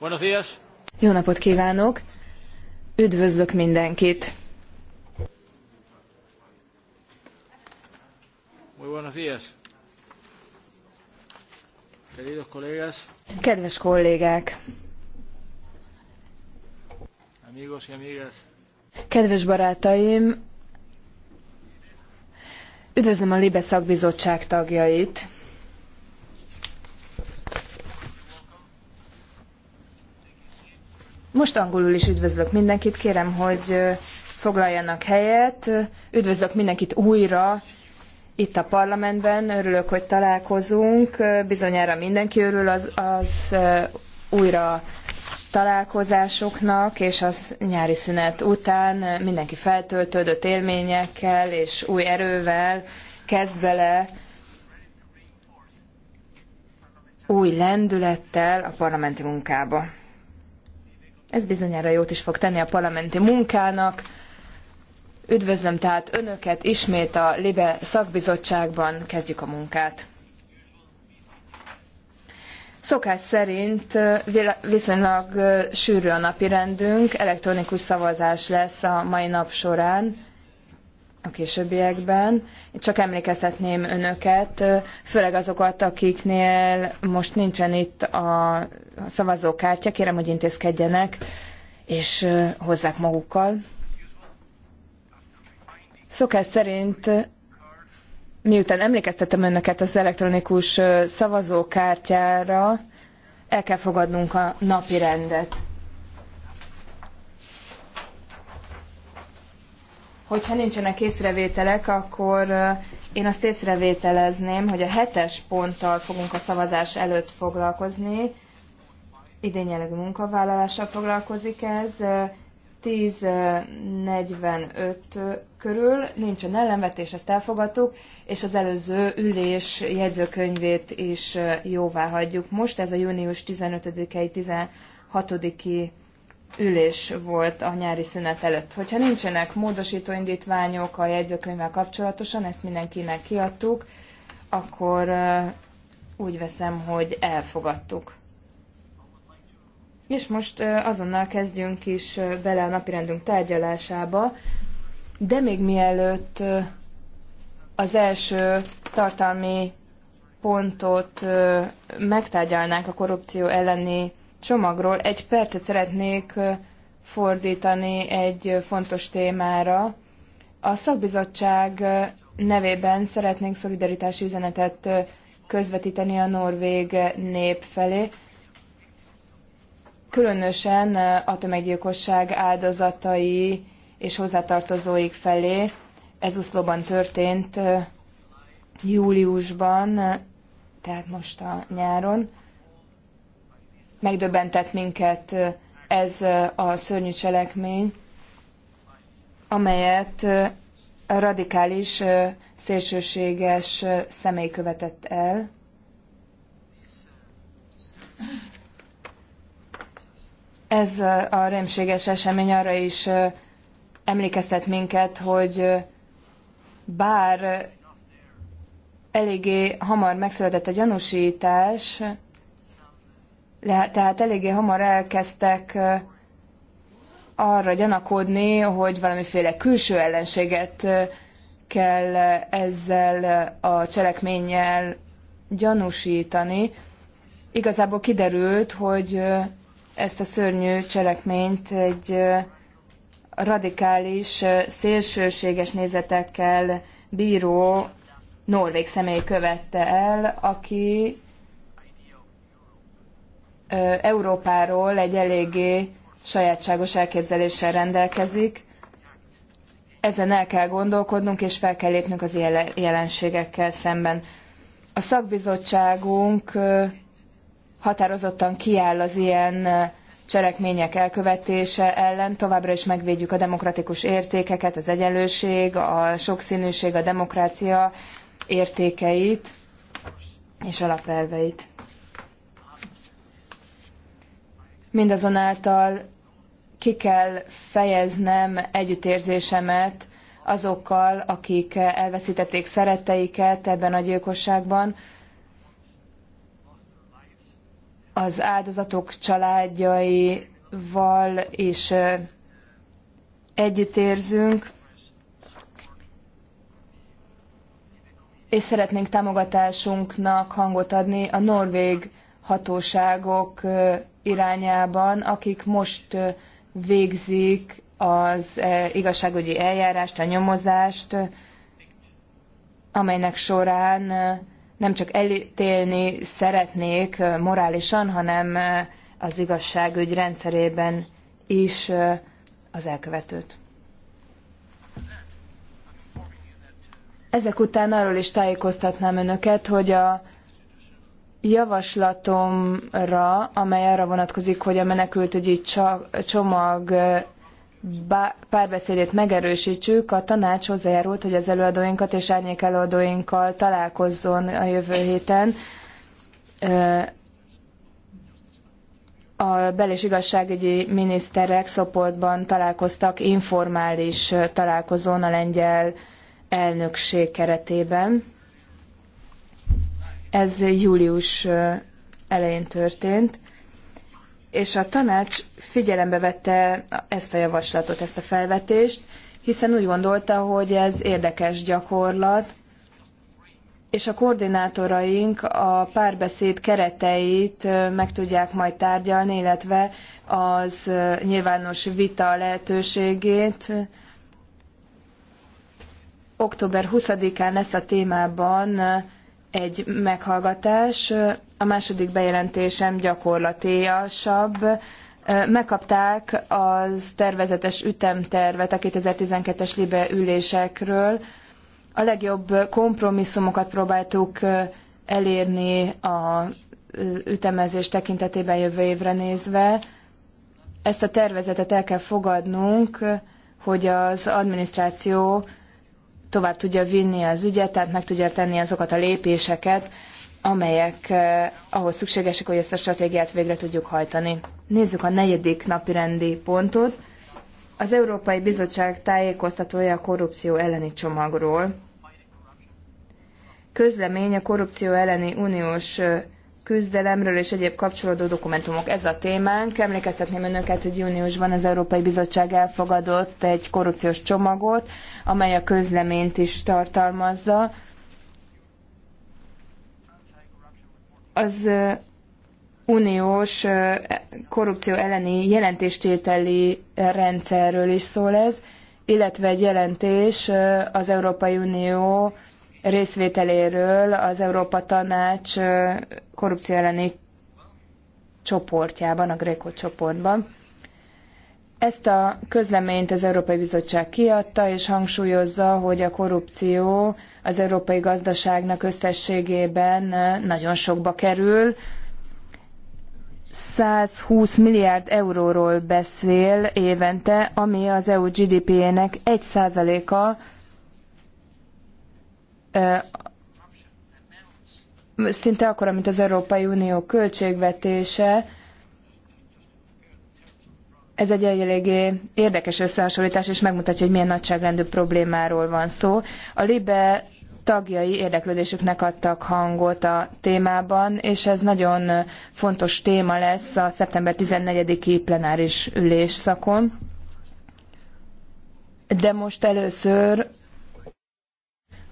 Buenos días. Jó napot kívánok! Üdvözlök mindenkit! Muy buenos días. Queridos colegas. Kedves kollégák! Amigos y amigas. Kedves barátaim! Üdvözlöm a Libe szakbizottság tagjait! Most angolul is üdvözlök mindenkit, kérem, hogy foglaljanak helyet. Üdvözlök mindenkit újra itt a parlamentben, örülök, hogy találkozunk. Bizonyára mindenki örül az, az újra találkozásoknak, és az nyári szünet után mindenki feltöltődött élményekkel és új erővel kezd bele új lendülettel a parlamenti munkába. Ez bizonyára jót is fog tenni a parlamenti munkának. Üdvözlöm tehát Önöket ismét a Libe szakbizottságban, kezdjük a munkát. Szokás szerint viszonylag sűrű a napirendünk, elektronikus szavazás lesz a mai nap során a későbbiekben. Én csak emlékeztetném önöket, főleg azokat, akiknél most nincsen itt a szavazókártya, kérem, hogy intézkedjenek, és hozzák magukkal. Szokás szerint miután emlékeztetem önöket az elektronikus szavazókártyára, el kell fogadnunk a napi rendet. hogyha nincsenek észrevételek, akkor én azt észrevételezném, hogy a hetes ponttal fogunk a szavazás előtt foglalkozni. Idén jellegű munkavállalással foglalkozik ez. 10.45 körül nincsen ellenvetés, ezt elfogadtuk, és az előző ülés jegyzőkönyvét is jóvá hagyjuk. Most ez a június 15-i, 16-i ülés volt a nyári szünet előtt. Hogyha nincsenek módosító indítványok a jegyzőkönyvvel kapcsolatosan, ezt mindenkinek kiadtuk, akkor úgy veszem, hogy elfogadtuk. És most azonnal kezdjünk is bele a napirendünk tárgyalásába, de még mielőtt az első tartalmi pontot megtárgyalnánk a korrupció elleni csomagról. Egy percet szeretnék fordítani egy fontos témára. A szakbizottság nevében szeretnénk szolidaritási üzenetet közvetíteni a norvég nép felé, különösen a tömeggyilkosság áldozatai és hozzátartozóik felé. Ez oszlóban történt júliusban, tehát most a nyáron megdöbbentett minket ez a szörnyű cselekmény, amelyet radikális, szélsőséges személy követett el. Ez a rémséges esemény arra is emlékeztet minket, hogy bár eléggé hamar megszületett a gyanúsítás, le, tehát eléggé hamar elkezdtek arra gyanakodni, hogy valamiféle külső ellenséget kell ezzel a cselekménnyel gyanúsítani. Igazából kiderült, hogy ezt a szörnyű cselekményt egy radikális, szélsőséges nézetekkel bíró norvég személy követte el, aki Európáról egy eléggé sajátságos elképzeléssel rendelkezik. Ezen el kell gondolkodnunk, és fel kell lépnünk az ilyen jelenségekkel szemben. A szakbizottságunk határozottan kiáll az ilyen cselekmények elkövetése ellen, továbbra is megvédjük a demokratikus értékeket, az egyenlőség, a sokszínűség, a demokrácia értékeit és alapelveit. Mindazonáltal ki kell fejeznem együttérzésemet azokkal, akik elveszítették szeretteiket ebben a gyilkosságban. Az áldozatok családjaival is együttérzünk, és szeretnénk támogatásunknak hangot adni a norvég hatóságok irányában, akik most végzik az igazságügyi eljárást, a nyomozást, amelynek során nem csak elítélni szeretnék morálisan, hanem az igazságügy rendszerében is az elkövetőt. Ezek után arról is tájékoztatnám önöket, hogy a javaslatomra, amely arra vonatkozik, hogy a menekültügyi csomag párbeszédét megerősítsük, a tanács hozzájárult, hogy az előadóinkat és árnyék előadóinkkal találkozzon a jövő héten. A bel- és igazságügyi miniszterek Szoportban találkoztak informális találkozón a lengyel elnökség keretében ez július elején történt, és a tanács figyelembe vette ezt a javaslatot, ezt a felvetést, hiszen úgy gondolta, hogy ez érdekes gyakorlat, és a koordinátoraink a párbeszéd kereteit meg tudják majd tárgyalni, illetve az nyilvános vita lehetőségét. Október 20-án lesz a témában egy meghallgatás. A második bejelentésem gyakorlatiasabb. Megkapták az tervezetes ütemtervet a 2012-es libe ülésekről. A legjobb kompromisszumokat próbáltuk elérni a ütemezés tekintetében jövő évre nézve. Ezt a tervezetet el kell fogadnunk, hogy az adminisztráció tovább tudja vinni az ügyet, tehát meg tudja tenni azokat a lépéseket, amelyek eh, ahhoz szükségesek, hogy ezt a stratégiát végre tudjuk hajtani. Nézzük a negyedik napi rendi pontot. Az Európai Bizottság tájékoztatója a korrupció elleni csomagról. Közlemény a korrupció elleni uniós eh, küzdelemről és egyéb kapcsolódó dokumentumok. Ez a témánk. Emlékeztetném önöket, hogy júniusban az Európai Bizottság elfogadott egy korrupciós csomagot, amely a közleményt is tartalmazza. Az uniós korrupció elleni jelentéstételi rendszerről is szól ez, illetve egy jelentés az Európai Unió részvételéről az Európa Tanács korrupció elleni csoportjában, a Gréko csoportban. Ezt a közleményt az Európai Bizottság kiadta, és hangsúlyozza, hogy a korrupció az európai gazdaságnak összességében nagyon sokba kerül. 120 milliárd euróról beszél évente, ami az EU gdp ének 1 százaléka, szinte akkora, mint az Európai Unió költségvetése. Ez egy eléggé érdekes összehasonlítás, és megmutatja, hogy milyen nagyságrendű problémáról van szó. A Libe tagjai érdeklődésüknek adtak hangot a témában, és ez nagyon fontos téma lesz a szeptember 14-i plenáris ülésszakon. De most először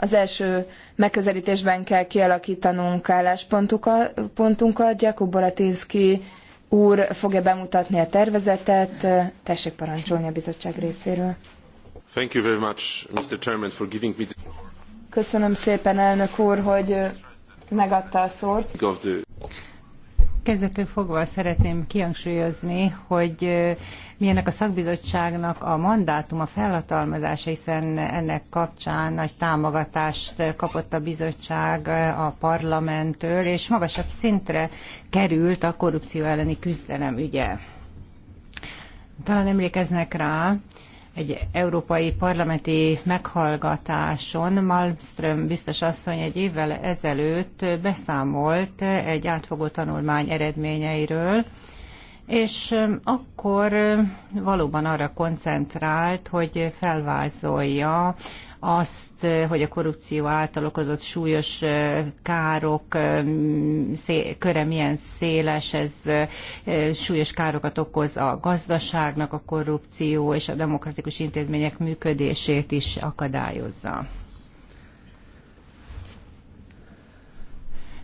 az első megközelítésben kell kialakítanunk álláspontunkat. Jakub Boratinski úr fogja bemutatni a tervezetet. Tessék parancsolni a bizottság részéről. Thank you very much, Mr. Chairman, for giving me Köszönöm szépen, elnök úr, hogy megadta a szót. Kezdetől fogva szeretném kihangsúlyozni, hogy Milyenek a szakbizottságnak a mandátum, a felhatalmazása, hiszen ennek kapcsán nagy támogatást kapott a bizottság a parlamenttől, és magasabb szintre került a korrupció elleni küzdelem ügye. Talán emlékeznek rá, egy európai parlamenti meghallgatáson Malmström biztos asszony egy évvel ezelőtt beszámolt egy átfogó tanulmány eredményeiről, és akkor valóban arra koncentrált, hogy felvázolja azt, hogy a korrupció által okozott súlyos károk köre milyen széles, ez súlyos károkat okoz a gazdaságnak, a korrupció és a demokratikus intézmények működését is akadályozza.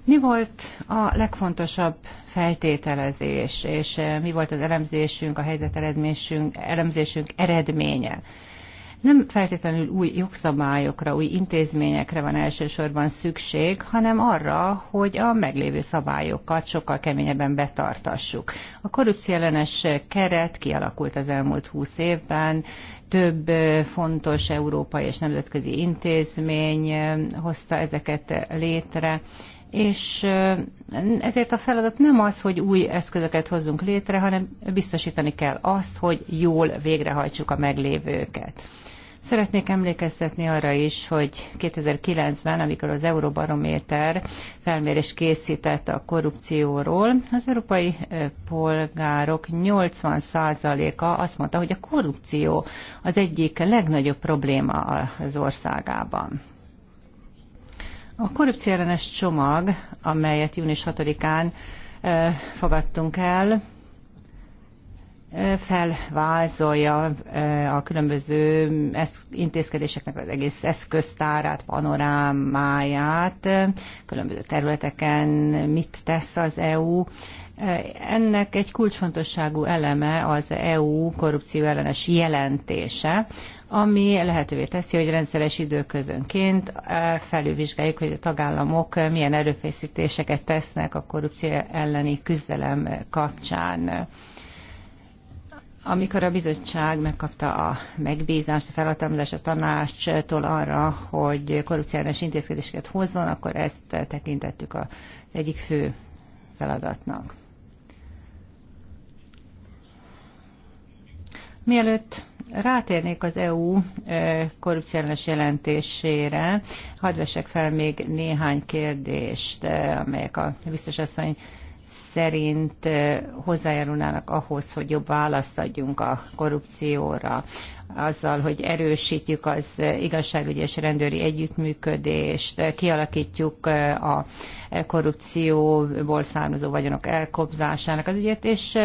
Mi volt a legfontosabb feltételezés, és eh, mi volt az elemzésünk, a helyzet elemzésünk, elemzésünk eredménye? nem feltétlenül új jogszabályokra, új intézményekre van elsősorban szükség, hanem arra, hogy a meglévő szabályokat sokkal keményebben betartassuk. A korrupciellenes keret kialakult az elmúlt húsz évben, több eh, fontos európai és nemzetközi intézmény eh, hozta ezeket létre, és ezért a feladat nem az, hogy új eszközöket hozzunk létre, hanem biztosítani kell azt, hogy jól végrehajtsuk a meglévőket. Szeretnék emlékeztetni arra is, hogy 2009-ben, amikor az Euróbarométer felmérés készített a korrupcióról, az európai polgárok 80%-a azt mondta, hogy a korrupció az egyik legnagyobb probléma az országában. A korrupcióellenes csomag, amelyet június 6-án fogadtunk el, felvázolja a különböző intézkedéseknek az egész eszköztárát, panorámáját, különböző területeken mit tesz az EU. Ennek egy kulcsfontosságú eleme az EU korrupció ellenes jelentése, ami lehetővé teszi, hogy rendszeres időközönként eh, felülvizsgáljuk, hogy a tagállamok milyen erőfeszítéseket tesznek a korrupció elleni küzdelem kapcsán. Amikor a bizottság megkapta a megbízást, a felhatalmazást a tanácstól arra, hogy korrupciális intézkedéseket hozzon, akkor ezt tekintettük az egyik fő feladatnak. Mielőtt Rátérnék az EU e, korrupciós jelentésére. Hadd vesek fel még néhány kérdést, e, amelyek a biztos asszony szerint e, hozzájárulnának ahhoz, hogy jobb választ adjunk a korrupcióra azzal, hogy erősítjük az igazságügyi és rendőri együttműködést, kialakítjuk a korrupcióból származó vagyonok elkobzásának az ügyet, és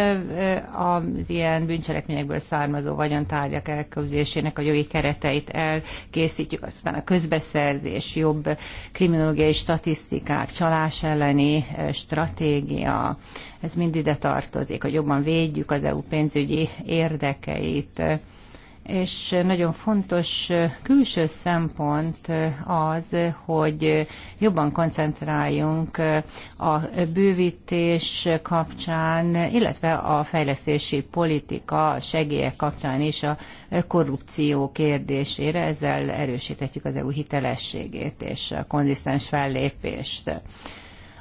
az ilyen bűncselekményekből származó vagyontárgyak elkobzésének a jogi kereteit elkészítjük, aztán a közbeszerzés, jobb kriminológiai statisztikák, csalás elleni stratégia, ez mind ide tartozik, hogy jobban védjük az EU pénzügyi érdekeit és nagyon fontos külső szempont az, hogy jobban koncentráljunk a bővítés kapcsán, illetve a fejlesztési politika segélyek kapcsán is a korrupció kérdésére. Ezzel erősíthetjük az EU hitelességét és a konzisztens fellépést.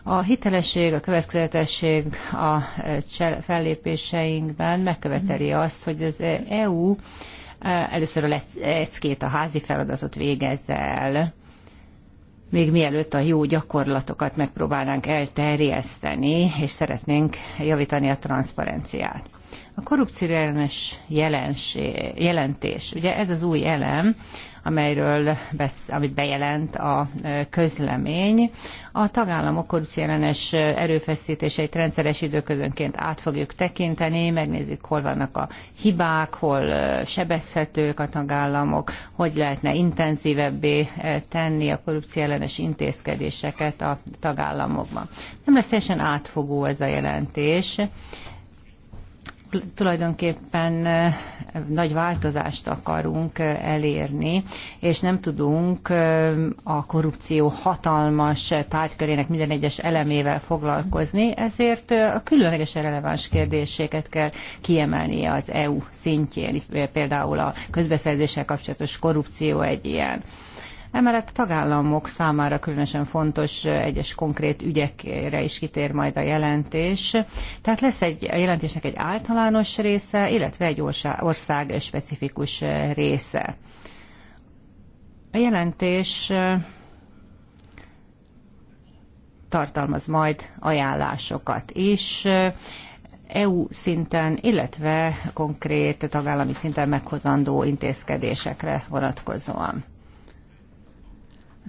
A hitelesség, a következetesség a fellépéseinkben megköveteli azt, hogy az EU Eh, először a leckét, a házi feladatot végezz el, még mielőtt a jó gyakorlatokat megpróbálnánk elterjeszteni, és szeretnénk javítani a transzparenciát. A korrupció jelentés, ugye ez az új elem, amelyről besz, amit bejelent a közlemény. A tagállamok korrupciellenes erőfeszítéseit rendszeres időközönként át fogjuk tekinteni, megnézzük, hol vannak a hibák, hol sebezhetők a tagállamok, hogy lehetne intenzívebbé tenni a korrupciellenes intézkedéseket a tagállamokban. Nem lesz teljesen átfogó ez a jelentés, tulajdonképpen nagy változást akarunk elérni, és nem tudunk a korrupció hatalmas tárgykörének minden egyes elemével foglalkozni, ezért a különlegesen releváns kérdéseket kell kiemelni az EU szintjén, például a közbeszerzéssel kapcsolatos korrupció egy ilyen. Emellett a tagállamok számára különösen fontos egyes konkrét ügyekre is kitér majd a jelentés. Tehát lesz egy, a jelentésnek egy általános része, illetve egy ország specifikus része. A jelentés tartalmaz majd ajánlásokat is, EU szinten, illetve konkrét tagállami szinten meghozandó intézkedésekre vonatkozóan.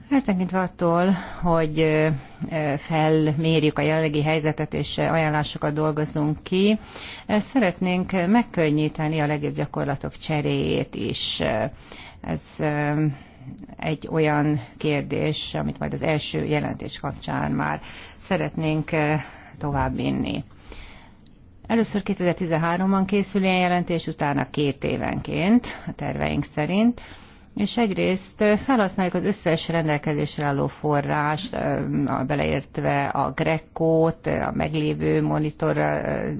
Eltekintve hát attól, hogy felmérjük a jelenlegi helyzetet és ajánlásokat dolgozunk ki, szeretnénk megkönnyíteni a legjobb gyakorlatok cseréjét is. Ez egy olyan kérdés, amit majd az első jelentés kapcsán már szeretnénk továbbvinni. Először 2013-ban készül ilyen jelentés, utána két évenként a terveink szerint és egyrészt felhasználjuk az összes rendelkezésre álló forrást, beleértve a Greco-t, a meglévő monitor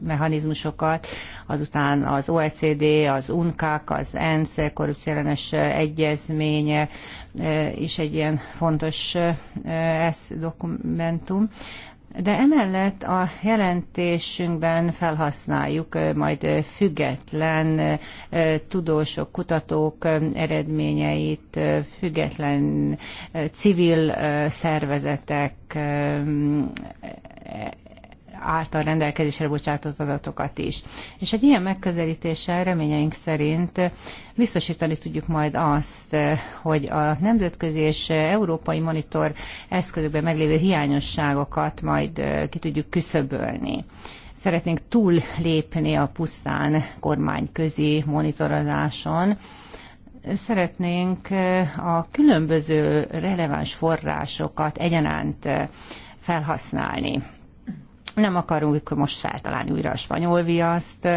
mechanizmusokat, azután az OECD, az UNCAC, az ENSZ korrupciálenes egyezménye is egy ilyen fontos ESZ dokumentum de emellett a jelentésünkben felhasználjuk majd független tudósok, kutatók eredményeit, független civil szervezetek által rendelkezésre bocsátott adatokat is. És egy ilyen megközelítéssel reményeink szerint biztosítani tudjuk majd azt, hogy a nemzetközi és európai monitor eszközökben meglévő hiányosságokat majd ki tudjuk küszöbölni szeretnénk túllépni a pusztán kormányközi monitorozáson. Szeretnénk a különböző releváns forrásokat egyaránt felhasználni nem akarunk most feltalálni újra a spanyol viaszt,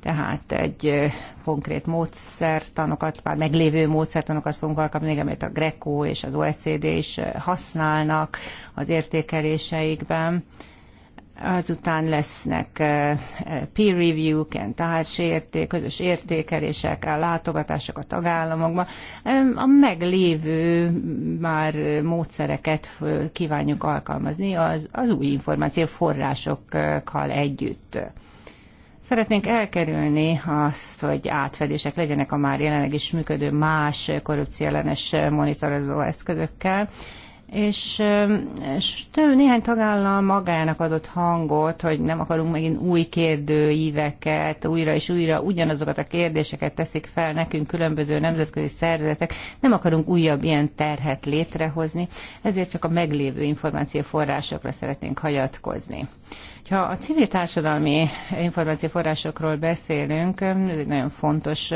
tehát egy konkrét módszertanokat, már meglévő módszertanokat fogunk alkalmazni, amit a Greco és az OECD is használnak az értékeléseikben Azután lesznek peer review k társérték, közös értékelések, látogatások a tagállamokban. A meglévő már módszereket kívánjuk alkalmazni az, az új információ forrásokkal együtt. Szeretnénk elkerülni azt, hogy átfedések legyenek a már jelenleg is működő más korrupcióellenes monitorozó eszközökkel, és, és több néhány tagállam magának adott hangot, hogy nem akarunk megint új kérdőíveket, újra és újra ugyanazokat a kérdéseket teszik fel nekünk különböző nemzetközi szervezetek, nem akarunk újabb ilyen terhet létrehozni, ezért csak a meglévő információforrásokra szeretnénk hagyatkozni. Ha a civil társadalmi információforrásokról beszélünk, ez egy nagyon fontos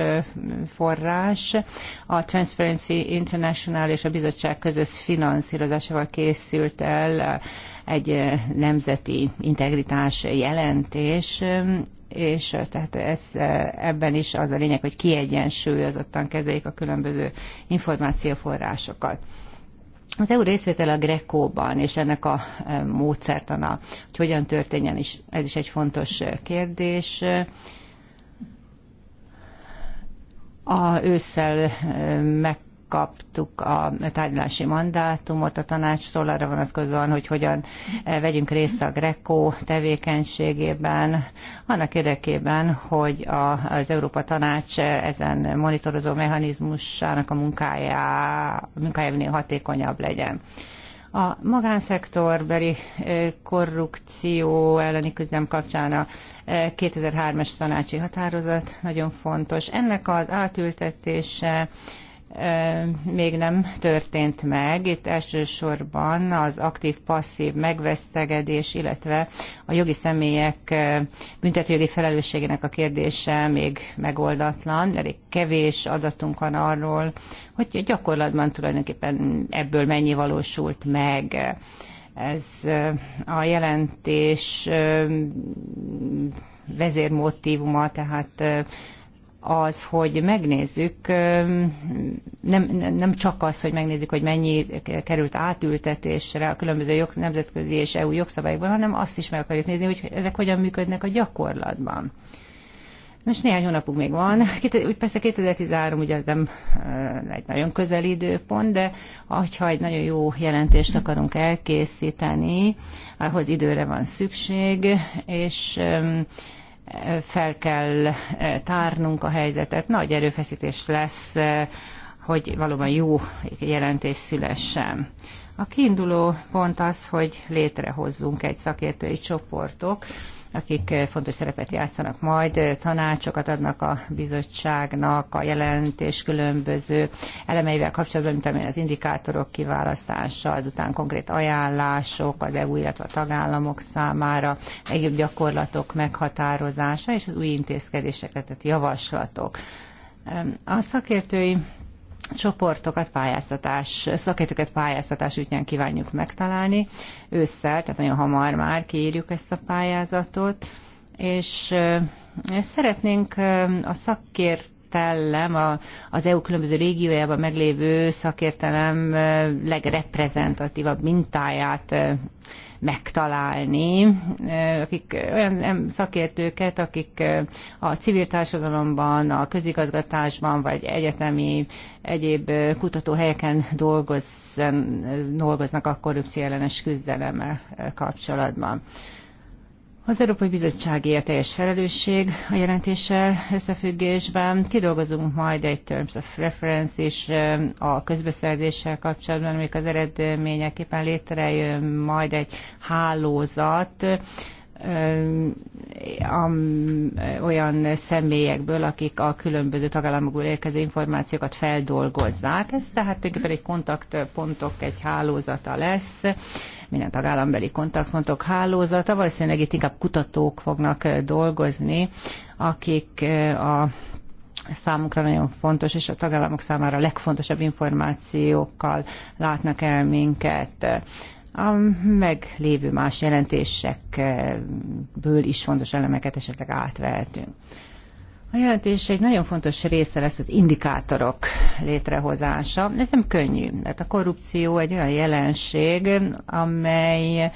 forrás. A Transparency International és a bizottság közös finanszírozásával készült el egy nemzeti integritás jelentés, és tehát ez, ebben is az a lényeg, hogy kiegyensúlyozottan kezeljék a különböző információforrásokat. Az EU részvétel a Grekóban, és ennek a e, módszertana, hogy hogyan történjen is, ez is egy fontos e, kérdés. A ősszel e, meg megkaptuk a tárgyalási mandátumot a tanácstól arra vonatkozóan, hogy hogyan eh, vegyünk részt a GRECO tevékenységében, annak érdekében, hogy a az Európa Tanács eh, ezen monitorozó mechanizmusának a munkája, munkája minél hatékonyabb legyen. A magánszektorbeli eh, korrupció elleni küzdelem kapcsán a 2003-es tanácsi határozat nagyon fontos. Ennek az átültetése még nem történt meg. Itt elsősorban az aktív-passzív megvesztegedés, illetve a jogi személyek büntetőjogi felelősségének a kérdése még megoldatlan. Elég kevés adatunk van arról, hogy gyakorlatban tulajdonképpen ebből mennyi valósult meg. Ez a jelentés vezérmotívuma, tehát az, hogy megnézzük, nem, nem csak az, hogy megnézzük, hogy mennyi került átültetésre a különböző jog, nemzetközi és EU jogszabályokban, hanem azt is meg akarjuk nézni, hogy ezek hogyan működnek a gyakorlatban. Most néhány hónapunk még van. Úgy persze 2013 ugye az nem egy nagyon közeli időpont, de ha egy nagyon jó jelentést akarunk elkészíteni, ahhoz időre van szükség, és fel kell eh, tárnunk a helyzetet. Nagy erőfeszítés lesz, eh, hogy valóban jó jelentés szülessen. A kiinduló pont az, hogy létrehozzunk egy szakértői csoportok, akik eh, fontos szerepet játszanak majd, eh, tanácsokat adnak a bizottságnak a jelentés különböző elemeivel kapcsolatban, mint amilyen az indikátorok kiválasztása, azután konkrét ajánlások az EU, illetve a tagállamok számára, egyéb gyakorlatok meghatározása és az új intézkedéseket, tehát javaslatok. A szakértői csoportokat, pályáztatás, szakértőket pályáztatás ügyen kívánjuk megtalálni ősszel, tehát nagyon hamar már kiírjuk ezt a pályázatot, és szeretnénk a szakért a, az EU különböző régiójában meglévő szakértelem legreprezentatívabb mintáját megtalálni, akik olyan szakértőket, akik a civil társadalomban, a közigazgatásban, vagy egyetemi egyéb kutatóhelyeken dolgoznak a korrupció ellenes küzdelemmel kapcsolatban. Az Európai Bizottságé a teljes felelősség a jelentéssel összefüggésben. Kidolgozunk majd egy Terms of Reference is eh, a közbeszerzéssel kapcsolatban, amik az eredményeképpen létrejön majd egy hálózat, olyan személyekből, akik a különböző tagállamokból érkező információkat feldolgozzák. Ez tehát tulajdonképpen egy kontaktpontok, egy hálózata lesz, minden tagállambeli kontaktpontok hálózata. Valószínűleg itt inkább kutatók fognak dolgozni, akik a számukra nagyon fontos, és a tagállamok számára a legfontosabb információkkal látnak el minket a meglévő más jelentésekből eh, is fontos elemeket esetleg átvehetünk. A jelentés egy nagyon fontos része lesz az indikátorok létrehozása. Ez nem könnyű, mert a korrupció egy olyan jelenség, amely e,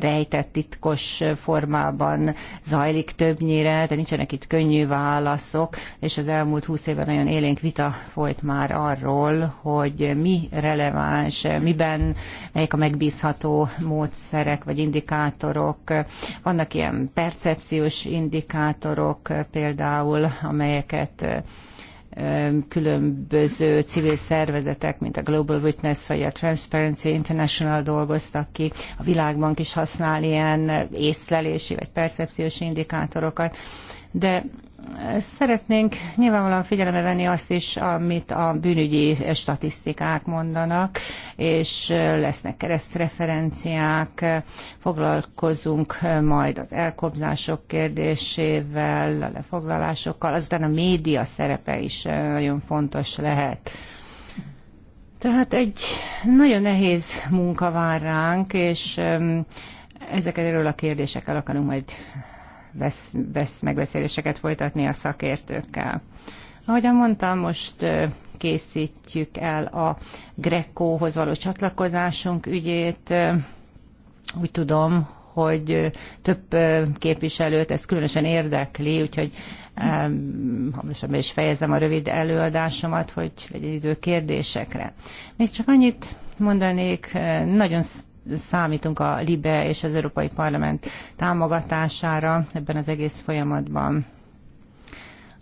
rejtett titkos formában zajlik többnyire, de nincsenek itt könnyű válaszok, és az elmúlt húsz évben nagyon élénk vita folyt már arról, hogy mi releváns, miben, melyek a megbízható módszerek vagy indikátorok. Vannak ilyen percepciós indikátorok például, például, amelyeket különböző civil szervezetek, mint a Global Witness vagy a Transparency International dolgoztak ki. A világban is használ ilyen észlelési vagy percepciós indikátorokat, de Szeretnénk nyilvánvalóan figyelembe venni azt is, amit a bűnügyi statisztikák mondanak, és lesznek keresztreferenciák, foglalkozunk majd az elkobzások kérdésével, a lefoglalásokkal, azután a média szerepe is nagyon fontos lehet. Tehát egy nagyon nehéz munka vár ránk, és um, ezeket erről a kérdésekkel akarunk majd vesz, vesz, megbeszéléseket folytatni a szakértőkkel. Ahogyan mondtam, most készítjük el a Grekóhoz való csatlakozásunk ügyét. Úgy tudom, hogy több képviselőt ez különösen érdekli, úgyhogy hamarosan is fejezem a rövid előadásomat, hogy legyen idő kérdésekre. Még csak annyit mondanék, nagyon számítunk a LIBE és az Európai Parlament támogatására ebben az egész folyamatban.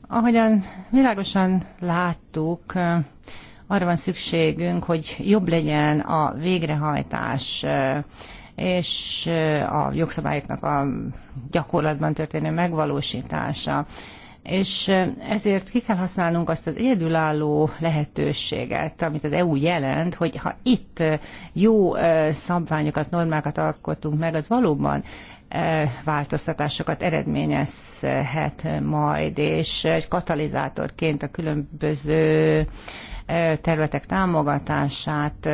Ahogyan világosan láttuk, arra van szükségünk, hogy jobb legyen a végrehajtás és a jogszabályoknak a gyakorlatban történő megvalósítása és ezért ki kell használnunk azt az egyedülálló lehetőséget, amit az EU jelent, hogy ha itt jó szabványokat, normákat alkotunk meg, az valóban változtatásokat eredményezhet majd, és egy katalizátorként a különböző területek támogatását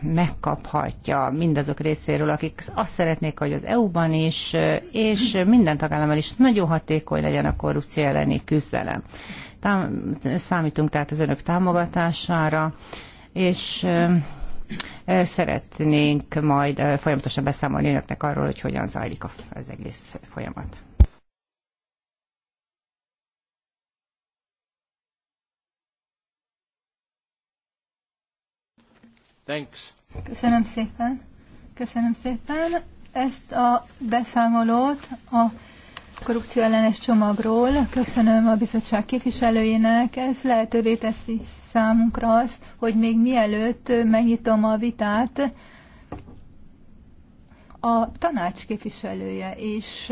megkaphatja mindazok részéről, akik azt szeretnék, hogy az EU-ban is, és minden tagállammal is nagyon hatékony legyen a korrupció elleni küzdelem. Tám- számítunk tehát az önök támogatására, és szeretnénk majd folyamatosan beszámolni önöknek arról, hogy hogyan zajlik az egész folyamat. Thanks. Köszönöm szépen. Köszönöm szépen ezt a beszámolót a korrupció ellenes csomagról. Köszönöm a bizottság képviselőjének. Ez lehetővé teszi számunkra azt, hogy még mielőtt megnyitom a vitát, a tanács képviselője is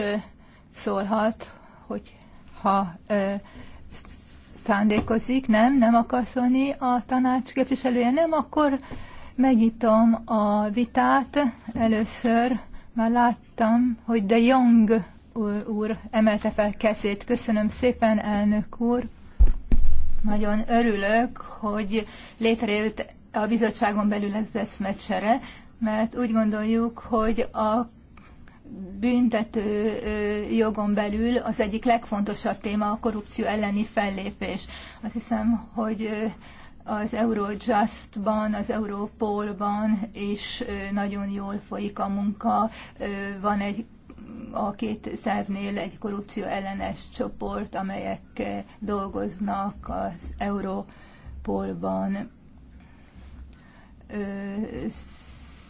szólhat, hogy ha ö, szándékozik, nem, nem akar szólni a tanács képviselője, nem, akkor Megnyitom a vitát. Először már láttam, hogy de Jong úr, emelte fel kezét. Köszönöm szépen, elnök úr. Nagyon örülök, hogy létrejött a bizottságon belül ez eszmecsere, mert úgy gondoljuk, hogy a büntető jogon belül az egyik legfontosabb téma a korrupció elleni fellépés. Azt hiszem, hogy az Eurojust-ban, az Europolban is nagyon jól folyik a munka. Van egy a két szervnél egy korrupció ellenes csoport, amelyek dolgoznak az Europolban.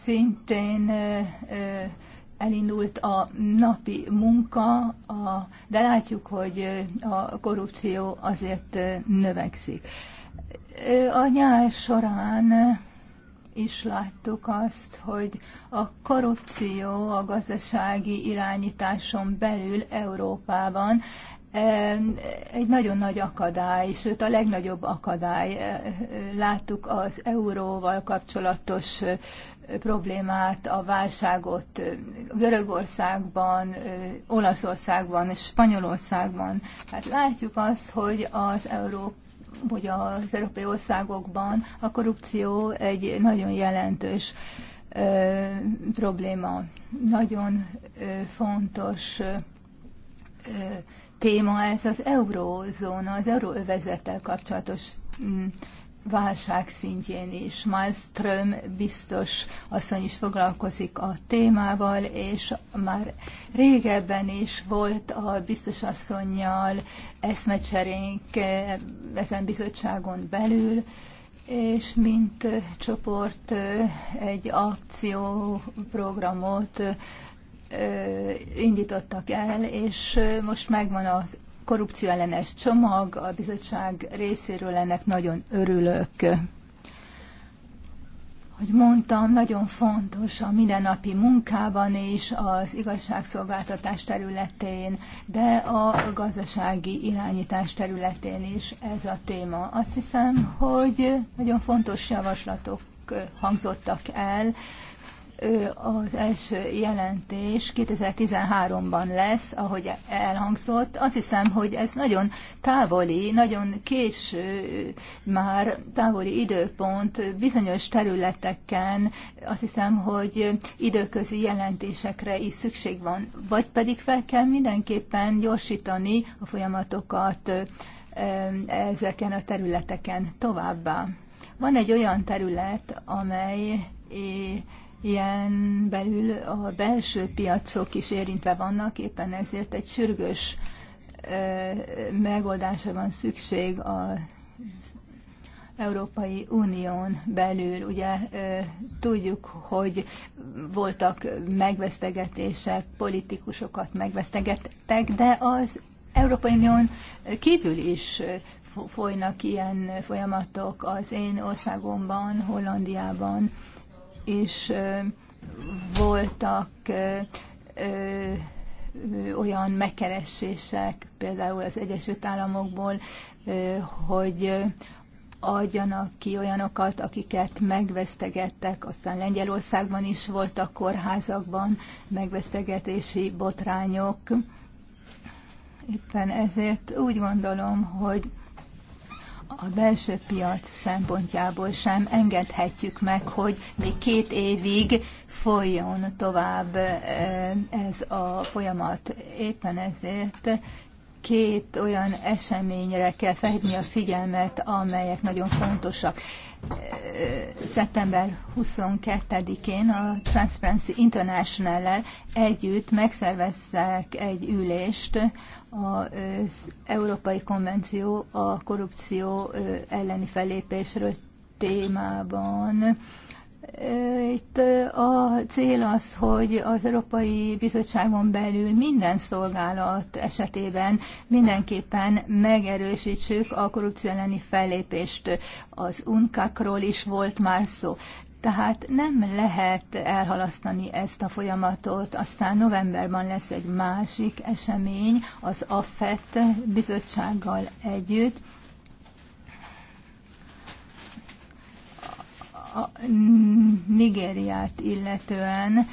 Szintén elindult a napi munka, de látjuk, hogy a korrupció azért növekszik. A nyár során is láttuk azt, hogy a korrupció a gazdasági irányításon belül Európában egy nagyon nagy akadály, sőt a legnagyobb akadály. Láttuk az euróval kapcsolatos problémát, a válságot Görögországban, Olaszországban, és Spanyolországban. Hát látjuk azt, hogy az Európa hogy az európai országokban a korrupció egy nagyon jelentős ö, probléma. Nagyon ö, fontos ö, téma ez az eurózóna, az euróövezettel kapcsolatos válság szintjén is. Malmström biztos asszony is foglalkozik a témával, és már régebben is volt a biztos asszonynal eszmecserénk eh, ezen bizottságon belül, és mint eh, csoport eh, egy akcióprogramot indítottak el, és most megvan az korrupcióellenes csomag a bizottság részéről, ennek nagyon örülök. Hogy mondtam, nagyon fontos a mindennapi munkában és az igazságszolgáltatás területén, de a gazdasági irányítás területén is ez a téma. Azt hiszem, hogy nagyon fontos javaslatok hangzottak el, az első jelentés 2013-ban lesz, ahogy elhangzott. Azt hiszem, hogy ez nagyon távoli, nagyon késő már távoli időpont bizonyos területeken. Azt hiszem, hogy időközi jelentésekre is szükség van. Vagy pedig fel kell mindenképpen gyorsítani a folyamatokat ezeken a területeken továbbá. Van egy olyan terület, amely ilyen belül a belső piacok is érintve vannak, éppen ezért egy sürgős megoldásra van szükség a Európai Unión belül. Ugye tudjuk, hogy voltak megvesztegetések, politikusokat megvesztegettek, de az Európai Unión kívül is folynak ilyen folyamatok az én országomban, Hollandiában és voltak olyan megkeresések, például az Egyesült Államokból, hogy adjanak ki olyanokat, akiket megvesztegettek, aztán Lengyelországban is voltak kórházakban megvesztegetési botrányok. Éppen ezért úgy gondolom, hogy a belső piac szempontjából sem engedhetjük meg, hogy még két évig folyjon tovább eh, ez a folyamat. Éppen ezért két olyan eseményre kell felhívni a figyelmet, amelyek nagyon fontosak. Eh, szeptember 22-én a Transparency international el együtt megszerveztek egy ülést az Európai Konvenció a korrupció elleni fellépésről témában. Itt a cél az, hogy az Európai Bizottságon belül minden szolgálat esetében mindenképpen megerősítsük a korrupció elleni fellépést. Az UNCAC-ról is volt már szó. Tehát nem lehet elhalasztani ezt a folyamatot. Aztán novemberben lesz egy másik esemény az AFET bizottsággal együtt. A Nigériát illetően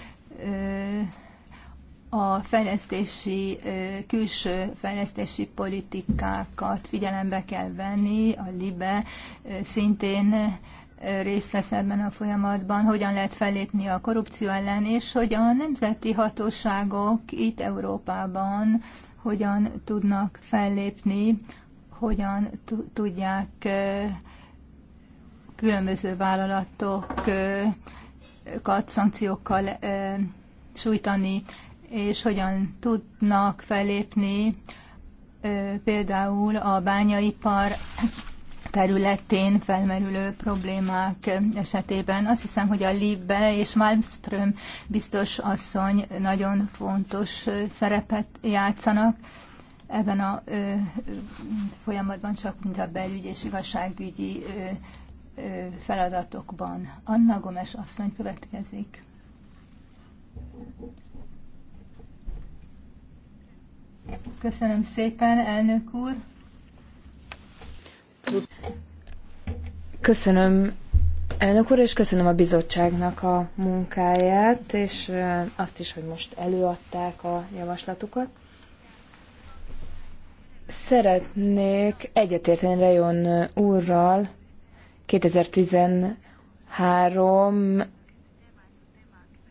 a fejlesztési, külső fejlesztési politikákat figyelembe kell venni, a LIBE szintén részt vesz ebben a folyamatban, hogyan lehet fellépni a korrupció ellen, és hogy a nemzeti hatóságok itt Európában hogyan tudnak fellépni, hogyan tudják különböző vállalatokat szankciókkal sújtani, és hogyan tudnak fellépni például a bányaipar területén felmerülő problémák esetében. Azt hiszem, hogy a Libbe és Malmström biztos asszony nagyon fontos szerepet játszanak ebben a ö, folyamatban, csak mint a belügy és igazságügyi ö, ö, feladatokban. Anna Gomes asszony következik. Köszönöm szépen, elnök úr! Köszönöm elnök úr, és köszönöm a bizottságnak a munkáját, és azt is, hogy most előadták a javaslatukat. Szeretnék egyetérteni Rejon úrral 2013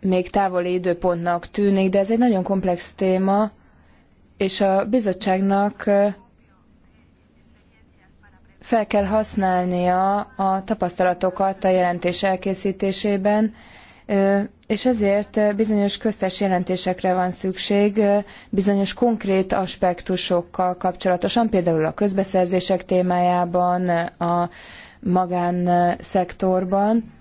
még távoli időpontnak tűnik, de ez egy nagyon komplex téma, és a bizottságnak fel kell használnia a tapasztalatokat a jelentés elkészítésében, és ezért bizonyos köztes jelentésekre van szükség bizonyos konkrét aspektusokkal kapcsolatosan, például a közbeszerzések témájában, a magánszektorban.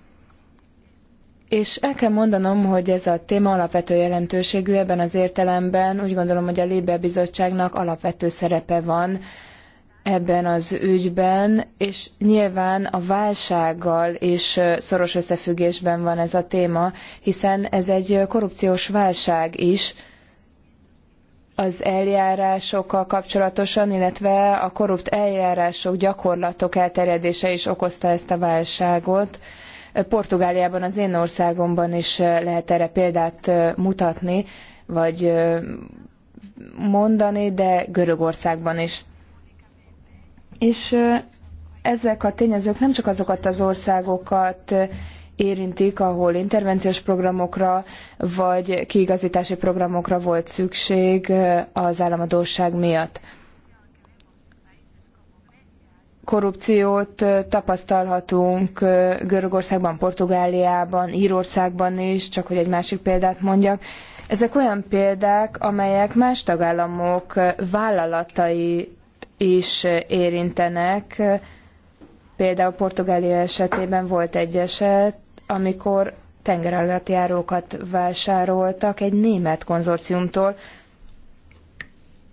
És el kell mondanom, hogy ez a téma alapvető jelentőségű ebben az értelemben. Úgy gondolom, hogy a Lébe Bizottságnak alapvető szerepe van ebben az ügyben, és nyilván a válsággal is szoros összefüggésben van ez a téma, hiszen ez egy korrupciós válság is az eljárásokkal kapcsolatosan, illetve a korrupt eljárások, gyakorlatok elterjedése is okozta ezt a válságot. Portugáliában, az én országomban is lehet erre példát mutatni, vagy mondani, de Görögországban is. És ezek a tényezők nem csak azokat az országokat érintik, ahol intervenciós programokra vagy kiigazítási programokra volt szükség az államadóság miatt. Korrupciót tapasztalhatunk Görögországban, Portugáliában, Írországban is, csak hogy egy másik példát mondjak. Ezek olyan példák, amelyek más tagállamok vállalatai is érintenek. Például Portugália esetében volt egy eset, amikor tengeralattjárókat vásároltak egy német konzorciumtól.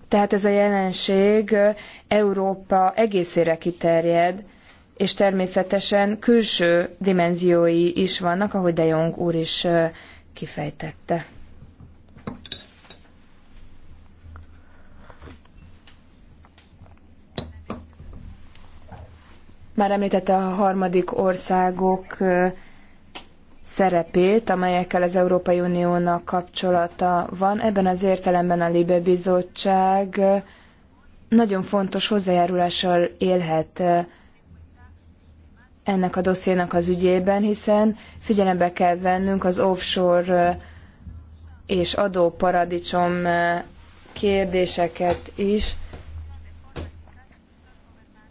Tehát ez a jelenség Európa egészére kiterjed, és természetesen külső dimenziói is vannak, ahogy De Jong úr is kifejtette. Már említette a harmadik országok szerepét, amelyekkel az Európai Uniónak kapcsolata van. Ebben az értelemben a Libe Bizottság nagyon fontos hozzájárulással élhet ennek a dossziénak az ügyében, hiszen figyelembe kell vennünk az offshore és adóparadicsom kérdéseket is,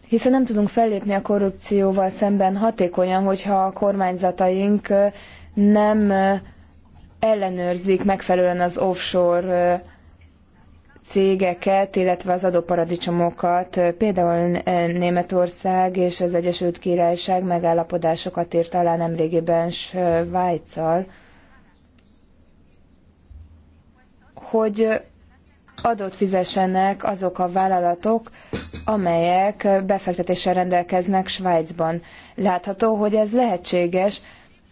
hiszen nem tudunk fellépni a korrupcióval szemben hatékonyan, hogyha a kormányzataink nem ellenőrzik megfelelően az offshore cégeket, illetve az adóparadicsomokat. Például Németország és az Egyesült Királyság megállapodásokat írt alá nemrégiben Svájccal, hogy adót fizessenek azok a vállalatok, amelyek befektetéssel rendelkeznek Svájcban. Látható, hogy ez lehetséges,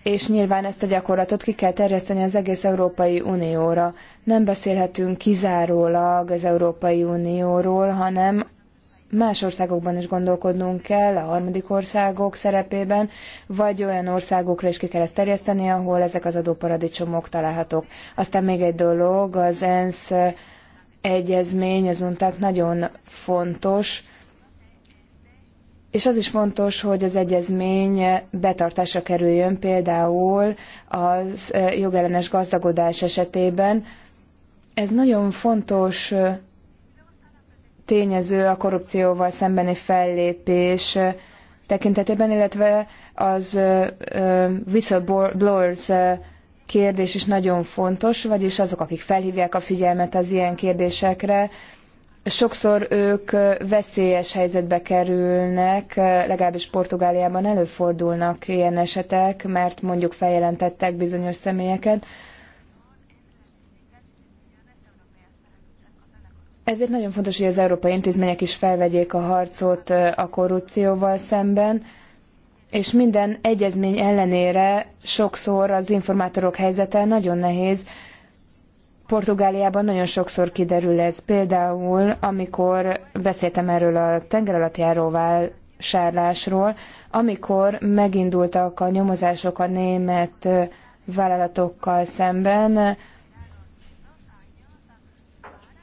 és nyilván ezt a gyakorlatot ki kell terjeszteni az egész Európai Unióra. Nem beszélhetünk kizárólag az Európai Unióról, hanem más országokban is gondolkodnunk kell, a harmadik országok szerepében, vagy olyan országokra is ki kell ezt terjeszteni, ahol ezek az adóparadicsomok találhatók. Aztán még egy dolog, az ENSZ egyezmény, ez unták nagyon fontos, és az is fontos, hogy az egyezmény betartásra kerüljön például az eh, jogellenes gazdagodás esetében. Ez nagyon fontos eh, tényező a korrupcióval szembeni fellépés eh, tekintetében, illetve az whistleblowers kérdés is nagyon fontos, vagyis azok, akik felhívják a figyelmet az ilyen kérdésekre, sokszor ők veszélyes helyzetbe kerülnek, legalábbis Portugáliában előfordulnak ilyen esetek, mert mondjuk feljelentettek bizonyos személyeket. Ezért nagyon fontos, hogy az európai intézmények is felvegyék a harcot a korrupcióval szemben és minden egyezmény ellenére sokszor az informátorok helyzete nagyon nehéz. Portugáliában nagyon sokszor kiderül ez. Például, amikor beszéltem erről a tengeralattjáróval sárlásról, amikor megindultak a nyomozások a német vállalatokkal szemben,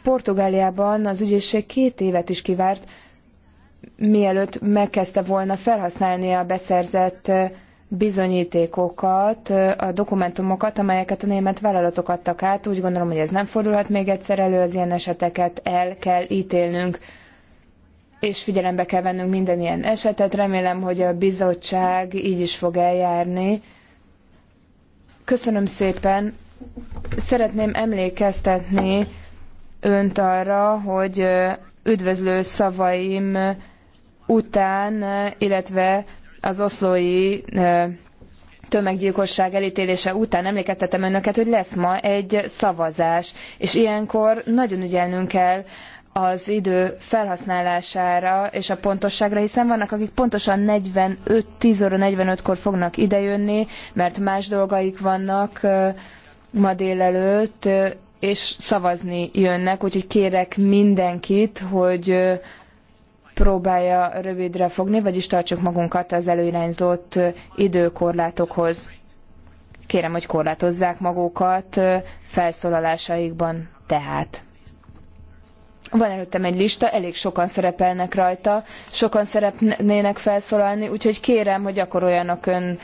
Portugáliában az ügyészség két évet is kivárt, mielőtt megkezdte volna felhasználni a beszerzett bizonyítékokat, a dokumentumokat, amelyeket a német vállalatok adtak át. Úgy gondolom, hogy ez nem fordulhat még egyszer elő, az ilyen eseteket el kell ítélnünk, és figyelembe kell vennünk minden ilyen esetet. Remélem, hogy a bizottság így is fog eljárni. Köszönöm szépen. Szeretném emlékeztetni önt arra, hogy üdvözlő szavaim után, illetve az oszlói tömeggyilkosság elítélése után emlékeztetem önöket, hogy lesz ma egy szavazás, és ilyenkor nagyon ügyelnünk kell az idő felhasználására és a pontosságra, hiszen vannak, akik pontosan 45, 10 óra 45-kor fognak idejönni, mert más dolgaik vannak ma délelőtt, és szavazni jönnek, úgyhogy kérek mindenkit, hogy próbálja rövidre fogni, vagyis tartsuk magunkat az előirányzott időkorlátokhoz. Kérem, hogy korlátozzák magukat felszólalásaikban tehát. Van előttem egy lista, elég sokan szerepelnek rajta, sokan szeretnének felszólalni, úgyhogy kérem, hogy gyakoroljanak ön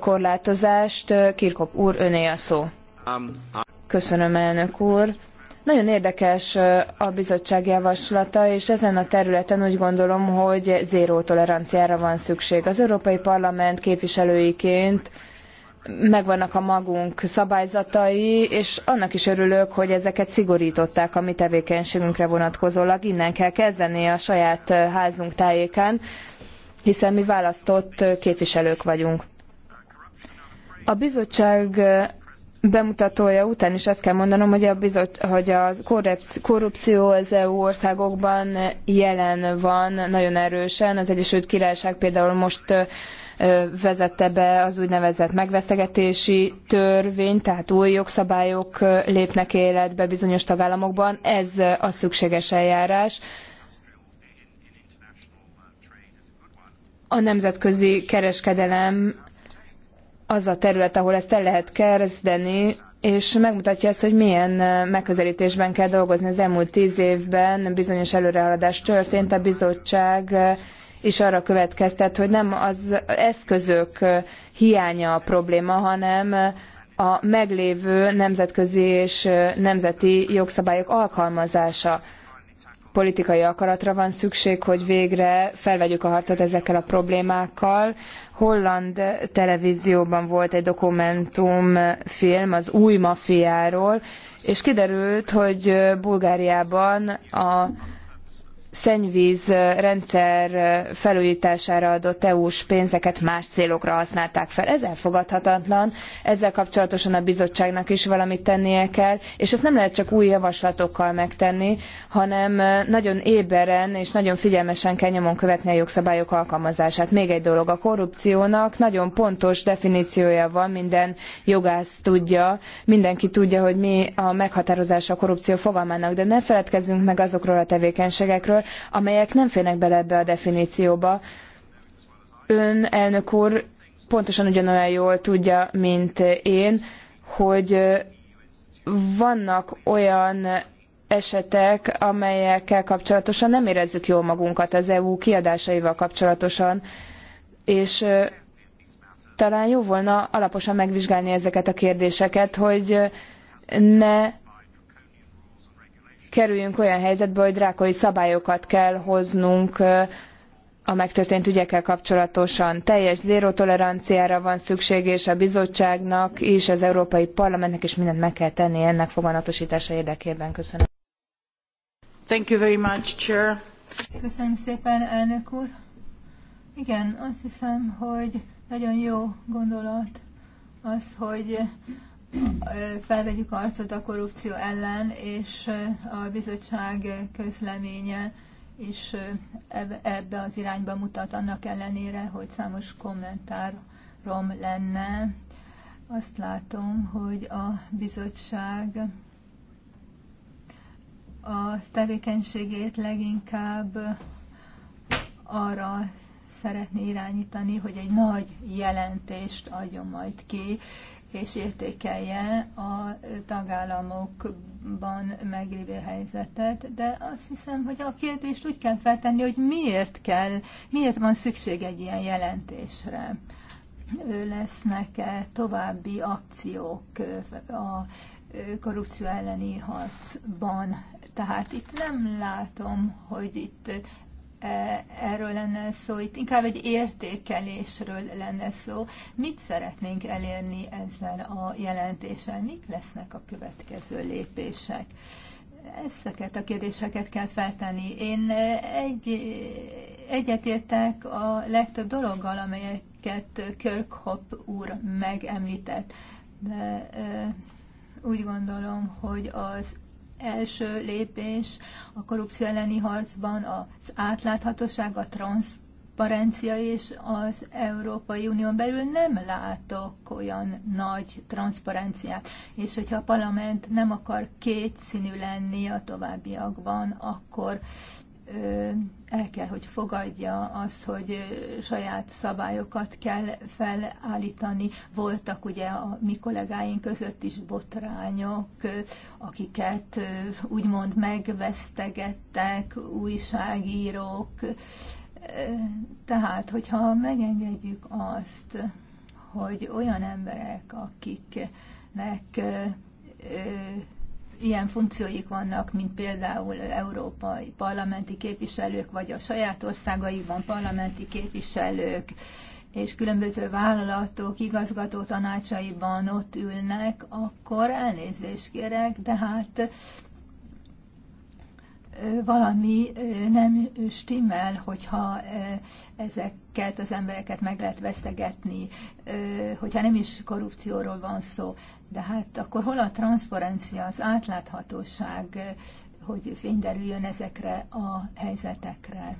korlátozást. Kirkop úr, öné a szó. Um, uh, Köszönöm, elnök úr. Nagyon érdekes a bizottság javaslata, és ezen a területen úgy gondolom, hogy zéró toleranciára van szükség. Az Európai Parlament képviselőiként megvannak a magunk szabályzatai, és annak is örülök, hogy ezeket szigorították a mi tevékenységünkre vonatkozólag. Innen kell kezdeni a saját házunk tájékán, hiszen mi választott képviselők vagyunk. A bizottság bemutatója után is azt kell mondanom, hogy a, bizot, hogy a korrupció az EU országokban jelen van nagyon erősen. Az Egyesült Királyság például most vezette be az úgynevezett megvesztegetési törvény, tehát új jogszabályok lépnek életbe bizonyos tagállamokban. Ez a szükséges eljárás. A nemzetközi kereskedelem az a terület, ahol ezt el lehet kezdeni, és megmutatja ezt, hogy milyen megközelítésben kell dolgozni. Az elmúlt tíz évben bizonyos előrehaladás történt, a bizottság is arra következtet, hogy nem az eszközök hiánya a probléma, hanem a meglévő nemzetközi és nemzeti jogszabályok alkalmazása politikai akaratra van szükség, hogy végre felvegyük a harcot ezekkel a problémákkal. Holland televízióban volt egy dokumentumfilm az új mafiáról, és kiderült, hogy Bulgáriában a szennyvíz rendszer felújítására adott EU-s pénzeket más célokra használták fel. Ez elfogadhatatlan, ezzel kapcsolatosan a bizottságnak is valamit tennie kell, és ezt nem lehet csak új javaslatokkal megtenni, hanem nagyon éberen és nagyon figyelmesen kell nyomon követni a jogszabályok alkalmazását. Még egy dolog, a korrupciónak nagyon pontos definíciója van, minden jogász tudja, mindenki tudja, hogy mi a meghatározása a korrupció fogalmának, de ne feledkezzünk meg azokról a tevékenységekről, amelyek nem férnek bele ebbe a definícióba. Ön, elnök úr, pontosan ugyanolyan jól tudja, mint én, hogy vannak olyan esetek, amelyekkel kapcsolatosan nem érezzük jól magunkat az EU kiadásaival kapcsolatosan, és talán jó volna alaposan megvizsgálni ezeket a kérdéseket, hogy ne kerüljünk olyan helyzetbe, hogy drákoi szabályokat kell hoznunk a megtörtént ügyekkel kapcsolatosan. Teljes zéró toleranciára van szükség, és a bizottságnak és az Európai Parlamentnek is mindent meg kell tenni ennek foganatosítása érdekében. Köszönöm. Thank you very much, Chair. Köszönöm szépen, elnök úr. Igen, azt hiszem, hogy nagyon jó gondolat az, hogy felvegyük arcot a korrupció ellen, és eh, a bizottság közleménye is eh, ebbe az irányba mutat, annak ellenére, hogy számos kommentárom lenne. Azt látom, hogy a bizottság a tevékenységét leginkább arra szeretné irányítani, hogy egy nagy jelentést adjon majd ki, és értékelje a tagállamokban meglévő helyzetet, de azt hiszem, hogy a kérdést úgy kell feltenni, hogy miért kell, miért van szükség egy ilyen jelentésre. Lesznek-e további akciók a korrupció elleni harcban? Tehát itt nem látom, hogy itt E, erről lenne szó, itt inkább egy értékelésről lenne szó. Mit szeretnénk elérni ezzel a jelentéssel? Mik lesznek a következő lépések? Ezeket a kérdéseket kell feltenni. Én e, egy, egyetértek a legtöbb dologgal, amelyeket Kirkhop úr megemlített. De e, úgy gondolom, hogy az első lépés a korrupció elleni harcban az átláthatóság, a transzparencia és az Európai Unión belül nem látok olyan nagy transzparenciát. És hogyha a parlament nem akar kétszínű lenni a továbbiakban, akkor el kell, hogy fogadja az, hogy saját szabályokat kell felállítani. Voltak ugye a mi kollégáink között is botrányok, akiket úgymond megvesztegettek újságírók. Tehát, hogyha megengedjük azt, hogy olyan emberek, akiknek ilyen funkcióik vannak, mint például európai parlamenti képviselők, vagy a saját országaiban parlamenti képviselők, és különböző vállalatok igazgató tanácsaiban ott ülnek, akkor elnézést kérek, de hát valami nem stimmel, hogyha ezeket az embereket meg lehet veszegetni, hogyha nem is korrupcióról van szó. De hát akkor hol a transzparencia, az átláthatóság, hogy fényderüljön ezekre a helyzetekre?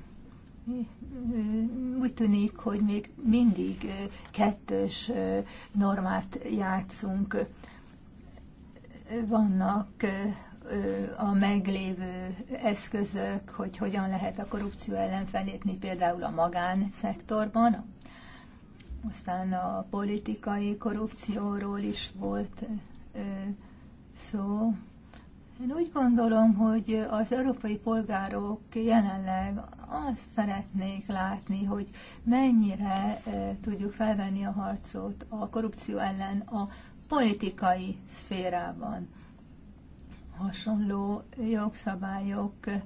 Úgy tűnik, hogy még mindig kettős normát játszunk. Vannak a meglévő eszközök, hogy hogyan lehet a korrupció ellen felépni például a magánszektorban, a aztán a politikai korrupcióról is volt szó. Én úgy gondolom, hogy az európai polgárok jelenleg azt szeretnék látni, hogy mennyire tudjuk felvenni a harcot a korrupció ellen a politikai szférában. Hasonló jogszabályokra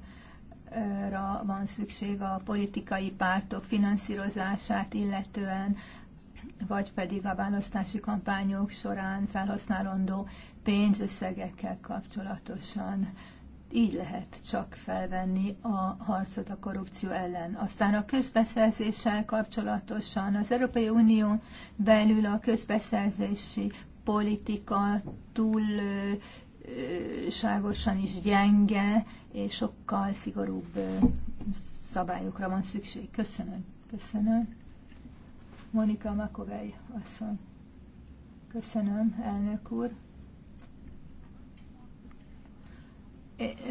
van szükség a politikai pártok finanszírozását illetően, vagy pedig a választási kampányok során felhasználandó pénzösszegekkel kapcsolatosan. Így lehet csak felvenni a harcot a korrupció ellen. Aztán a közbeszerzéssel kapcsolatosan az Európai Unió belül a közbeszerzési politika túl ságosan is gyenge, és sokkal szigorúbb szabályokra van szükség. Köszönöm. Köszönöm. Monika Makovej asszony. Köszönöm, elnök úr.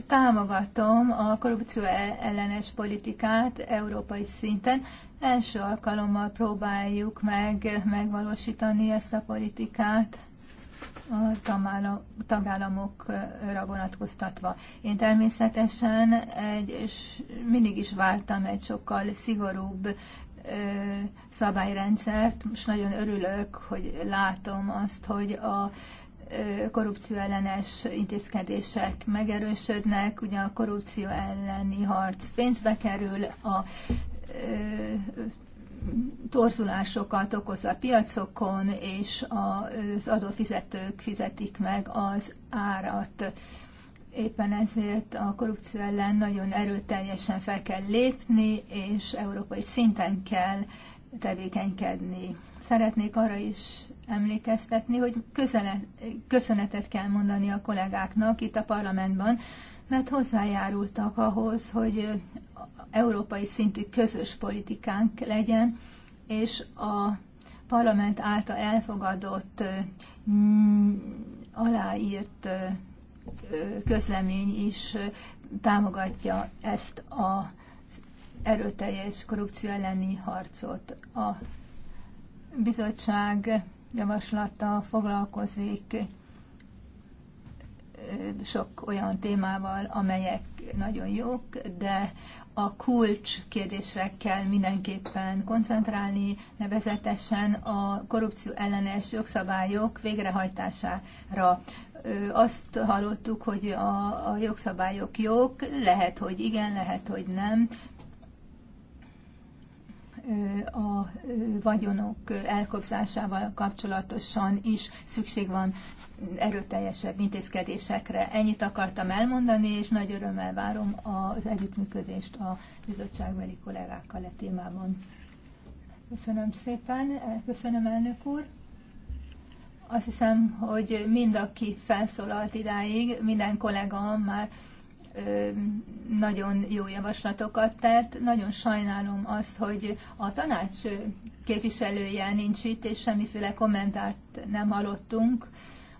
Támogatom a korrupció ellenes politikát európai szinten. Első alkalommal próbáljuk meg megvalósítani ezt a politikát a tagállamokra vonatkoztatva. Én természetesen egy, és mindig is vártam egy sokkal szigorúbb szabályrendszert. Most nagyon örülök, hogy látom azt, hogy a korrupció ellenes intézkedések megerősödnek, ugye a korrupció elleni harc pénzbe kerül, a torzulásokat okoz a piacokon, és az adófizetők fizetik meg az árat Éppen ezért a korrupció ellen nagyon erőteljesen fel kell lépni, és európai szinten kell tevékenykedni. Szeretnék arra is emlékeztetni, hogy közele, köszönetet kell mondani a kollégáknak itt a parlamentben, mert hozzájárultak ahhoz, hogy európai szintű közös politikánk legyen, és a parlament által elfogadott, mm, aláírt közlemény is támogatja ezt az erőteljes korrupció elleni harcot. A bizottság javaslata foglalkozik sok olyan témával, amelyek nagyon jók, de a kulcs kérdésre kell mindenképpen koncentrálni, nevezetesen a korrupció ellenes jogszabályok végrehajtására azt hallottuk, hogy a, a jogszabályok jók, lehet, hogy igen, lehet, hogy nem. A vagyonok elkobzásával kapcsolatosan is szükség van erőteljesebb intézkedésekre. Ennyit akartam elmondani, és nagy örömmel várom az együttműködést a bizottságbeli kollégákkal a e témában. Köszönöm szépen, köszönöm elnök úr. Azt hiszem, hogy mind, aki felszólalt idáig, minden kollega már nagyon jó javaslatokat tett. Nagyon sajnálom azt, hogy a tanács képviselője nincs itt, és semmiféle kommentárt nem hallottunk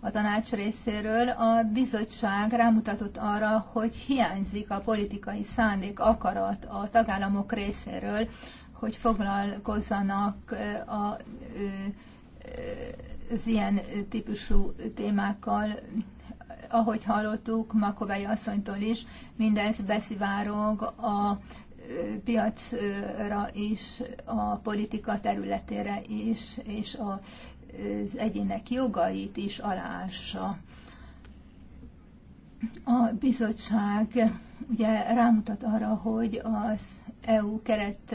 a tanács részéről. A bizottság rámutatott arra, hogy hiányzik a politikai szándék, akarat a tagállamok részéről, hogy foglalkozzanak a az ilyen típusú témákkal, ahogy hallottuk Makovei asszonytól is, mindez beszivárog a piacra is, a politika területére is, és az egyének jogait is aláássa. A bizottság ugye rámutat arra, hogy az EU keret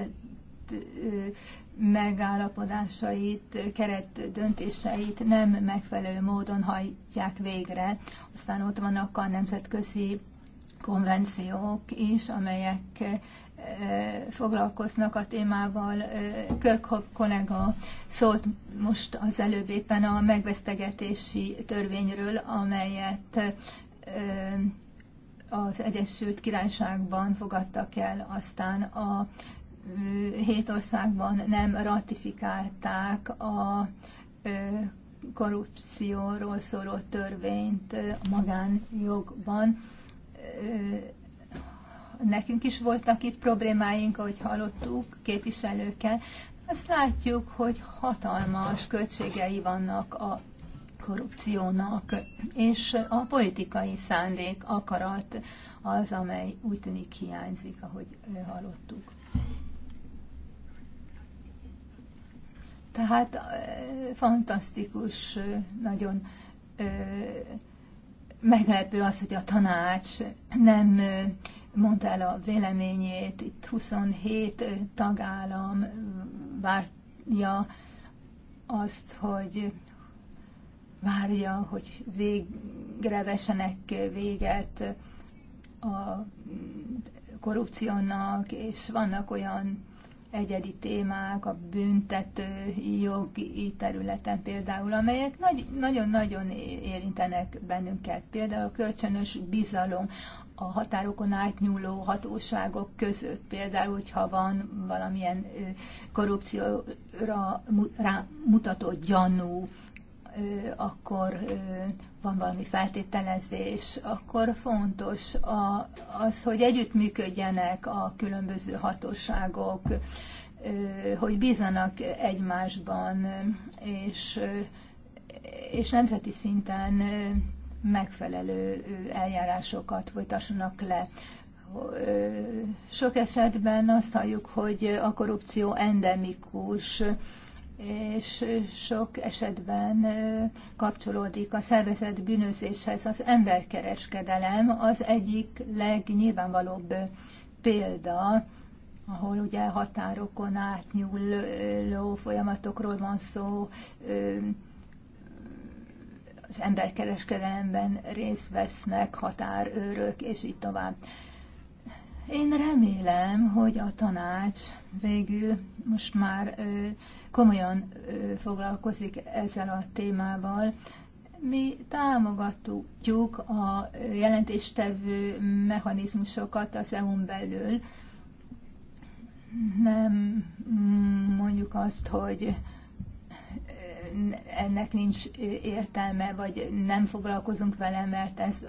megállapodásait, keret döntéseit nem megfelelő módon hajtják végre. Aztán ott vannak a nemzetközi konvenciók is, amelyek eh, foglalkoznak a témával. Eh, Kirk kollega szólt most az előbb éppen a megvesztegetési törvényről, amelyet eh, az Egyesült Királyságban fogadtak el, aztán a hét országban nem ratifikálták a korrupcióról szóló törvényt a magánjogban. Nekünk is voltak itt problémáink, ahogy hallottuk, képviselőkkel. Azt látjuk, hogy hatalmas költségei vannak a korrupciónak, és a politikai szándék, akarat az, amely úgy tűnik hiányzik, ahogy hallottuk. Tehát fantasztikus, nagyon meglepő az, hogy a tanács nem mondta el a véleményét, itt 27 tagállam várja azt, hogy várja, hogy végre vessenek véget a korrupciónak, és vannak olyan egyedi témák a büntető jogi területen például, amelyek nagyon-nagyon érintenek bennünket. Például a kölcsönös bizalom a határokon átnyúló hatóságok között, például, hogyha van valamilyen korrupcióra mutató gyanú, akkor van valami feltételezés, akkor fontos a, az, hogy együttműködjenek a különböző hatóságok, hogy bízanak egymásban, és, és nemzeti szinten megfelelő eljárásokat folytassanak le. Sok esetben azt halljuk, hogy a korrupció endemikus, és sok esetben kapcsolódik a szervezet bűnözéshez. Az emberkereskedelem az egyik legnyilvánvalóbb példa, ahol ugye határokon átnyúló folyamatokról van szó, az emberkereskedelemben részt vesznek határőrök, és így tovább. Én remélem, hogy a tanács végül most már komolyan foglalkozik ezzel a témával. Mi támogatjuk a jelentéstevő mechanizmusokat az EU-n belül. Nem mondjuk azt, hogy ennek nincs értelme, vagy nem foglalkozunk vele, mert ez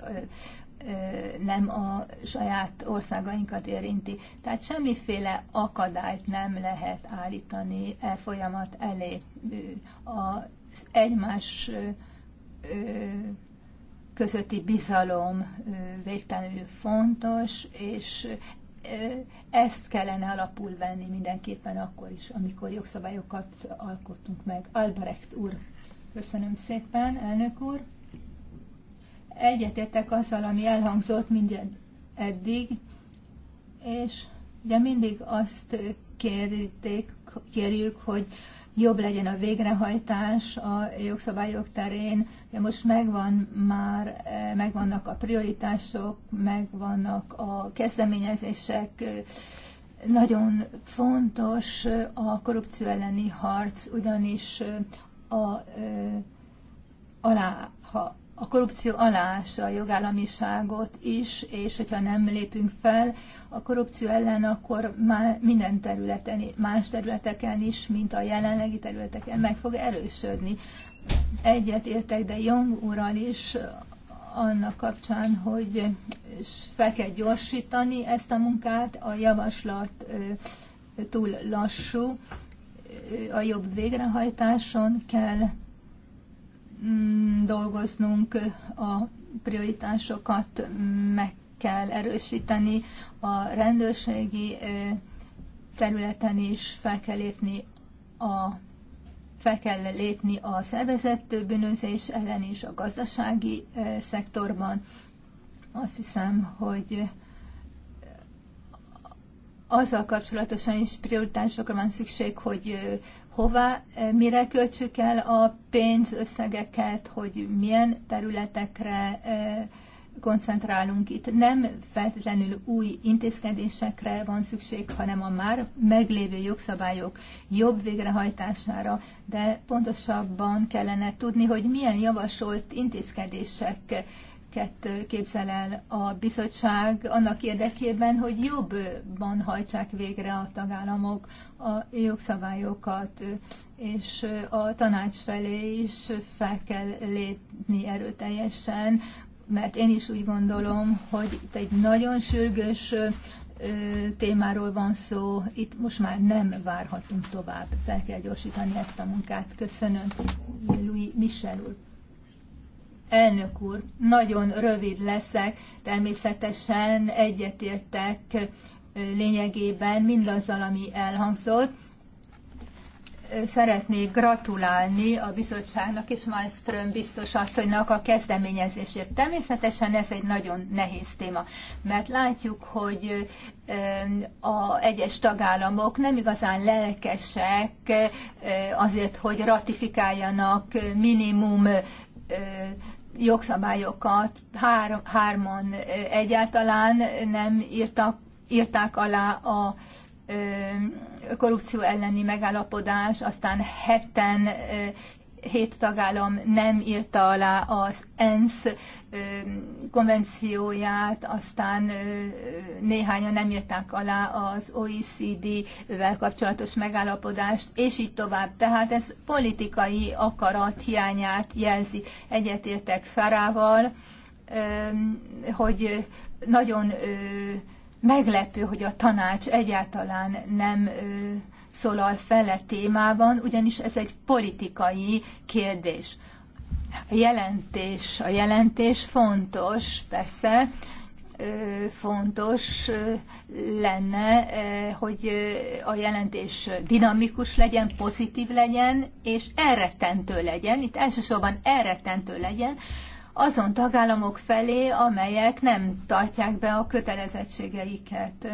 nem a saját országainkat érinti. Tehát semmiféle akadályt nem lehet állítani e folyamat elé. Az egymás közötti bizalom végtelenül fontos, és ezt kellene alapul venni mindenképpen akkor is, amikor jogszabályokat alkottunk meg. Albrecht úr, köszönöm szépen, elnök úr egyetértek azzal, ami elhangzott minden eddig, és ugye mindig azt kérték, kérjük, hogy jobb legyen a végrehajtás a jogszabályok terén. De most megvan már, megvannak a prioritások, megvannak a kezdeményezések, nagyon fontos a korrupció elleni harc, ugyanis a, alá, ha a korrupció alása a jogállamiságot is, és hogyha nem lépünk fel a korrupció ellen, akkor már minden területen, más területeken is, mint a jelenlegi területeken meg fog erősödni. Egyet értek, de Jong úrral is annak kapcsán, hogy fel kell gyorsítani ezt a munkát, a javaslat túl lassú, a jobb végrehajtáson kell Mm, dolgoznunk, a prioritásokat meg kell erősíteni, a rendőrségi területen is fel kell lépni a fel kell lépni a szervezett bűnözés ellen is a gazdasági szektorban. Azt hiszem, hogy azzal kapcsolatosan is prioritásokra van szükség, hogy Hova eh, mire költsük el a pénzösszegeket, hogy milyen területekre eh, koncentrálunk itt. Nem feltétlenül új intézkedésekre van szükség, hanem a már meglévő jogszabályok jobb végrehajtására, de pontosabban kellene tudni, hogy milyen javasolt intézkedések lépéseket képzel el a bizottság annak érdekében, hogy jobban hajtsák végre a tagállamok a jogszabályokat, és a tanács felé is fel kell lépni erőteljesen, mert én is úgy gondolom, hogy itt egy nagyon sürgős témáról van szó, itt most már nem várhatunk tovább, fel kell gyorsítani ezt a munkát. Köszönöm, Louis Michel úr. Elnök úr, nagyon rövid leszek, természetesen egyetértek lényegében mindazzal, ami elhangzott. Szeretnék gratulálni a bizottságnak és Malmström biztos asszonynak a kezdeményezésért. Természetesen ez egy nagyon nehéz téma, mert látjuk, hogy a egyes tagállamok nem igazán lelkesek azért, hogy ratifikáljanak minimum jogszabályokat három, hárman egyáltalán nem írtak, írták alá a korrupció elleni megállapodás, aztán heten hét tagállam nem írta alá az ENSZ konvencióját, aztán néhányan nem írták alá az OECD-vel kapcsolatos megállapodást, és így tovább. Tehát ez politikai akarat hiányát jelzi. Egyetértek Szarával, hogy nagyon meglepő, hogy a tanács egyáltalán nem szólal fele témában, ugyanis ez egy politikai kérdés. A jelentés, a jelentés fontos, persze, fontos lenne, hogy a jelentés dinamikus legyen, pozitív legyen, és elrettentő legyen, itt elsősorban elrettentő legyen, azon tagállamok felé, amelyek nem tartják be a kötelezettségeiket.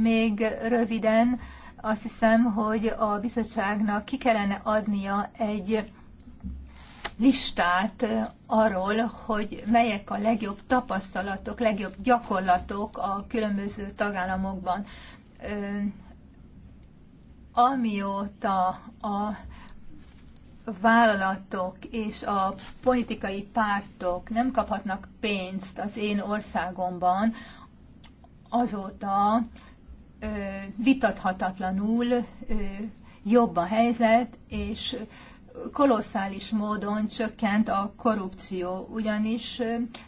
Még röviden azt hiszem, hogy a bizottságnak ki kellene adnia egy listát arról, hogy melyek a legjobb tapasztalatok, legjobb gyakorlatok a különböző tagállamokban. Amióta a vállalatok és a politikai pártok nem kaphatnak pénzt az én országomban, azóta vitathatatlanul jobb a helyzet, és kolosszális módon csökkent a korrupció, ugyanis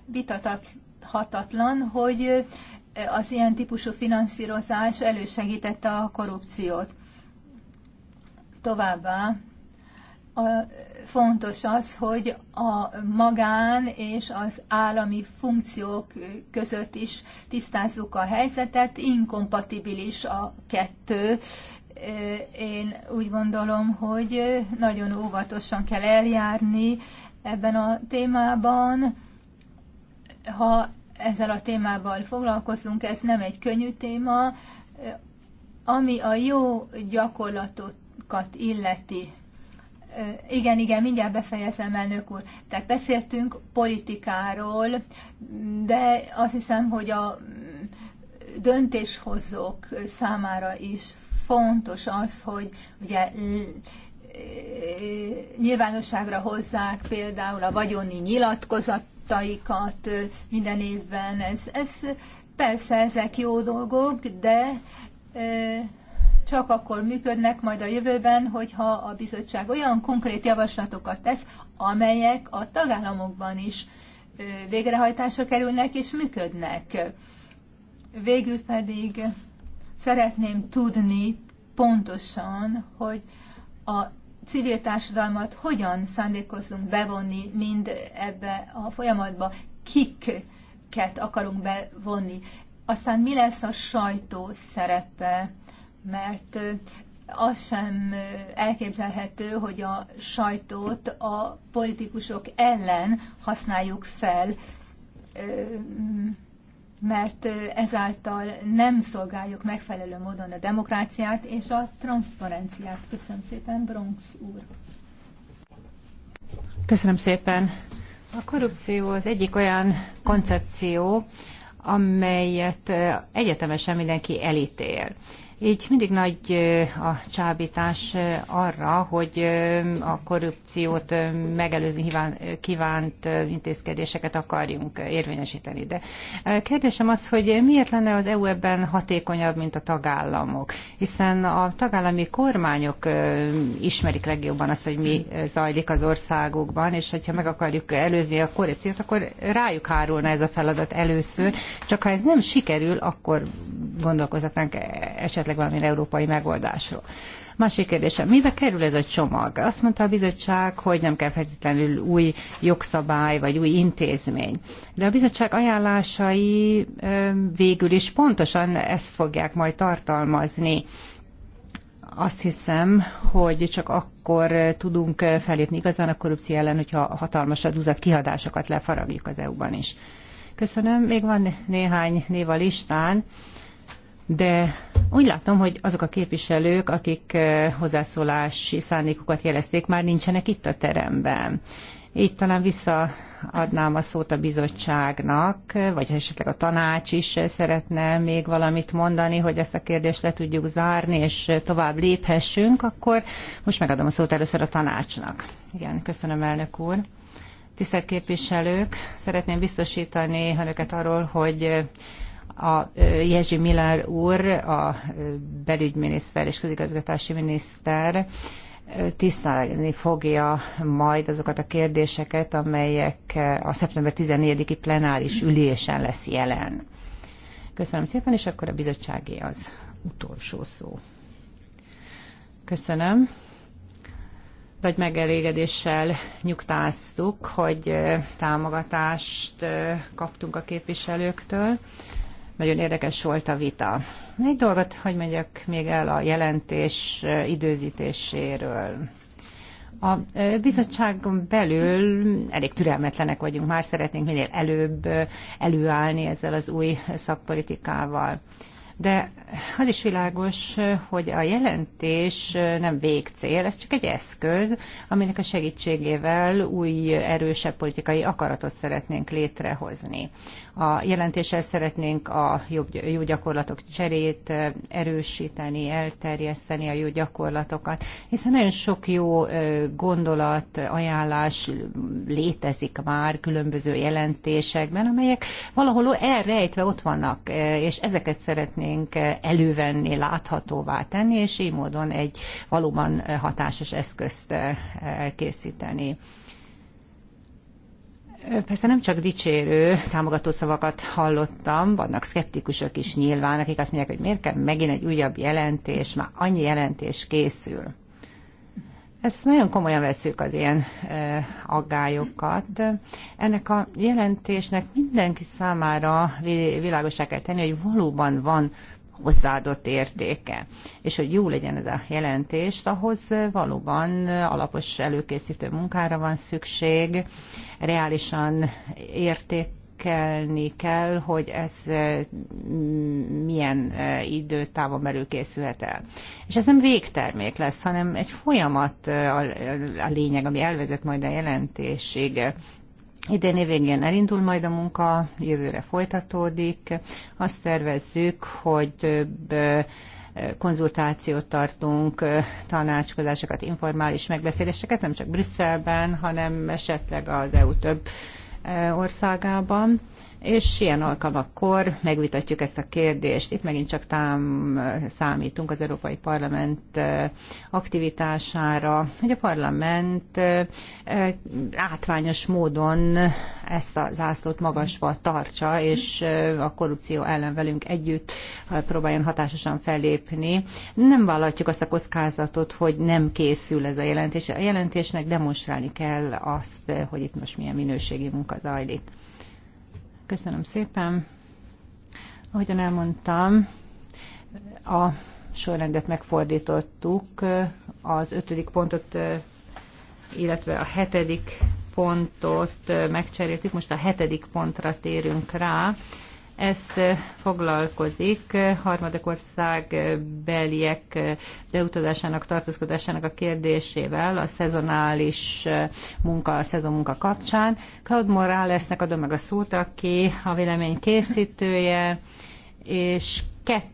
vitathatatlan, hogy az ilyen típusú finanszírozás elősegítette a korrupciót. Továbbá a, fontos az, hogy a magán és az állami funkciók között is tisztázzuk a helyzetet, inkompatibilis a kettő. Én úgy gondolom, hogy nagyon óvatosan kell eljárni ebben a témában. Ha ezzel a témával foglalkozunk, ez nem egy könnyű téma, ami a jó gyakorlatokat illeti igen, igen, mindjárt befejezem, elnök úr. Tehát beszéltünk politikáról, de azt hiszem, hogy a döntéshozók számára is fontos az, hogy ugye nyilvánosságra hozzák például a vagyoni nyilatkozataikat minden évben. Ez, ez persze ezek jó dolgok, de csak akkor működnek majd a jövőben, hogyha a bizottság olyan konkrét javaslatokat tesz, amelyek a tagállamokban is végrehajtásra kerülnek és működnek. Végül pedig szeretném tudni pontosan, hogy a civil társadalmat hogyan szándékozunk bevonni mind ebbe a folyamatba, kiket akarunk bevonni. Aztán mi lesz a sajtó szerepe mert az sem elképzelhető, hogy a sajtót a politikusok ellen használjuk fel, mert ezáltal nem szolgáljuk megfelelő módon a demokráciát és a transzparenciát. Köszönöm szépen, Bronx úr. Köszönöm szépen. A korrupció az egyik olyan koncepció, amelyet egyetemesen mindenki elítél. Így mindig nagy a csábítás arra, hogy a korrupciót megelőzni kívánt intézkedéseket akarjunk érvényesíteni. De kérdésem az, hogy miért lenne az EU ebben hatékonyabb, mint a tagállamok? Hiszen a tagállami kormányok ismerik legjobban azt, hogy mi zajlik az országokban, és hogyha meg akarjuk előzni a korrupciót, akkor rájuk hárulna ez a feladat először. Csak ha ez nem sikerül, akkor gondolkozhatnánk esetleg esetleg valamilyen európai megoldásról. Másik kérdésem, mibe kerül ez a csomag? Azt mondta a bizottság, hogy nem kell feltétlenül új jogszabály vagy új intézmény. De a bizottság ajánlásai végül is pontosan ezt fogják majd tartalmazni azt hiszem, hogy csak akkor tudunk felépni igazán a korrupció ellen, hogyha hatalmas a duzat kihadásokat lefaragjuk az EU-ban is. Köszönöm. Még van néhány név a listán de úgy látom, hogy azok a képviselők, akik eh, hozzászólási szándékukat jelezték, már nincsenek itt a teremben. Így talán visszaadnám a szót a bizottságnak, vagy esetleg a tanács is szeretne még valamit mondani, hogy ezt a kérdést le tudjuk zárni, és tovább léphessünk, akkor most megadom a szót először a tanácsnak. Igen, köszönöm, elnök úr. Tisztelt képviselők, szeretném biztosítani önöket arról, hogy a Jezsi Miller úr, a belügyminiszter és közigazgatási miniszter tisztázni fogja majd azokat a kérdéseket, amelyek a szeptember 14-i plenáris ülésen lesz jelen. Köszönöm szépen, és akkor a bizottságé az utolsó szó. Köszönöm. Nagy megelégedéssel nyugtáztuk, hogy támogatást kaptunk a képviselőktől. Nagyon érdekes volt a vita. Egy dolgot, hogy megyek még el a jelentés időzítéséről. A bizottságon belül elég türelmetlenek vagyunk, már szeretnénk minél előbb előállni ezzel az új szakpolitikával. De az is világos, hogy a jelentés nem végcél, ez csak egy eszköz, aminek a segítségével új, erősebb politikai akaratot szeretnénk létrehozni. A jelentéssel szeretnénk a jó gyakorlatok cserét erősíteni, elterjeszteni a jó gyakorlatokat, hiszen nagyon sok jó gondolat, ajánlás létezik már különböző jelentésekben, amelyek valahol elrejtve ott vannak, és ezeket szeretnénk elővenni, láthatóvá tenni, és így módon egy valóban hatásos eszközt készíteni. Persze nem csak dicsérő támogató szavakat hallottam, vannak szkeptikusok is nyilván, akik azt mondják, hogy miért kell megint egy újabb jelentés, már annyi jelentés készül. Ezt nagyon komolyan veszük az ilyen e, aggályokat. Ennek a jelentésnek mindenki számára világosá kell tenni, hogy valóban van hozzáadott értéke. És hogy jó legyen ez a jelentést, ahhoz eh, valóban eh, alapos előkészítő munkára van szükség, reálisan érték értékelni kell, hogy ez eh, milyen időtávon belül készülhet el. És ez nem végtermék lesz, hanem egy folyamat a lényeg, ami elvezet majd a jelentésig. Idén évvégén elindul majd a munka, jövőre folytatódik. Azt tervezzük, hogy több konzultációt tartunk, tanácskozásokat, informális megbeszéléseket, nem csak Brüsszelben, hanem esetleg az EU több országában és ilyen alkalmakkor megvitatjuk ezt a kérdést. Itt megint csak tám, számítunk az Európai Parlament aktivitására, hogy a parlament látványos módon ezt a zászlót magasba tartsa, és a korrupció ellen velünk együtt próbáljon hatásosan fellépni. Nem vállalhatjuk azt a kockázatot, hogy nem készül ez a jelentés. A jelentésnek demonstrálni kell azt, hogy itt most milyen minőségi munka zajlik. Köszönöm szépen. Ahogyan elmondtam, a sorrendet megfordítottuk, az ötödik pontot, illetve a hetedik pontot megcseréltük, most a hetedik pontra térünk rá. Ez foglalkozik harmadik ország beliek beutazásának, tartózkodásának a kérdésével a szezonális munka, a szezonmunka kapcsán. Claude Moralesnek adom meg a szót, aki a vélemény készítője, és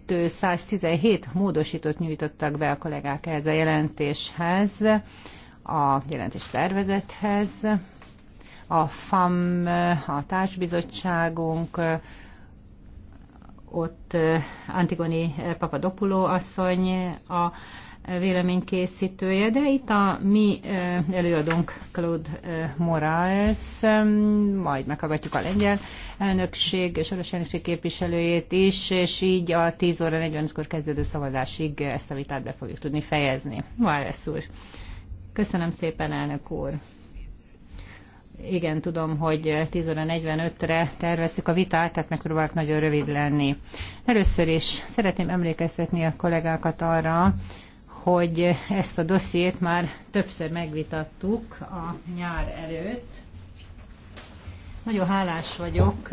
217 módosítót nyújtottak be a kollégák ehhez a jelentéshez, a jelentés tervezethez. A FAM, a társbizottságunk, ott Antigoni Papadopulo asszony a véleménykészítője, de itt a mi előadónk Claude Morales, majd meghallgatjuk a lengyel elnökség, soros elnökség képviselőjét is, és így a 10 óra 45-kor kezdődő szavazásig ezt a vitát be fogjuk tudni fejezni. Morales úr. Köszönöm szépen, elnök úr igen, tudom, hogy 10 óra 45-re terveztük a vitát, tehát megpróbálok nagyon rövid lenni. Először is szeretném emlékeztetni a kollégákat arra, hogy ezt a dossziét már többször megvitattuk a nyár előtt. Nagyon hálás vagyok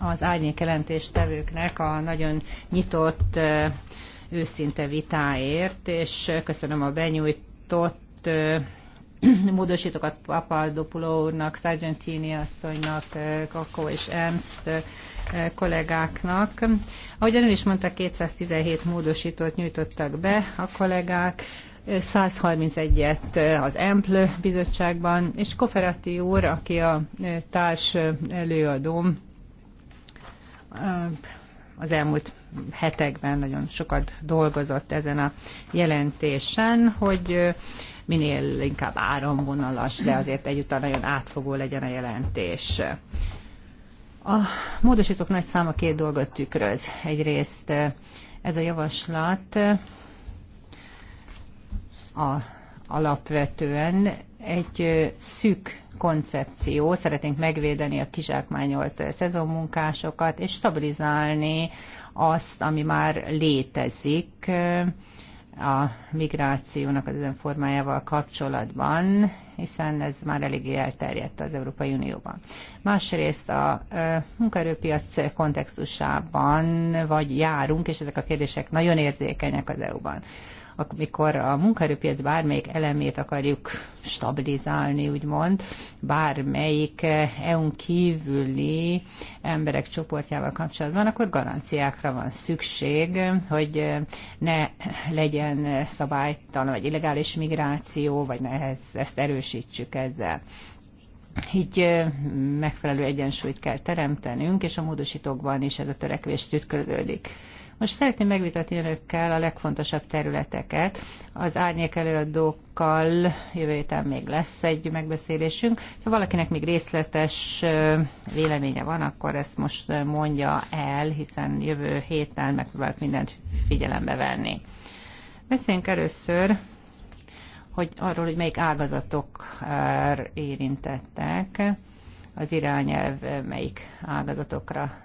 az árnyék tevőknek a nagyon nyitott, őszinte vitáért, és köszönöm a benyújtott módosítókat Papaldopuló úrnak, Sargentini asszonynak, eh, Kakó és Ernst eh, kollégáknak. Ahogy ön is mondta, 217 módosítót nyújtottak be a kollégák, 131-et eh, az EMPL bizottságban, és Koferati úr, aki a társ előadóm, az elmúlt hetekben nagyon sokat dolgozott ezen a jelentésen, hogy minél inkább áramvonalas, de azért egyúttal nagyon átfogó legyen a jelentés. A módosítók nagy száma két dolgot tükröz. Egyrészt eh, ez a javaslat eh, a, alapvetően egy eh, szűk koncepció, szeretnénk megvédeni a kizsákmányolt szezonmunkásokat, és stabilizálni azt, ami már létezik, a migrációnak az ezen formájával kapcsolatban, hiszen ez már eléggé elterjedt az Európai Unióban. Másrészt a munkaerőpiac kontextusában vagy járunk, és ezek a kérdések nagyon érzékenyek az EU-ban amikor a munkaerőpiac bármelyik elemét akarjuk stabilizálni, úgymond, bármelyik eh, EU-n kívüli emberek csoportjával kapcsolatban, akkor garanciákra van szükség, hogy eh, ne legyen szabálytalan vagy illegális migráció, vagy ne ezt erősítsük ezzel. Így eh, megfelelő egyensúlyt kell teremtenünk, és a módosítókban is ez a törekvés tükröződik. Most szeretném megvitatni önökkel a legfontosabb területeket. Az árnyék előadókkal jövő héten még lesz egy megbeszélésünk. Ha valakinek még részletes véleménye van, akkor ezt most mondja el, hiszen jövő héten megpróbálok mindent figyelembe venni. Beszéljünk először hogy arról, hogy melyik ágazatok érintettek, az irányelv melyik ágazatokra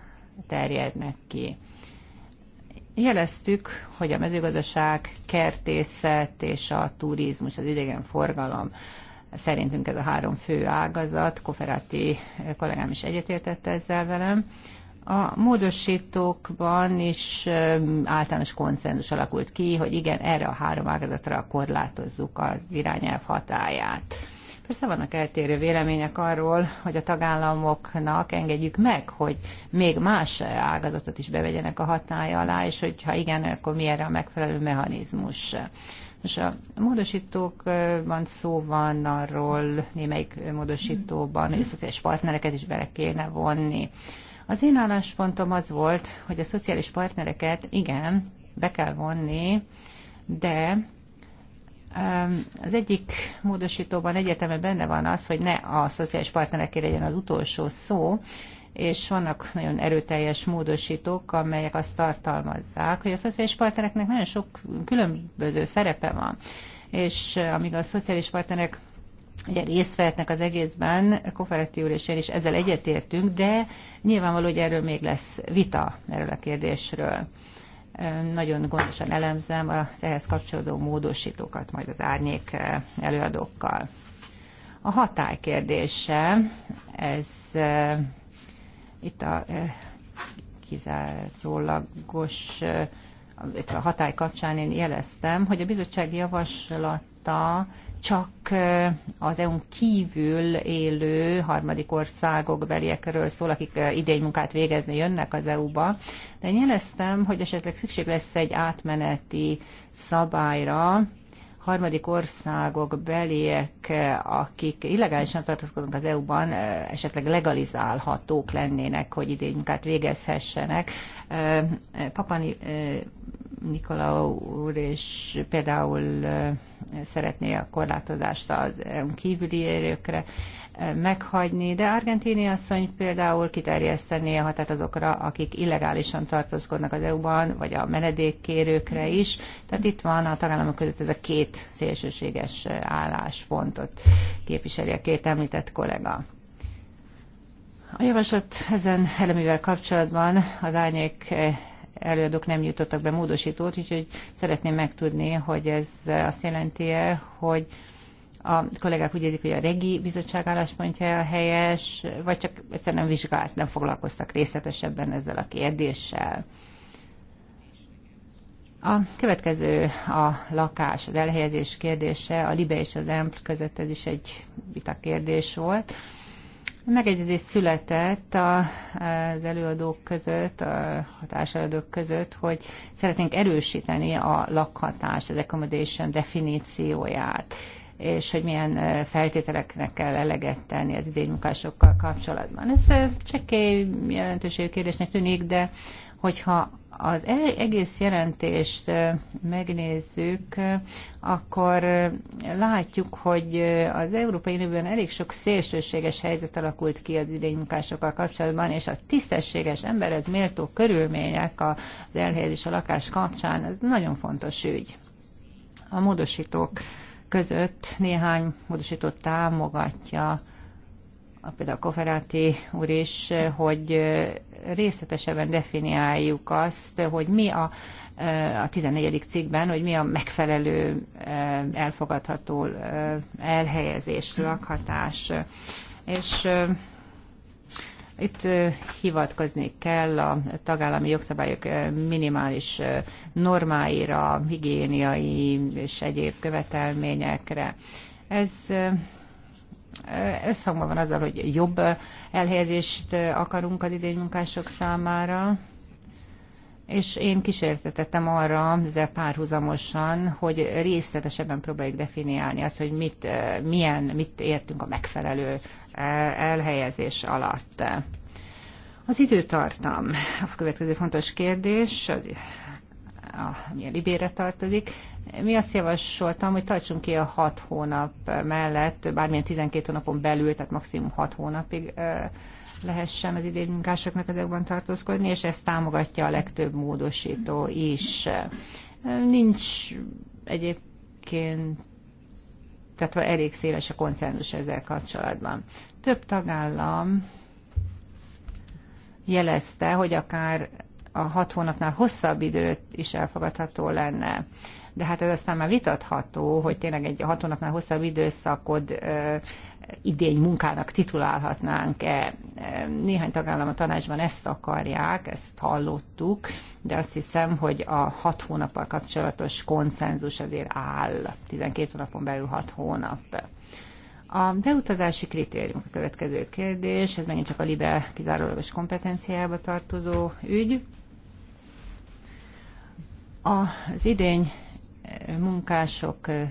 terjednek ki. Jeleztük, hogy a mezőgazdaság, kertészet és a turizmus, az idegenforgalom szerintünk ez a három fő ágazat, Koferáti kollégám is egyetértett ezzel velem. A módosítókban is általános konszenzus alakult ki, hogy igen, erre a három ágazatra korlátozzuk az irányelv hatáját. Persze vannak eltérő vélemények arról, hogy a tagállamoknak engedjük meg, hogy még más ágazatot is bevegyenek a hatája alá, és hogy ha igen, akkor mi erre a megfelelő mechanizmus. Most a módosítókban szó van arról, némelyik módosítóban, hogy a szociális partnereket is bele kéne vonni. Az én álláspontom az volt, hogy a szociális partnereket igen, be kell vonni, de az egyik módosítóban egyértelműen benne van az, hogy ne a szociális partnereké legyen az utolsó szó, és vannak nagyon erőteljes módosítók, amelyek azt tartalmazzák, hogy a szociális partnereknek nagyon sok különböző szerepe van. És eh, amíg a szociális partnerek ugye részt vehetnek az egészben, Koferetti úr és én is ezzel egyetértünk, de nyilvánvaló, hogy erről még lesz vita, erről a kérdésről. Nagyon gondosan elemzem az ehhez kapcsolódó módosítókat majd az árnyék eh, előadókkal. A hatály kérdése, ez eh, itt a eh, kizárólagos itt a hatály kapcsán én jeleztem, hogy a bizottsági javaslat óta csak az EU-n kívül élő harmadik országok beliekről szól, akik idény munkát végezni jönnek az EU-ba. De én jeleztem, hogy esetleg szükség lesz egy átmeneti szabályra, harmadik országok beliek, akik illegálisan tartózkodnak az EU-ban, esetleg legalizálhatók lennének, hogy idénykát végezhessenek. Papani Nikola úr és például szeretné a korlátozást az EU kívüli érőkre meghagyni, de Argentini asszony például kiterjeszteni a hatát azokra, akik illegálisan tartózkodnak az EU-ban, vagy a menedékkérőkre is. Tehát itt van a tagállamok között ez a két szélsőséges álláspontot képviseli a két említett kollega. A javaslat ezen elemével kapcsolatban az árnyék előadók nem jutottak be módosítót, úgyhogy szeretném megtudni, hogy ez azt jelenti-e, hogy a kollégák úgy érzik, hogy a regi bizottság álláspontja a helyes, vagy csak egyszerűen nem vizsgált, nem foglalkoztak részletesebben ezzel a kérdéssel. A következő a lakás, az elhelyezés kérdése, a Libe és az EMP között ez is egy vita kérdés volt. Megegyezés született az előadók között, a hatáselőadók között, hogy szeretnénk erősíteni a lakhatás, az accommodation definícióját, és hogy milyen feltételeknek kell eleget tenni az idénymunkásokkal kapcsolatban. Ez csekély jelentőségű kérdésnek tűnik, de Hogyha az e- egész jelentést megnézzük, akkor látjuk, hogy az Európai Unióban elég sok szélsőséges helyzet alakult ki az idénymunkásokkal kapcsolatban, és a tisztességes emberhez méltó körülmények az elhelyezés a lakás kapcsán, ez nagyon fontos ügy. A módosítók között néhány módosítót támogatja a például Koferáti úr is, hogy részletesebben definiáljuk azt, hogy mi a, eh, a 14. cikkben, hogy mi a megfelelő eh, elfogadható eh, elhelyezés, lakhatás. És itt hivatkozni kell a tagállami jogszabályok minimális normáira, higiéniai és egyéb követelményekre. Ez összhangban van azzal, hogy jobb elhelyezést akarunk az idénymunkások számára, és én kísértetettem arra, de párhuzamosan, hogy részletesebben próbáljuk definiálni azt, hogy mit, milyen, mit értünk a megfelelő elhelyezés alatt. Az időtartam a következő fontos kérdés, ami a libére tartozik. Mi azt javasoltam, hogy tartsunk ki a hat hónap mellett, bármilyen 12 hónapon belül, tehát maximum hat hónapig lehessen az idénymunkásoknak ezekben tartózkodni, és ezt támogatja a legtöbb módosító is. Nincs egyébként tehát elég széles a konszenzus ezzel kapcsolatban. Több tagállam jelezte, hogy akár a hat hónapnál hosszabb időt is elfogadható lenne. De hát ez aztán már vitatható, hogy tényleg egy hat hónapnál hosszabb időszakod idény munkának titulálhatnánk-e. Néhány tagállam a tanácsban ezt akarják, ezt hallottuk, de azt hiszem, hogy a hat hónappal kapcsolatos konszenzus azért áll. 12 hónapon belül hat hónap. A beutazási kritérium a következő kérdés, ez megint csak a LIBE kizárólagos kompetenciájába tartozó ügy. Az idény eh, munkások eh,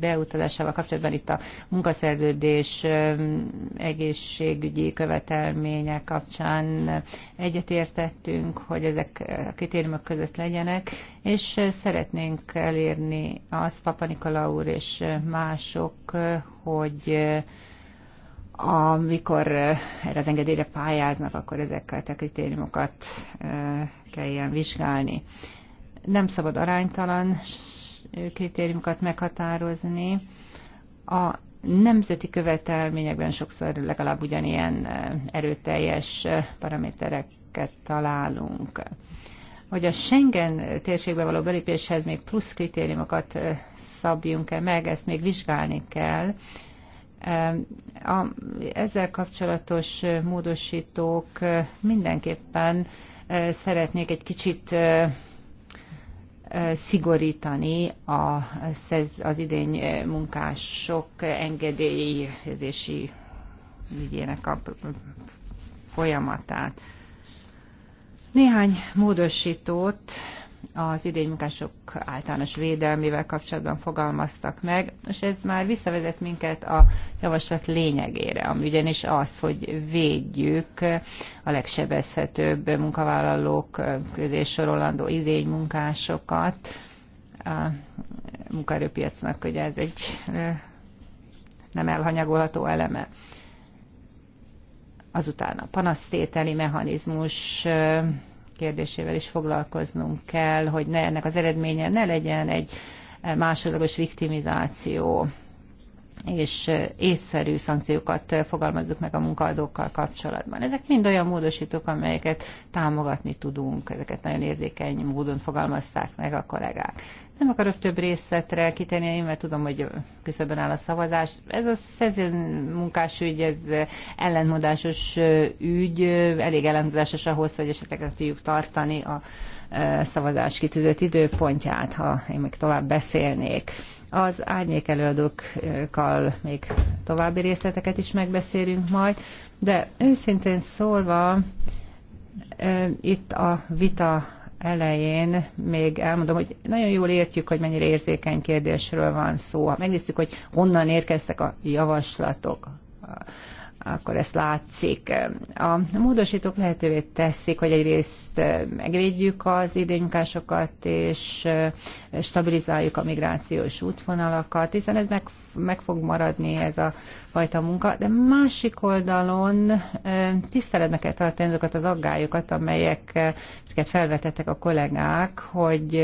beutalásával kapcsolatban itt a munkaszerződés eh, egészségügyi követelmények kapcsán egyetértettünk, hogy ezek a kritériumok között legyenek, és szeretnénk elérni azt, Papa Nikola úr és mások, hogy amikor erre az engedélyre pályáznak, akkor ezeket a kritériumokat kelljen vizsgálni nem szabad aránytalan kritériumokat meghatározni. A nemzeti követelményekben sokszor legalább ugyanilyen erőteljes paramétereket találunk. Hogy a Schengen térségbe való belépéshez még plusz kritériumokat szabjunk-e meg, ezt még vizsgálni kell. A ezzel kapcsolatos módosítók mindenképpen szeretnék egy kicsit szigorítani a, az idény munkások engedélyezési ügyének a folyamatát. Néhány módosítót az idénymunkások általános védelmével kapcsolatban fogalmaztak meg, és ez már visszavezet minket a javaslat lényegére, ami ugyanis az, hogy védjük a legsebezhetőbb munkavállalók közé sorolandó idénymunkásokat. A munkaerőpiacnak ugye ez egy nem elhanyagolható eleme azután a panasztételi mechanizmus kérdésével is foglalkoznunk kell, hogy ne, ennek az eredménye ne legyen egy másodlagos viktimizáció és észszerű szankciókat fogalmazzuk meg a munkaadókkal kapcsolatban. Ezek mind olyan módosítók, amelyeket támogatni tudunk, ezeket nagyon érzékeny módon fogalmazták meg a kollégák. Nem akarok több részletre kitenni, én mert tudom, hogy küszöbben áll a szavazás. Ez a szezon munkás ügy, ez ellentmondásos ügy, elég ellentmondásos ahhoz, hogy esetleg tudjuk tartani a szavazás kitűzött időpontját, ha én még tovább beszélnék. Az árnyék előadókkal még további részleteket is megbeszélünk majd, de őszintén szólva itt a vita elején még elmondom, hogy nagyon jól értjük, hogy mennyire érzékeny kérdésről van szó. Ha megnéztük, hogy honnan érkeztek a javaslatok, akkor ezt látszik. A módosítók lehetővé teszik, hogy egyrészt eh, megvédjük az idénykásokat, és eh, stabilizáljuk a migrációs útvonalakat, hiszen ez meg, meg fog maradni ez a fajta munka, de másik oldalon eh, tiszteletbe kell tartani azokat az aggályokat, amelyeket felvetettek a kollégák, hogy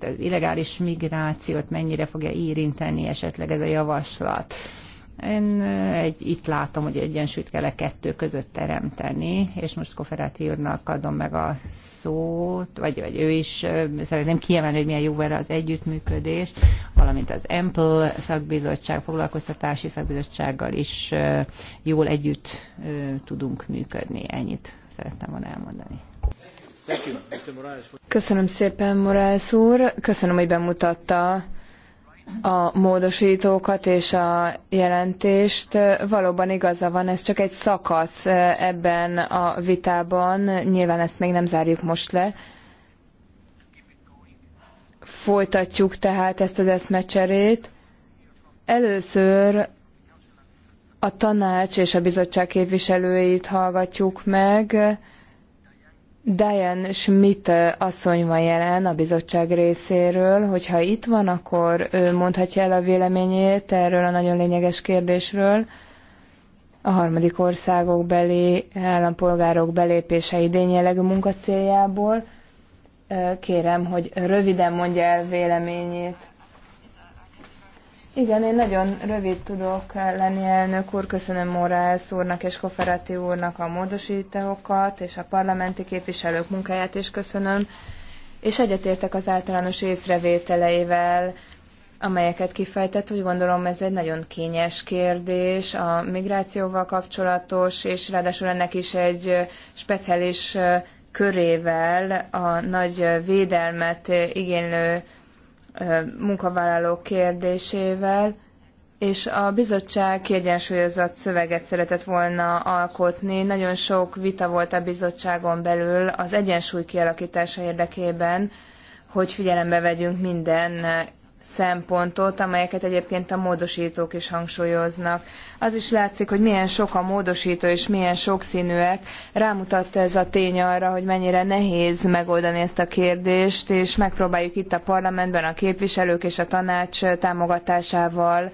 az illegális migrációt mennyire fogja érinteni esetleg ez a javaslat én egy, itt látom, hogy egyensúlyt kell a kettő között teremteni, és most Koferáti úrnak adom meg a szót, vagy, vagy ő is szeretném kiemelni, hogy milyen jó vele az együttműködés, valamint az Ample szakbizottság, foglalkoztatási szakbizottsággal is jól együtt tudunk működni. Ennyit szerettem volna elmondani. Köszönöm szépen, Morales úr. Köszönöm, hogy bemutatta a módosítókat és a jelentést. Valóban igaza van, ez csak egy szakasz eh, ebben a vitában. Nyilván ezt még nem zárjuk most le. Folytatjuk tehát ezt az eszmecserét. Először a tanács és a bizottság képviselőit hallgatjuk meg. Diane Schmidt asszony van jelen a bizottság részéről, hogyha itt van, akkor ő mondhatja el a véleményét erről a nagyon lényeges kérdésről. A harmadik országok beli állampolgárok belépése idén jellegű munkacéljából. Kérem, hogy röviden mondja el véleményét. Igen, én nagyon rövid tudok lenni, elnök úr. Köszönöm Morales úrnak és Koferati úrnak a módosítókat és a parlamenti képviselők munkáját is köszönöm. És egyetértek az általános észrevételeivel, amelyeket kifejtett. Úgy gondolom ez egy nagyon kényes kérdés a migrációval kapcsolatos, és ráadásul ennek is egy speciális körével a nagy védelmet igénylő munkavállalók kérdésével, és a bizottság kiegyensúlyozott szöveget szeretett volna alkotni. Nagyon sok vita volt a bizottságon belül az egyensúly kialakítása érdekében, hogy figyelembe vegyünk minden szempontot, amelyeket egyébként a módosítók is hangsúlyoznak. Az is látszik, hogy milyen sok a módosító és milyen sokszínűek. Rámutat ez a tény arra, hogy mennyire nehéz megoldani ezt a kérdést, és megpróbáljuk itt a parlamentben a képviselők és a tanács támogatásával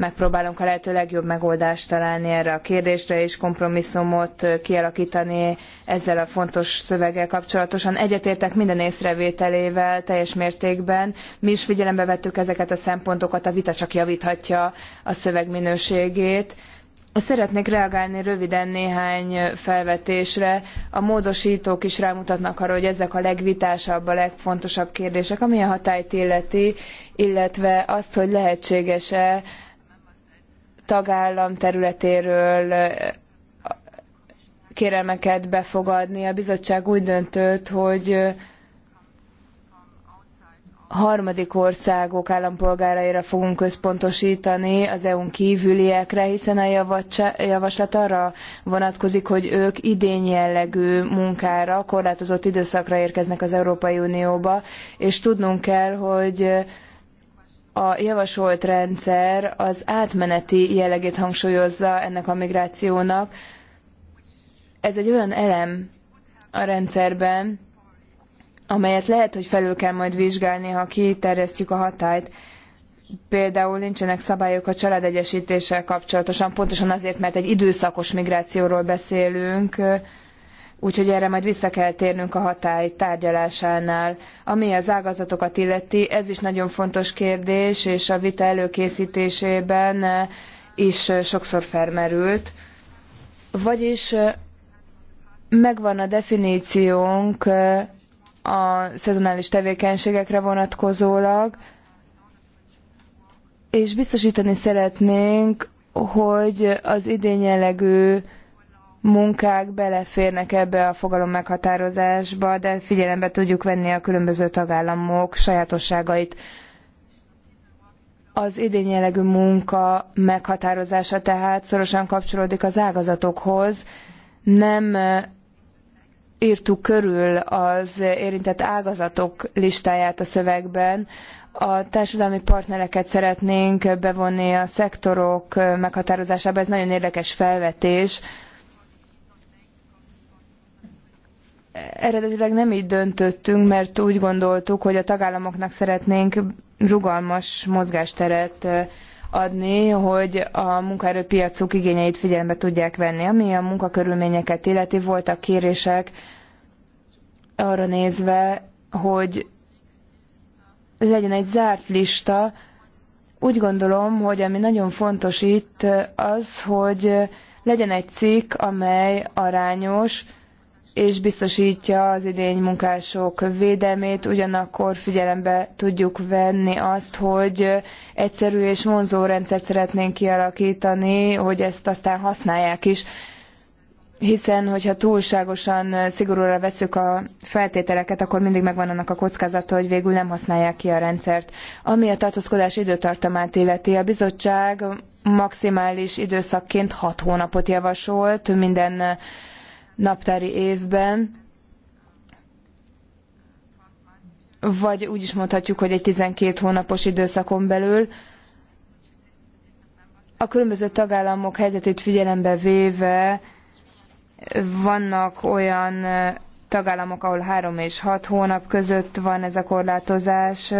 megpróbálunk a lehető legjobb megoldást találni erre a kérdésre, és kompromisszumot kialakítani ezzel a fontos szöveggel kapcsolatosan. Egyetértek minden észrevételével teljes mértékben. Mi is figyelembe vettük ezeket a szempontokat, a vita csak javíthatja a szöveg minőségét. Szeretnék reagálni röviden néhány felvetésre. A módosítók is rámutatnak arra, hogy ezek a legvitásabb, a legfontosabb kérdések, ami a hatályt illeti, illetve azt, hogy lehetséges-e tagállam területéről kérelmeket befogadni. A bizottság úgy döntött, hogy harmadik országok állampolgáraira fogunk központosítani, az EU-n kívüliekre, hiszen a javaslat arra vonatkozik, hogy ők idén jellegű munkára, korlátozott időszakra érkeznek az Európai Unióba, és tudnunk kell, hogy a javasolt rendszer az átmeneti jellegét hangsúlyozza ennek a migrációnak. Ez egy olyan elem a rendszerben, amelyet lehet, hogy felül kell majd vizsgálni, ha kiterjesztjük a hatályt. Például nincsenek szabályok a családegyesítéssel kapcsolatosan, pontosan azért, mert egy időszakos migrációról beszélünk, úgyhogy erre majd vissza kell térnünk a hatály tárgyalásánál. Ami az ágazatokat illeti, ez is nagyon fontos kérdés, és a vita előkészítésében eh, is eh, sokszor felmerült. Vagyis eh, megvan a definíciónk a szezonális tevékenységekre vonatkozólag, és biztosítani szeretnénk, hogy az idényjellegű munkák beleférnek ebbe a fogalom meghatározásba, de figyelembe tudjuk venni a különböző tagállamok sajátosságait. Az idényjelegű munka meghatározása tehát szorosan kapcsolódik az ágazatokhoz. Nem írtuk körül az érintett ágazatok listáját a szövegben, a társadalmi partnereket szeretnénk bevonni a szektorok meghatározásába. Ez nagyon érdekes felvetés eredetileg nem így döntöttünk, mert úgy gondoltuk, hogy a tagállamoknak szeretnénk rugalmas mozgásteret adni, hogy a munkaerőpiacuk igényeit figyelembe tudják venni. Ami a munkakörülményeket illeti, voltak kérések arra nézve, hogy legyen egy zárt lista. Úgy gondolom, hogy ami nagyon fontos itt az, hogy legyen egy cikk, amely arányos, és biztosítja az idény munkások védelmét, ugyanakkor figyelembe tudjuk venni azt, hogy egyszerű és vonzó rendszert szeretnénk kialakítani, hogy ezt aztán használják is, hiszen hogyha túlságosan szigorúra veszük a feltételeket, akkor mindig megvan annak a kockázata, hogy végül nem használják ki a rendszert. Ami a tartózkodás időtartamát illeti, a bizottság maximális időszakként hat hónapot javasolt minden naptári évben, vagy úgy is mondhatjuk, hogy egy 12 hónapos időszakon belül, a különböző tagállamok helyzetét figyelembe véve vannak olyan tagállamok, ahol három és hat hónap között van ez a korlátozás.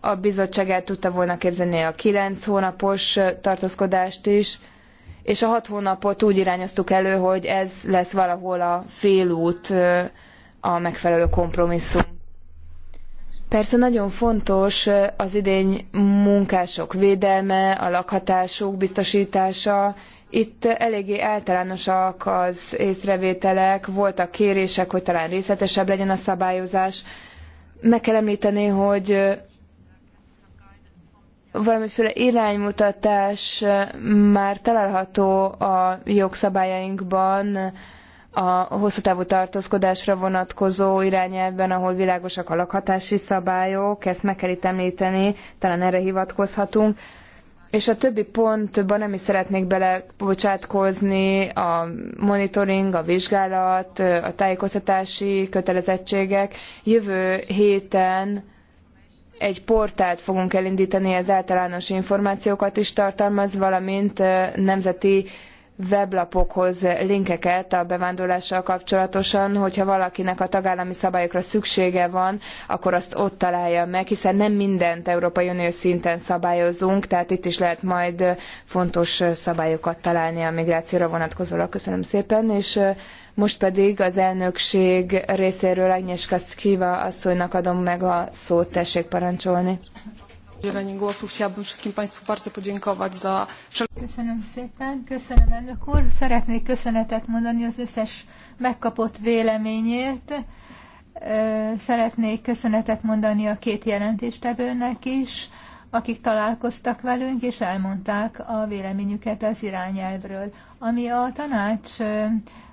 A bizottság el tudta volna képzelni a kilenc hónapos tartózkodást is, és a hat hónapot úgy irányoztuk elő, hogy ez lesz valahol a félút a megfelelő kompromisszum. Persze nagyon fontos az idény munkások védelme, a lakhatásuk biztosítása. Itt eléggé általánosak az észrevételek, voltak kérések, hogy talán részletesebb legyen a szabályozás. Meg kell említeni, hogy valamiféle iránymutatás már található a jogszabályainkban, a hosszú távú tartózkodásra vonatkozó irányelvben, ahol világosak a lakhatási szabályok, ezt meg kell itt említeni, talán erre hivatkozhatunk. És a többi pontban nem is szeretnék belebocsátkozni a monitoring, a vizsgálat, a tájékoztatási kötelezettségek. Jövő héten egy portált fogunk elindítani, ez általános információkat is tartalmaz, valamint nemzeti weblapokhoz linkeket a bevándorlással kapcsolatosan, hogyha valakinek a tagállami szabályokra szüksége van, akkor azt ott találja meg, hiszen nem mindent Európai Unió szinten szabályozunk, tehát itt is lehet majd fontos szabályokat találni a migrációra vonatkozóan Köszönöm szépen, és most pedig az elnökség részéről Agnieszka Skiva asszonynak adom meg a szót, tessék parancsolni. Udzielenie Köszönöm szépen, köszönöm elnök úr. Szeretnék köszönetet mondani az összes megkapott véleményért. Szeretnék köszönetet mondani a két jelentéstevőnek is, akik találkoztak velünk, és elmondták a véleményüket az irányelvről. Ami a tanács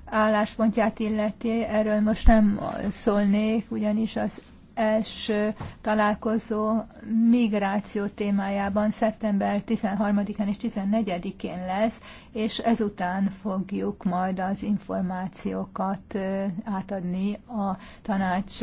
álláspontját illeti, erről most nem szólnék, ugyanis az első találkozó migráció témájában szeptember 13-án és 14-én lesz, és ezután fogjuk majd az információkat átadni a tanács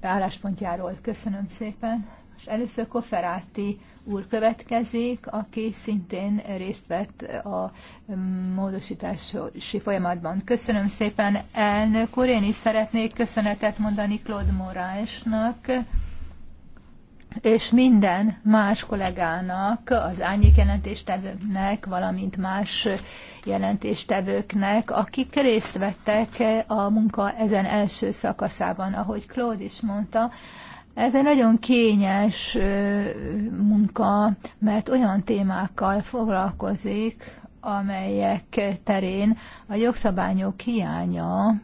álláspontjáról. Köszönöm szépen. És először Koferáti úr következik, aki szintén részt vett a mm, módosítási folyamatban. Köszönöm szépen, elnök úr, én is szeretnék köszönetet mondani Claude Moránsnak és minden más kollégának, az ányék jelentéstevőknek, valamint más jelentéstevőknek, akik részt vettek a munka ezen első szakaszában. Ahogy Claude is mondta, ez egy nagyon kényes munka, mert olyan témákkal foglalkozik, amelyek terén a jogszabályok hiánya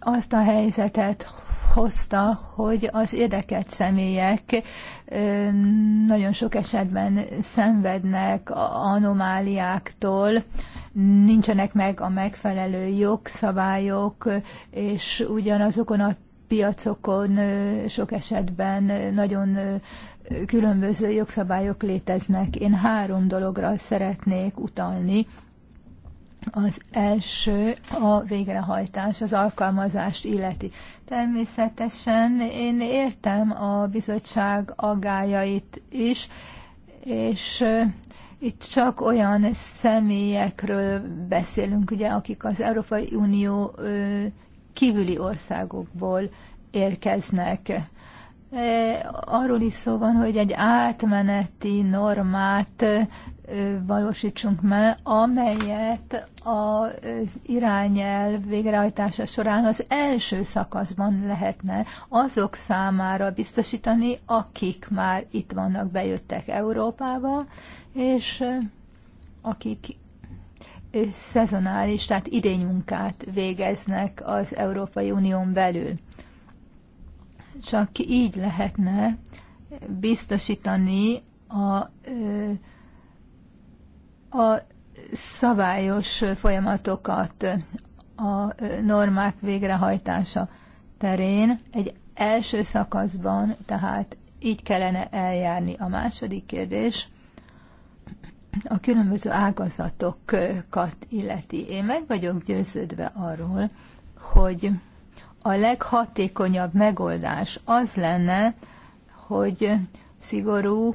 azt a helyzetet hozta, hogy az érdekelt személyek nagyon sok esetben szenvednek anomáliáktól, nincsenek meg a megfelelő jogszabályok, és ugyanazokon a piacokon sok esetben nagyon különböző jogszabályok léteznek. Én három dologra szeretnék utalni. Az első a végrehajtás, az alkalmazást illeti. Természetesen én értem a bizottság agájait is, és itt csak olyan személyekről beszélünk, ugye, akik az Európai Unió kívüli országokból érkeznek. E, arról is szó van, hogy egy átmeneti normát e, valósítsunk meg, amelyet az irányelv végrehajtása során az első szakaszban lehetne azok számára biztosítani, akik már itt vannak, bejöttek Európába, és e, akik szezonális, tehát idénymunkát végeznek az Európai Unión belül. Csak így lehetne biztosítani a, a szabályos folyamatokat a normák végrehajtása terén egy első szakaszban, tehát így kellene eljárni. A második kérdés a különböző ágazatokat illeti. Én meg vagyok győződve arról, hogy a leghatékonyabb megoldás az lenne, hogy szigorú,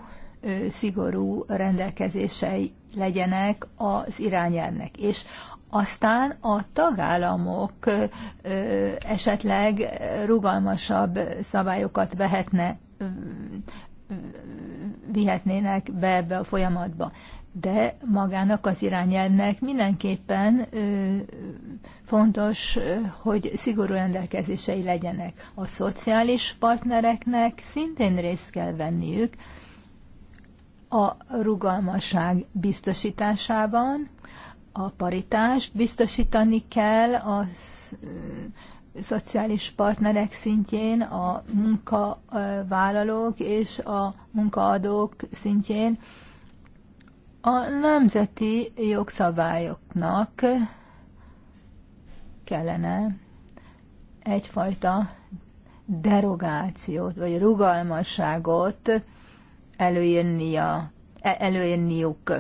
szigorú rendelkezései legyenek az irányelvnek. És aztán a tagállamok esetleg rugalmasabb szabályokat vehetne, vihetnének be ebbe a folyamatba de magának az irányelvnek mindenképpen fontos, hogy szigorú rendelkezései legyenek. A szociális partnereknek szintén részt kell venniük a rugalmasság biztosításában, a paritást biztosítani kell a szociális partnerek szintjén, a munkavállalók és a munkaadók szintjén, a nemzeti jogszabályoknak kellene egyfajta derogációt, vagy rugalmasságot előírnia, e, előírniuk.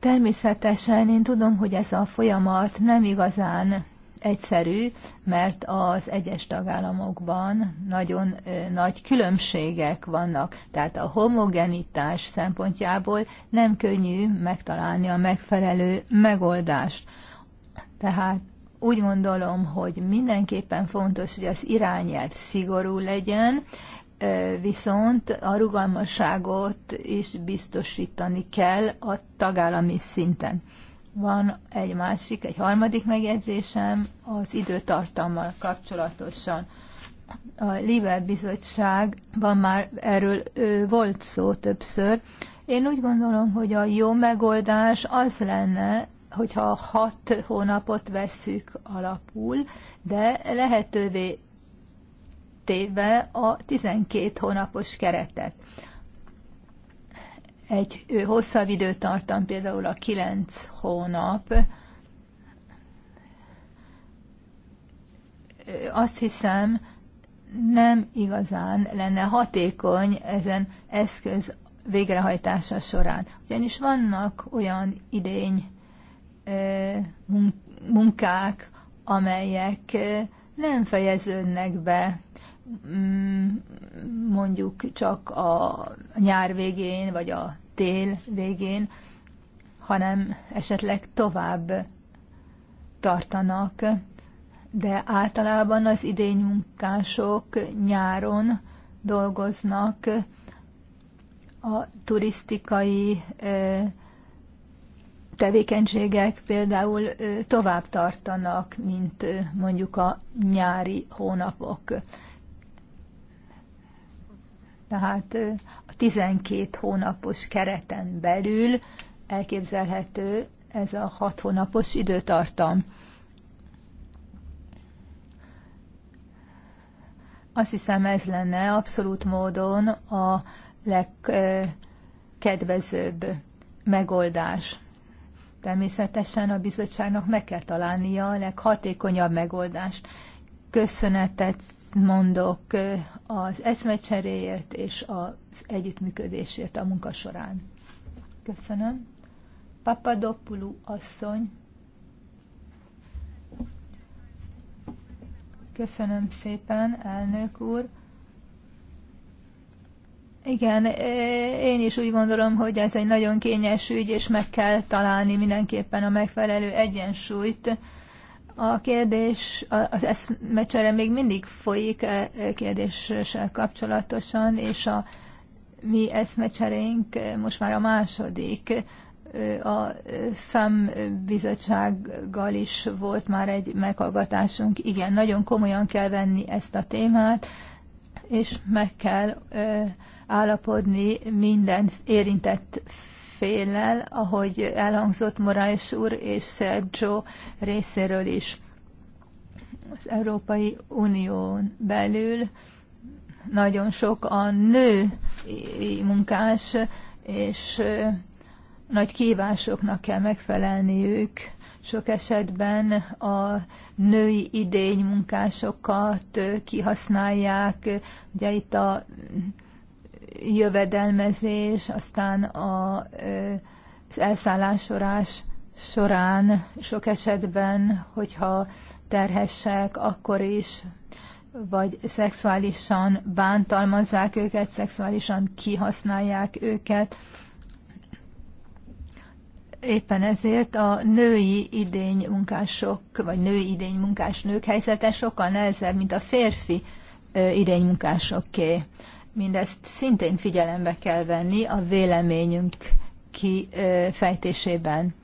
Természetesen én tudom, hogy ez a folyamat nem igazán egyszerű, mert az egyes tagállamokban nagyon nagy különbségek vannak, tehát a homogenitás szempontjából nem könnyű megtalálni a megfelelő megoldást. Tehát úgy gondolom, hogy mindenképpen fontos, hogy az irányelv szigorú legyen, viszont a rugalmasságot is biztosítani kell a tagállami szinten van egy másik, egy harmadik megjegyzésem az időtartammal kapcsolatosan. A Livel Bizottságban már erről volt szó többször. Én úgy gondolom, hogy a jó megoldás az lenne, hogyha hat hónapot vesszük alapul, de lehetővé téve a 12 hónapos keretet egy hosszabb időtartam, például a kilenc hónap, azt hiszem, nem igazán lenne hatékony ezen eszköz végrehajtása során. Ugyanis vannak olyan idény munkák, amelyek nem fejeződnek be Mm, mondjuk csak a nyár végén, vagy a tél végén, hanem esetleg tovább tartanak, de általában az idénymunkások nyáron dolgoznak a turisztikai tevékenységek például tovább tartanak, mint mondjuk a nyári hónapok. Tehát a 12 hónapos kereten belül elképzelhető ez a 6 hónapos időtartam. Azt hiszem ez lenne abszolút módon a legkedvezőbb megoldás. Természetesen a bizottságnak meg kell találnia a leghatékonyabb megoldást. Köszönetet mondok az eszmecseréért és az együttműködésért a munka során. Köszönöm. Papadopulu asszony. Köszönöm szépen, elnök úr. Igen, én is úgy gondolom, hogy ez egy nagyon kényes ügy, és meg kell találni mindenképpen a megfelelő egyensúlyt a kérdés, az eszmecsere még mindig folyik e, e, kérdéssel kapcsolatosan, és a mi eszmecserénk most már a második. A FEM bizottsággal is volt már egy meghallgatásunk. Igen, nagyon komolyan kell venni ezt a témát, és meg kell állapodni minden érintett féllel, ahogy elhangzott Moraes úr és Sergio részéről is. Az Európai Unión belül nagyon sok a nő munkás, és nagy kívásoknak kell megfelelniük. Sok esetben a női munkásokat kihasználják. Ugye itt a jövedelmezés, aztán a, az elszállásorás során sok esetben, hogyha terhesek, akkor is, vagy szexuálisan bántalmazzák őket, szexuálisan kihasználják őket. Éppen ezért a női idény munkások, vagy női idény munkás nők helyzete sokkal nehezebb, mint a férfi idénymunkásoké. Mindezt szintén figyelembe kell venni a véleményünk kifejtésében.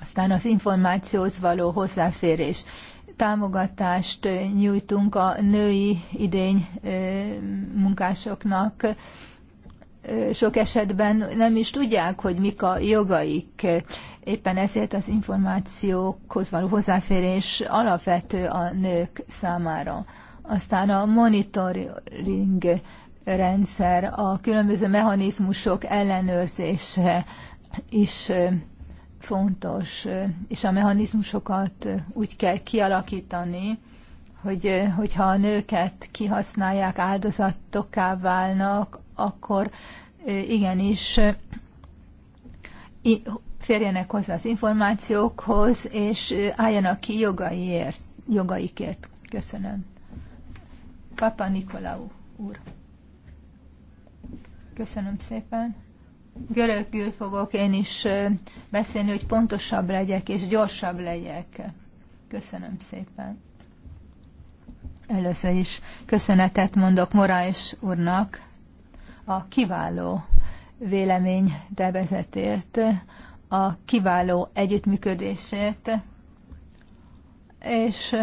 Aztán az információhoz való hozzáférés. Támogatást nyújtunk a női idény munkásoknak. Sok esetben nem is tudják, hogy mik a jogaik. Éppen ezért az információkhoz való hozzáférés alapvető a nők számára. Aztán a monitoring rendszer, a különböző mechanizmusok ellenőrzése is fontos, és a mechanizmusokat úgy kell kialakítani, hogy, hogyha a nőket kihasználják, áldozatokká válnak, akkor igenis férjenek hozzá az információkhoz, és álljanak ki jogaiért, jogaikért. Köszönöm. Papa Nikolau úr. Köszönöm szépen. Görögül fogok én is beszélni, hogy pontosabb legyek és gyorsabb legyek. Köszönöm szépen. Először is köszönetet mondok Morais úrnak a kiváló vélemény devezetért, a kiváló együttműködésért, és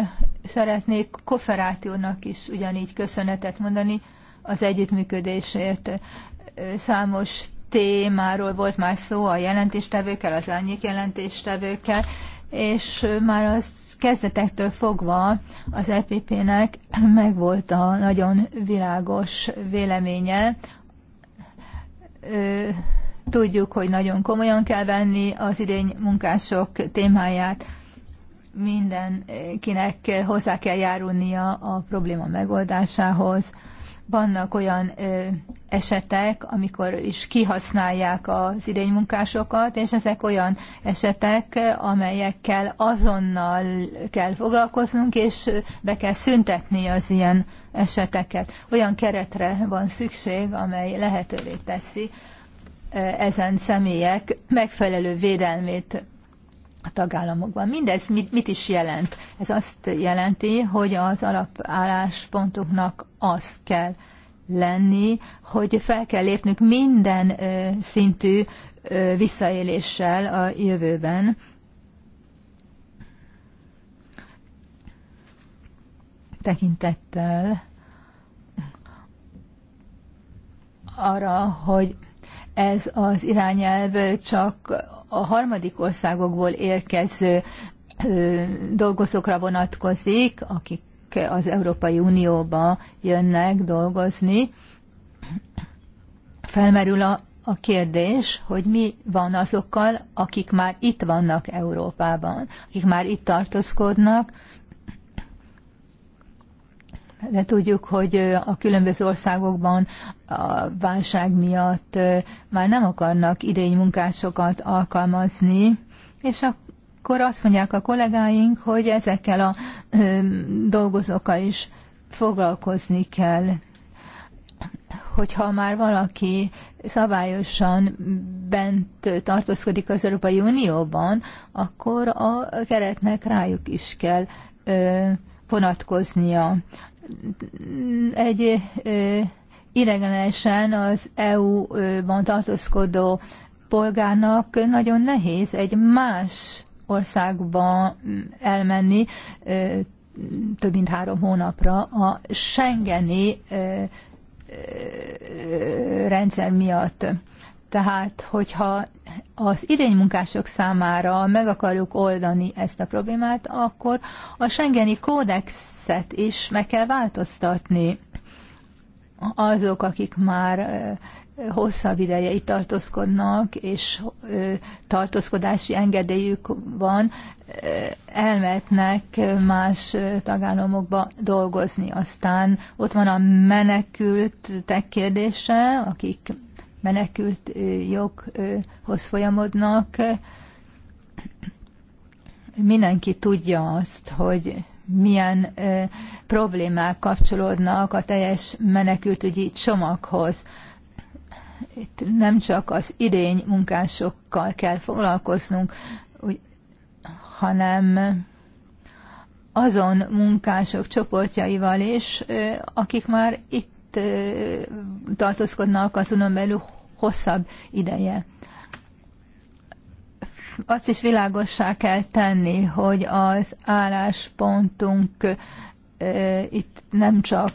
Szeretnék Koferátiónak is ugyanígy köszönetet mondani az együttműködésért. Számos témáról volt már szó a jelentéstevőkkel, az árnyék jelentéstevőkkel, és már az kezdetektől fogva az EPP-nek megvolt a nagyon világos véleménye. Tudjuk, hogy nagyon komolyan kell venni az idény munkások témáját mindenkinek hozzá kell járulnia a probléma megoldásához. Vannak olyan ö, esetek, amikor is kihasználják az idénymunkásokat, és ezek olyan esetek, amelyekkel azonnal kell foglalkoznunk, és be kell szüntetni az ilyen eseteket. Olyan keretre van szükség, amely lehetővé teszi ezen személyek megfelelő védelmét a tagállamokban. Mindez mit, mit is jelent? Ez azt jelenti, hogy az alapálláspontoknak az kell lenni, hogy fel kell lépnünk minden ö, szintű ö, visszaéléssel a jövőben. Tekintettel arra, hogy ez az irányelv csak a harmadik országokból érkező dolgozókra vonatkozik, akik az Európai Unióba jönnek dolgozni. Felmerül a, a kérdés, hogy mi van azokkal, akik már itt vannak Európában, akik már itt tartózkodnak, de tudjuk, hogy a különböző országokban a válság miatt már nem akarnak idény munkásokat alkalmazni, és akkor azt mondják a kollégáink, hogy ezekkel a dolgozókkal is foglalkozni kell. Hogyha már valaki szabályosan bent tartózkodik az Európai Unióban, akkor a keretnek rájuk is kell vonatkoznia egy idegenesen az EU-ban tartózkodó polgárnak nagyon nehéz egy más országba mm, elmenni több mint három hónapra a Schengeni rendszer miatt. Tehát, hogyha az idénymunkások számára meg akarjuk oldani ezt a problémát, akkor a Schengeni kódexet is meg kell változtatni. Azok, akik már hosszabb ideje itt tartózkodnak, és tartózkodási engedélyük van, elmetnek más tagállamokba dolgozni. Aztán ott van a menekültek kérdése, akik menekült joghoz folyamodnak. Mindenki tudja azt, hogy milyen ö, problémák kapcsolódnak a teljes menekültügyi csomaghoz. Itt nem csak az idény munkásokkal kell foglalkoznunk, úgy, hanem azon munkások csoportjaival is, ö, akik már itt itt tartózkodnak azonon belül hosszabb ideje. Azt is világossá kell tenni, hogy az álláspontunk itt nem csak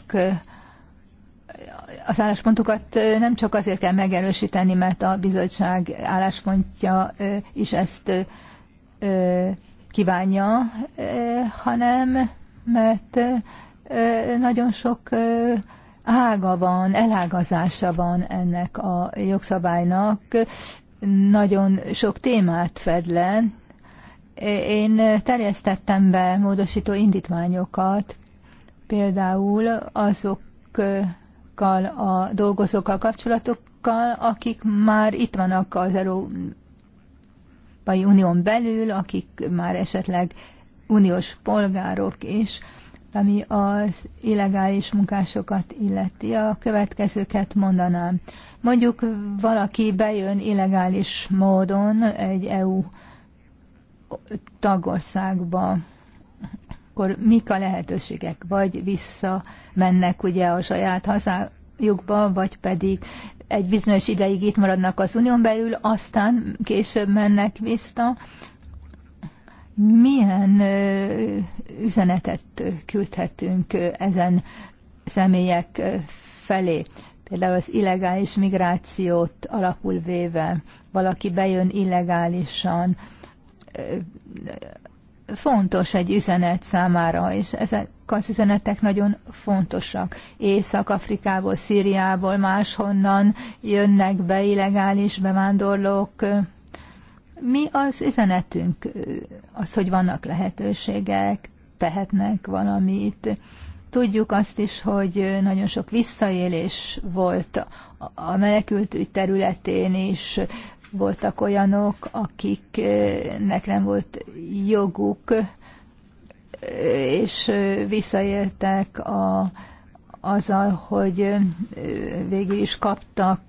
az álláspontokat nem csak azért kell megerősíteni, mert a bizottság álláspontja is ezt kívánja, hanem mert nagyon sok ága van, elágazása van ennek a jogszabálynak, nagyon sok témát fed le. Én terjesztettem be módosító indítványokat, például azokkal a dolgozókkal kapcsolatokkal, akik már itt vannak az Európai Unión belül, akik már esetleg uniós polgárok is ami az illegális munkásokat illeti. A következőket mondanám. Mondjuk valaki bejön illegális módon egy EU tagországba, akkor mik a lehetőségek? Vagy vissza mennek ugye a saját hazájukba, vagy pedig egy bizonyos ideig itt maradnak az unión belül, aztán később mennek vissza, milyen üzenetet küldhetünk ezen személyek felé. Például az illegális migrációt alapul véve, valaki bejön illegálisan, fontos egy üzenet számára, és ezek az üzenetek nagyon fontosak. Észak-Afrikából, Szíriából, máshonnan jönnek be illegális bevándorlók, mi az üzenetünk? Az, hogy vannak lehetőségek, tehetnek valamit. Tudjuk azt is, hogy nagyon sok visszaélés volt a ügy területén is, voltak olyanok, akiknek nem volt joguk, és visszaéltek a, azzal, hogy végül is kaptak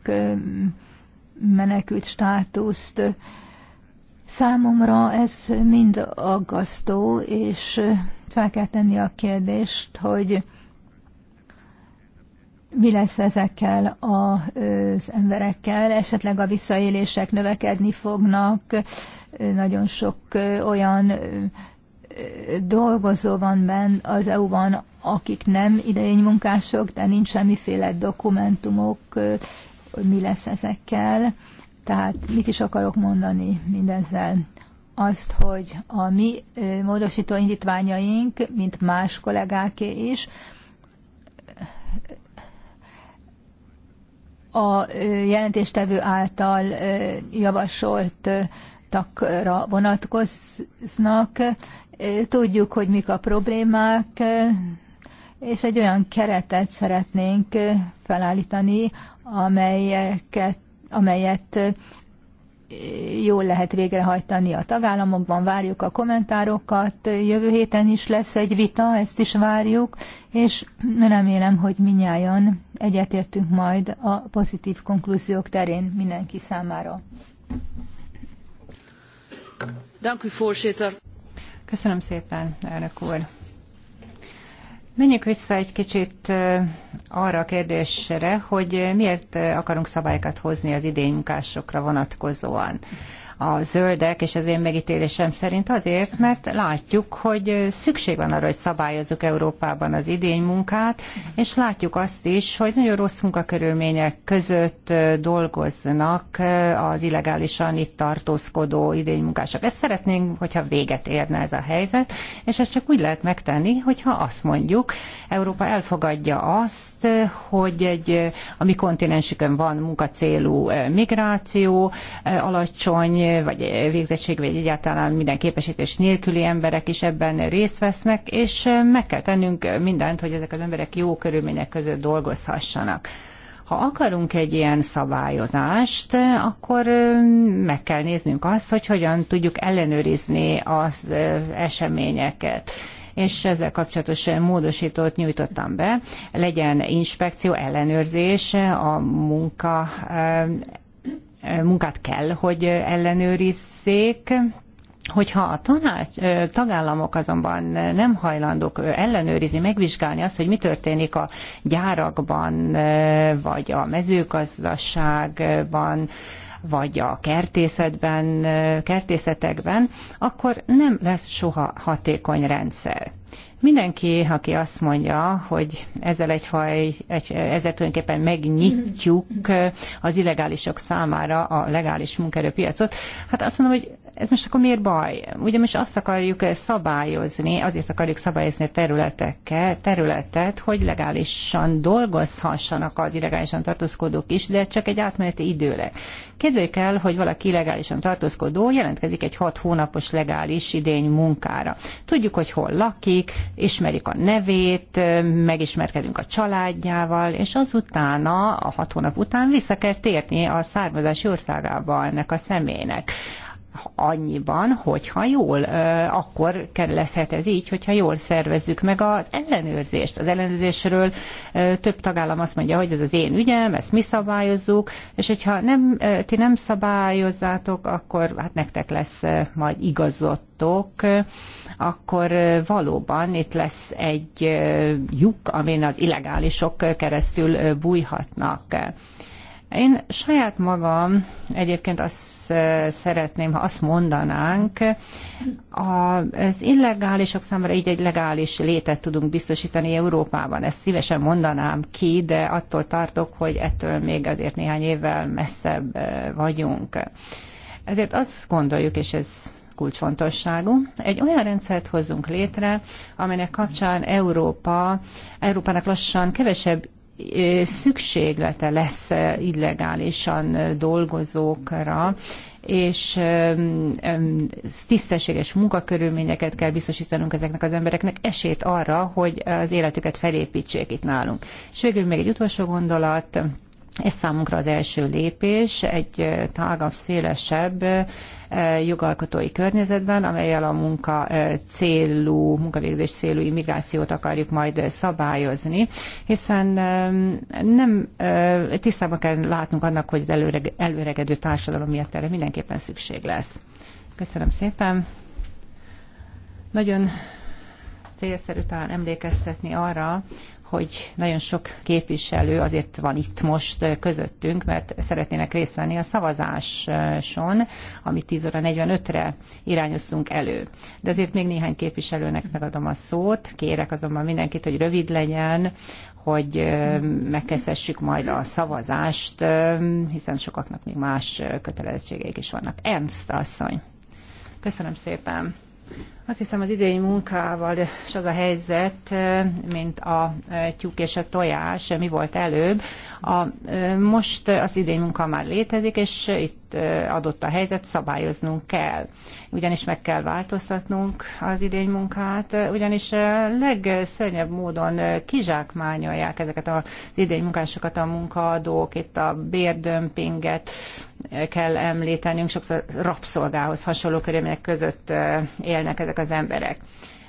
menekült státuszt. Számomra ez mind aggasztó, és fel kell tenni a kérdést, hogy mi lesz ezekkel az emberekkel, esetleg a visszaélések növekedni fognak, nagyon sok olyan dolgozó van benne az EU-ban, akik nem munkások, de nincs semmiféle dokumentumok, hogy mi lesz ezekkel. Tehát mit is akarok mondani mindezzel? Azt, hogy a mi módosító indítványaink, mint más kollégáké is, a jelentéstevő által javasoltakra vonatkoznak. Tudjuk, hogy mik a problémák, és egy olyan keretet szeretnénk felállítani, amelyeket amelyet jól lehet végrehajtani a tagállamokban, várjuk a kommentárokat, jövő héten is lesz egy vita, ezt is várjuk, és remélem, hogy minnyáján egyetértünk majd a pozitív konklúziók terén mindenki számára. Köszönöm szépen, elnök úr! Menjünk vissza egy kicsit arra a kérdésre, hogy miért akarunk szabályokat hozni az idénymunkásokra vonatkozóan a zöldek, és az én megítélésem szerint azért, mert látjuk, hogy szükség van arra, hogy szabályozzuk Európában az idény munkát, és látjuk azt is, hogy nagyon rossz munkakörülmények között dolgoznak az illegálisan itt tartózkodó idénymunkások. Ezt szeretnénk, hogyha véget érne ez a helyzet, és ezt csak úgy lehet megtenni, hogyha azt mondjuk, Európa elfogadja azt, hogy egy a mi kontinensükön van munkacélú migráció, alacsony vagy végzettség, vagy egyáltalán minden képesítés nélküli emberek is ebben részt vesznek, és meg kell tennünk mindent, hogy ezek az emberek jó körülmények között dolgozhassanak. Ha akarunk egy ilyen szabályozást, akkor meg kell néznünk azt, hogy hogyan tudjuk ellenőrizni az eseményeket és ezzel kapcsolatos módosítót nyújtottam be. Legyen inspekció, ellenőrzés a munka munkát kell, hogy ellenőrizzék, Hogyha a tanács, tagállamok azonban nem hajlandók ellenőrizni, megvizsgálni azt, hogy mi történik a gyárakban, vagy a mezőgazdaságban, vagy a kertészetben, kertészetekben, akkor nem lesz soha hatékony rendszer. Mindenki, aki azt mondja, hogy ezzel egyfaj, egy, ezzel tulajdonképpen megnyitjuk az illegálisok számára a legális munkaerőpiacot, hát azt mondom, hogy ez most akkor miért baj? Ugye most azt akarjuk szabályozni, azért akarjuk szabályozni a területekkel, területet, hogy legálisan dolgozhassanak az illegálisan tartózkodók is, de csak egy átmeneti időre. Kedvék el, hogy valaki illegálisan tartózkodó jelentkezik egy hat hónapos legális idény munkára. Tudjuk, hogy hol lakik, ismerik, ismerik a nevét, megismerkedünk a családjával, és azután a hat hónap után vissza kell térnie a származási országába ennek a személynek annyiban, hogyha jól, akkor kerülhet ez így, hogyha jól szervezzük meg az ellenőrzést. Az ellenőrzésről több tagállam azt mondja, hogy ez az én ügyem, ezt mi szabályozzuk, és hogyha nem, ti nem szabályozzátok, akkor hát nektek lesz majd igazottok, akkor valóban itt lesz egy lyuk, amin az illegálisok keresztül bújhatnak. Én saját magam egyébként azt szeretném, ha azt mondanánk, az illegálisok számára így egy legális létet tudunk biztosítani Európában. Ezt szívesen mondanám ki, de attól tartok, hogy ettől még azért néhány évvel messzebb vagyunk. Ezért azt gondoljuk, és ez kulcsfontosságú. Egy olyan rendszert hozzunk létre, amelynek kapcsán Európa, Európának lassan kevesebb szükséglete lesz illegálisan dolgozókra, és tisztességes munkakörülményeket kell biztosítanunk ezeknek az embereknek, esélyt arra, hogy az életüket felépítsék itt nálunk. És végül még egy utolsó gondolat, ez számunkra az első lépés egy tágabb, szélesebb jogalkotói környezetben, amelyel a munka célú, munkavégzés célú immigrációt akarjuk majd szabályozni, hiszen nem tisztában kell látnunk annak, hogy az előreg, előregedő társadalom miatt erre mindenképpen szükség lesz. Köszönöm szépen. Nagyon célszerű talán emlékeztetni arra, hogy nagyon sok képviselő azért van itt most közöttünk, mert szeretnének részt venni a szavazáson, amit 10 óra 45-re irányoztunk elő. De azért még néhány képviselőnek megadom a szót, kérek azonban mindenkit, hogy rövid legyen, hogy megkezdhessük majd a szavazást, hiszen sokaknak még más kötelezettségeik is vannak. Ernst asszony. Köszönöm szépen. Azt hiszem az idei munkával és az a helyzet, mint a tyúk és a tojás, mi volt előbb. A, most az idei munka már létezik, és itt adott a helyzet, szabályoznunk kell. Ugyanis meg kell változtatnunk az idény munkát, ugyanis legszörnyebb módon kizsákmányolják ezeket az idény munkásokat a munkaadók, itt a bérdömpinget, kell említenünk, sokszor rabszolgához hasonló körülmények között élnek ezek az emberek.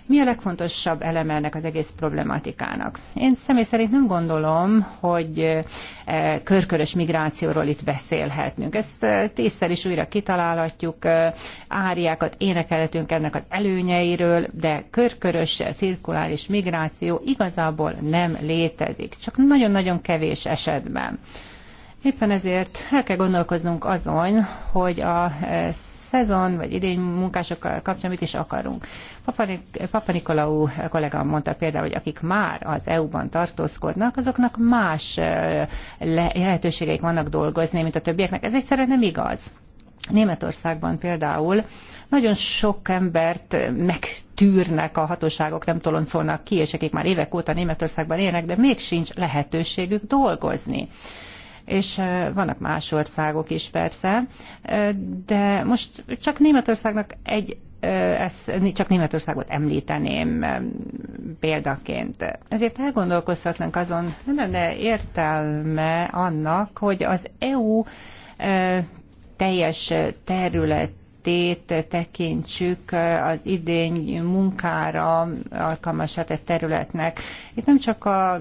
Mi a legfontosabb eleme ennek az egész problematikának? Én személy szerint nem gondolom, hogy e, körkörös migrációról itt beszélhetnünk. Ezt tízszer is újra kitalálhatjuk, áriákat énekelhetünk ennek az előnyeiről, de körkörös, cirkuláris migráció igazából nem létezik, csak nagyon-nagyon kevés esetben. Éppen ezért el kell gondolkoznunk azon, hogy a e, szezon vagy idény munkásokkal kapcsolatban mit is akarunk. Papa, Papa Nikolaou mondta például, hogy akik már az EU-ban tartózkodnak, azoknak más e, lehetőségeik vannak dolgozni, mint a többieknek. Ez egyszerűen nem igaz. Németországban például nagyon sok embert megtűrnek a hatóságok, nem toloncolnak ki, és akik már évek óta Németországban élnek, de még sincs lehetőségük dolgozni és vannak más országok is persze, de most csak Németországnak egy ezt csak Németországot említeném példaként. Ezért elgondolkozhatnánk azon, nem lenne értelme annak, hogy az EU teljes terület területét tekintsük az idény munkára alkalmas egy területnek. Itt nem csak a,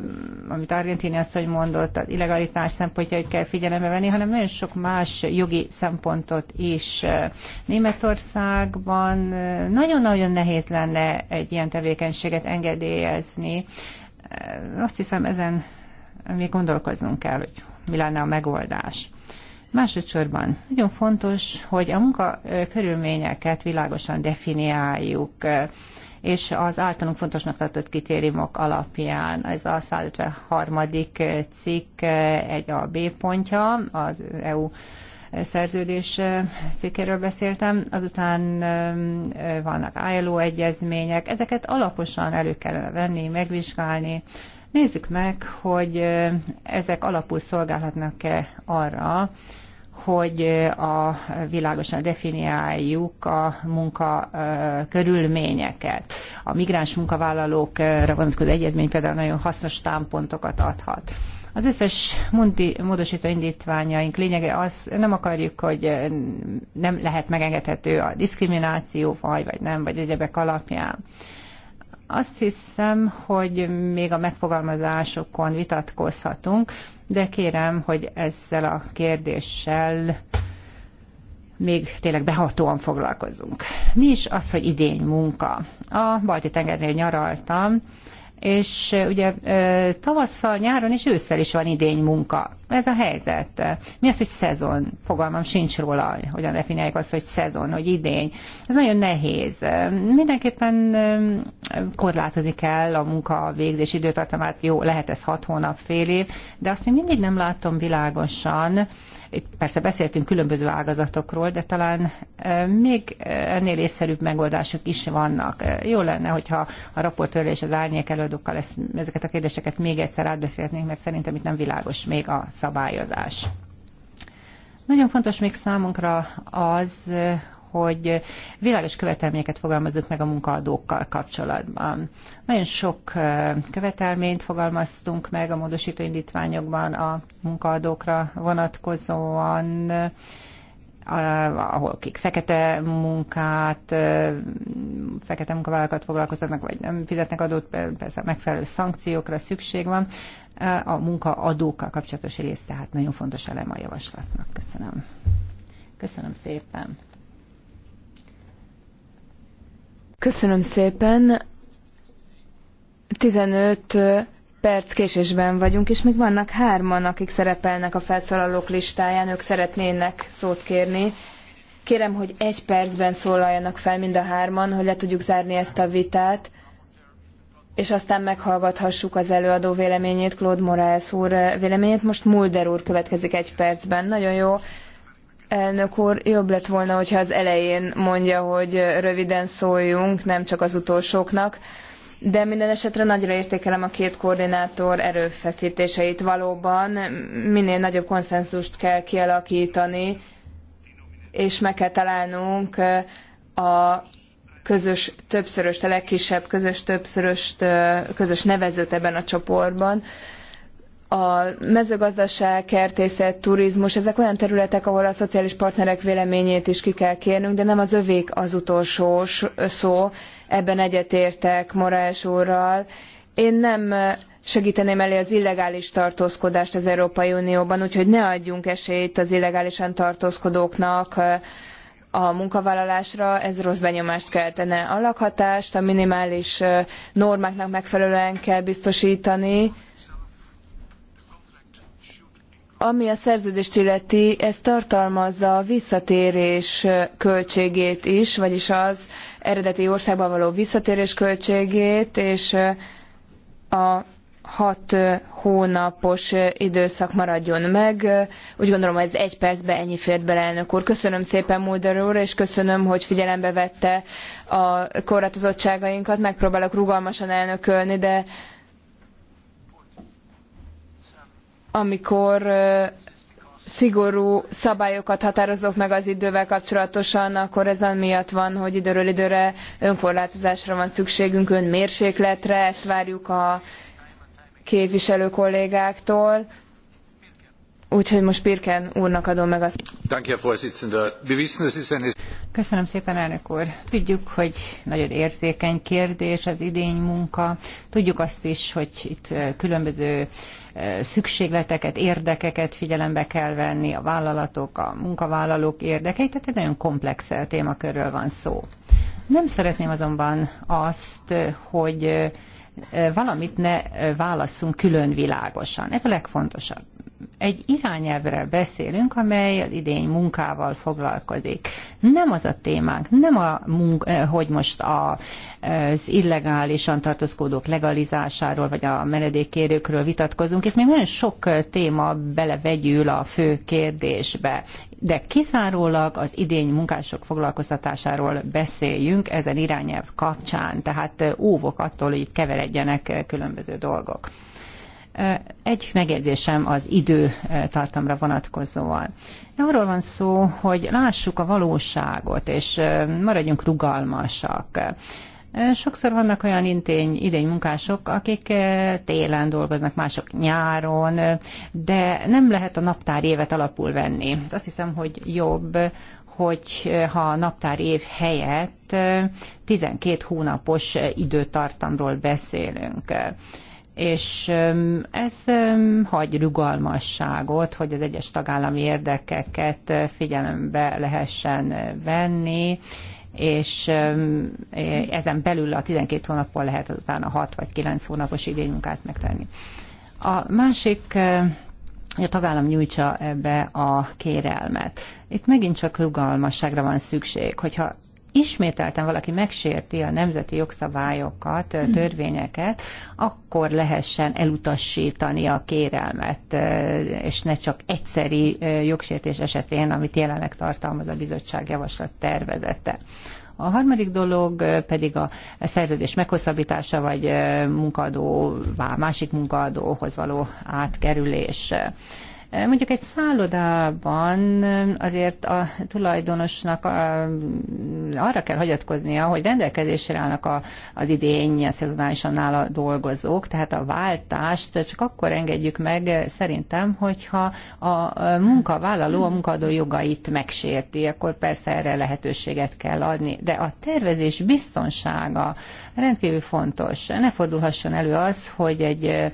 amit Argentini asszony mondott, az illegalitás szempontjait kell figyelembe venni, hanem nagyon sok más jogi szempontot is. Németországban nagyon-nagyon nehéz lenne egy ilyen tevékenységet engedélyezni. Azt hiszem, ezen még gondolkoznunk kell, hogy mi lenne a megoldás. Másodszorban nagyon fontos, hogy a munka körülményeket világosan definiáljuk, és az általunk fontosnak tartott kritériumok alapján. Ez a 153. cikk egy a B pontja, az EU szerződés cikkéről beszéltem, azután um, vannak ILO egyezmények, ezeket alaposan elő kellene venni, megvizsgálni, Nézzük meg, hogy um, ezek alapul szolgálhatnak-e arra, hogy a világosan definiáljuk a munka körülményeket. A migráns munkavállalókra vonatkozó egyezmény például nagyon hasznos támpontokat adhat. Az összes módosító indítványaink lényege az, nem akarjuk, hogy nem lehet megengedhető a diszkrimináció, vagy, vagy nem, vagy egyebek alapján. Azt hiszem, hogy még a megfogalmazásokon vitatkozhatunk, de kérem, hogy ezzel a kérdéssel még tényleg behatóan foglalkozunk. Mi is az, hogy idény munka? A balti tengernél nyaraltam, és ugye tavasszal, nyáron és ősszel is van idény munka. Ez a helyzet. Mi az, hogy szezon? Fogalmam sincs róla, hogyan definiálják azt, hogy szezon, hogy idény. Ez nagyon nehéz. Mindenképpen korlátozni kell a munka végzés időtartamát. Jó, lehet ez hat hónap, fél év, de azt még mindig nem látom világosan, itt persze beszéltünk különböző ágazatokról, de talán még ennél észszerűbb megoldások is vannak. Jó lenne, hogyha a raportőr és az árnyék előadókkal ezt, ezeket a kérdéseket még egyszer átbeszélnénk, mert szerintem itt nem világos még a szabályozás. Nagyon fontos még számunkra az, hogy világos követelményeket fogalmazunk meg a munkaadókkal kapcsolatban. Nagyon sok követelményt fogalmaztunk meg a módosító indítványokban a munkaadókra vonatkozóan, ahol kik fekete munkát, fekete munkavállalókat foglalkoztatnak, vagy nem fizetnek adót, persze megfelelő szankciókra szükség van. A munkaadókkal kapcsolatos rész tehát nagyon fontos elem a javaslatnak. Köszönöm. Köszönöm szépen. Köszönöm szépen. 15 perc késésben vagyunk, és még vannak hárman, akik szerepelnek a felszólalók listáján, ők szeretnének szót kérni. Kérem, hogy egy percben szólaljanak fel mind a hárman, hogy le tudjuk zárni ezt a vitát, és aztán meghallgathassuk az előadó véleményét, Claude Moraes úr véleményét. Most Mulder úr következik egy percben. Nagyon jó. Elnök úr, jobb lett volna, hogyha az elején mondja, hogy röviden szóljunk, nem csak az utolsóknak. De minden esetre nagyra értékelem a két koordinátor erőfeszítéseit valóban. Minél nagyobb konszenzust kell kialakítani, és meg kell találnunk a közös többszöröst, a legkisebb közös többszöröst, közös nevezőt ebben a csoportban a mezőgazdaság, kertészet, turizmus, ezek olyan területek, ahol a szociális partnerek véleményét is ki kell kérnünk, de nem az övék az utolsó szó, ebben egyetértek Morás úrral. Én nem segíteném elő az illegális tartózkodást az Európai Unióban, úgyhogy ne adjunk esélyt az illegálisan tartózkodóknak a munkavállalásra, ez rossz benyomást keltene. A lakhatást a minimális normáknak megfelelően kell biztosítani, ami a szerződést illeti, ez tartalmazza a visszatérés költségét is, vagyis az eredeti országban való visszatérés költségét, és a hat hónapos időszak maradjon meg. Úgy gondolom, ez egy percben ennyi fért bele, elnök úr. Köszönöm szépen Mulder úr, és köszönöm, hogy figyelembe vette a korlátozottságainkat. Megpróbálok rugalmasan elnökölni, de amikor szigorú szabályokat határozok meg az idővel kapcsolatosan, akkor ez miatt van, hogy időről időre önkorlátozásra van szükségünk, önmérsékletre, ezt várjuk a képviselő kollégáktól. Úgyhogy most Pirken úrnak adom meg azt. Köszönöm szépen, elnök úr. Tudjuk, hogy nagyon érzékeny kérdés az idény munka. Tudjuk azt is, hogy itt különböző szükségleteket, érdekeket figyelembe kell venni, a vállalatok, a munkavállalók érdekeit, tehát egy nagyon komplex témakörről van szó. Nem szeretném azonban azt, hogy valamit ne válasszunk külön világosan. Ez a legfontosabb. Egy irányelvről beszélünk, amely az idény munkával foglalkozik. Nem az a témánk, nem a munka, hogy most a, az illegálisan tartózkodók legalizásáról, vagy a menedékkérőkről vitatkozunk. Itt még nagyon sok téma belevegyül a fő kérdésbe de kizárólag az idény munkások foglalkoztatásáról beszéljünk ezen irányelv kapcsán, tehát óvok attól, hogy itt keveredjenek különböző dolgok. Egy megjegyzésem az időtartamra vonatkozóan. Arról van szó, hogy lássuk a valóságot, és maradjunk rugalmasak Eh, sokszor vannak olyan intény, idény munkások, akik eh, télen dolgoznak, mások nyáron, eh, de nem lehet a naptár évet alapul venni. Azt hiszem, hogy jobb, hogy ha a naptár év helyett 12 hónapos időtartamról beszélünk és ez hagy rugalmasságot, hogy az egyes tagállami érdekeket figyelembe lehessen venni, és ezen belül a 12 hónappal lehet azután a 6 vagy 9 hónapos idénymunkát megtenni. A másik hogy a tagállam nyújtsa ebbe a kérelmet. Itt megint csak rugalmasságra van szükség. Hogyha ismételten valaki megsérti a nemzeti jogszabályokat, törvényeket, akkor lehessen elutasítani a kérelmet, és ne csak egyszeri jogsértés esetén, amit jelenleg tartalmaz a bizottság javaslat tervezete. A harmadik dolog pedig a szerződés meghosszabbítása, vagy munkadó, másik munkadóhoz való átkerülés. Mondjuk egy szállodában azért a tulajdonosnak arra kell hagyatkoznia, hogy rendelkezésre állnak a, az idény, a szezonálisan nála dolgozók, tehát a váltást csak akkor engedjük meg szerintem, hogyha a munkavállaló a munkadó jogait megsérti, akkor persze erre lehetőséget kell adni. De a tervezés biztonsága, rendkívül fontos. Ne fordulhasson elő az, hogy egy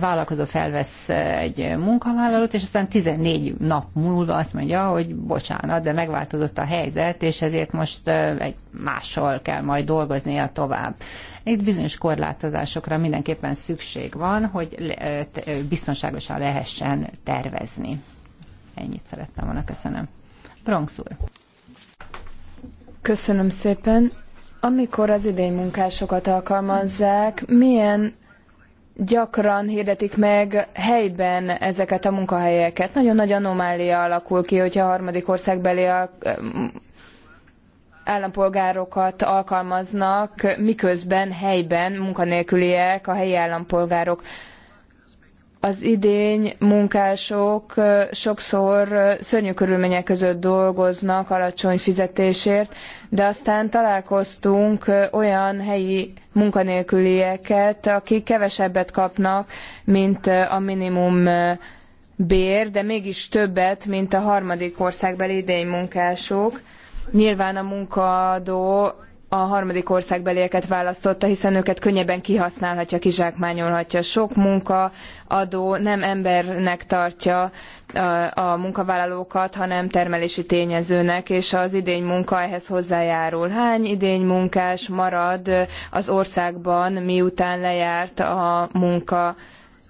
vállalkozó felvesz egy munkavállalót, és aztán 14 nap múlva azt mondja, hogy bocsánat, de megváltozott a helyzet, és ezért most egy máshol kell majd dolgoznia tovább. Itt bizonyos korlátozásokra mindenképpen szükség van, hogy biztonságosan lehessen tervezni. Ennyit szerettem volna, köszönöm. Bronx úr. Köszönöm szépen. Amikor az idei munkásokat alkalmazzák, milyen gyakran hirdetik meg helyben ezeket a munkahelyeket. Nagyon nagy anomália alakul ki, hogyha a harmadik országbeli eh, állampolgárokat alkalmaznak, miközben helyben munkanélküliek a helyi állampolgárok az idény munkások sokszor szörnyű körülmények között dolgoznak alacsony fizetésért, de aztán találkoztunk olyan helyi munkanélkülieket, akik kevesebbet kapnak, mint a minimum bér, de mégis többet, mint a harmadik országbeli idénymunkások. Nyilván a munkadó a harmadik országbelieket választotta, hiszen őket könnyebben kihasználhatja, kizsákmányolhatja. Sok munka adó nem embernek tartja a munkavállalókat, hanem termelési tényezőnek, és az idény munka ehhez hozzájárul. Hány idény munkás marad az országban, miután lejárt a munka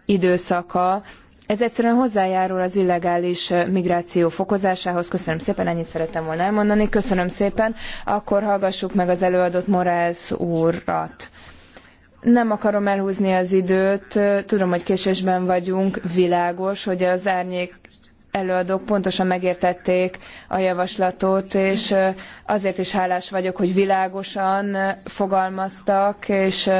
időszaka, ez egyszerűen hozzájárul az illegális migráció fokozásához. Köszönöm szépen, ennyit szerettem volna elmondani. Köszönöm szépen. Akkor hallgassuk meg az előadott Morales úrat. Nem akarom elhúzni az időt, tudom, hogy késésben vagyunk, világos, hogy az árnyék előadók pontosan megértették a javaslatot, és azért is hálás vagyok, hogy világosan fogalmaztak, és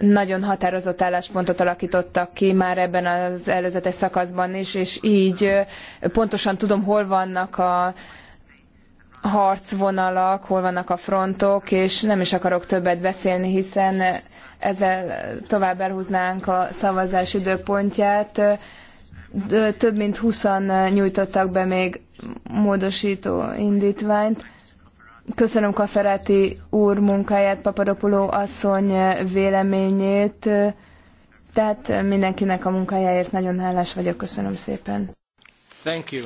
nagyon határozott álláspontot alakítottak ki már ebben az előzetes szakaszban is, és így pontosan tudom, hol vannak a harcvonalak, hol vannak a frontok, és nem is akarok többet beszélni, hiszen ezzel tovább elhúznánk a szavazás időpontját. Több mint 20 nyújtottak be még módosító indítványt. Köszönöm Kaferáti úr munkáját, Papadopoulou asszony véleményét. Tehát mindenkinek a munkájáért nagyon hálás vagyok. Köszönöm szépen. Thank you.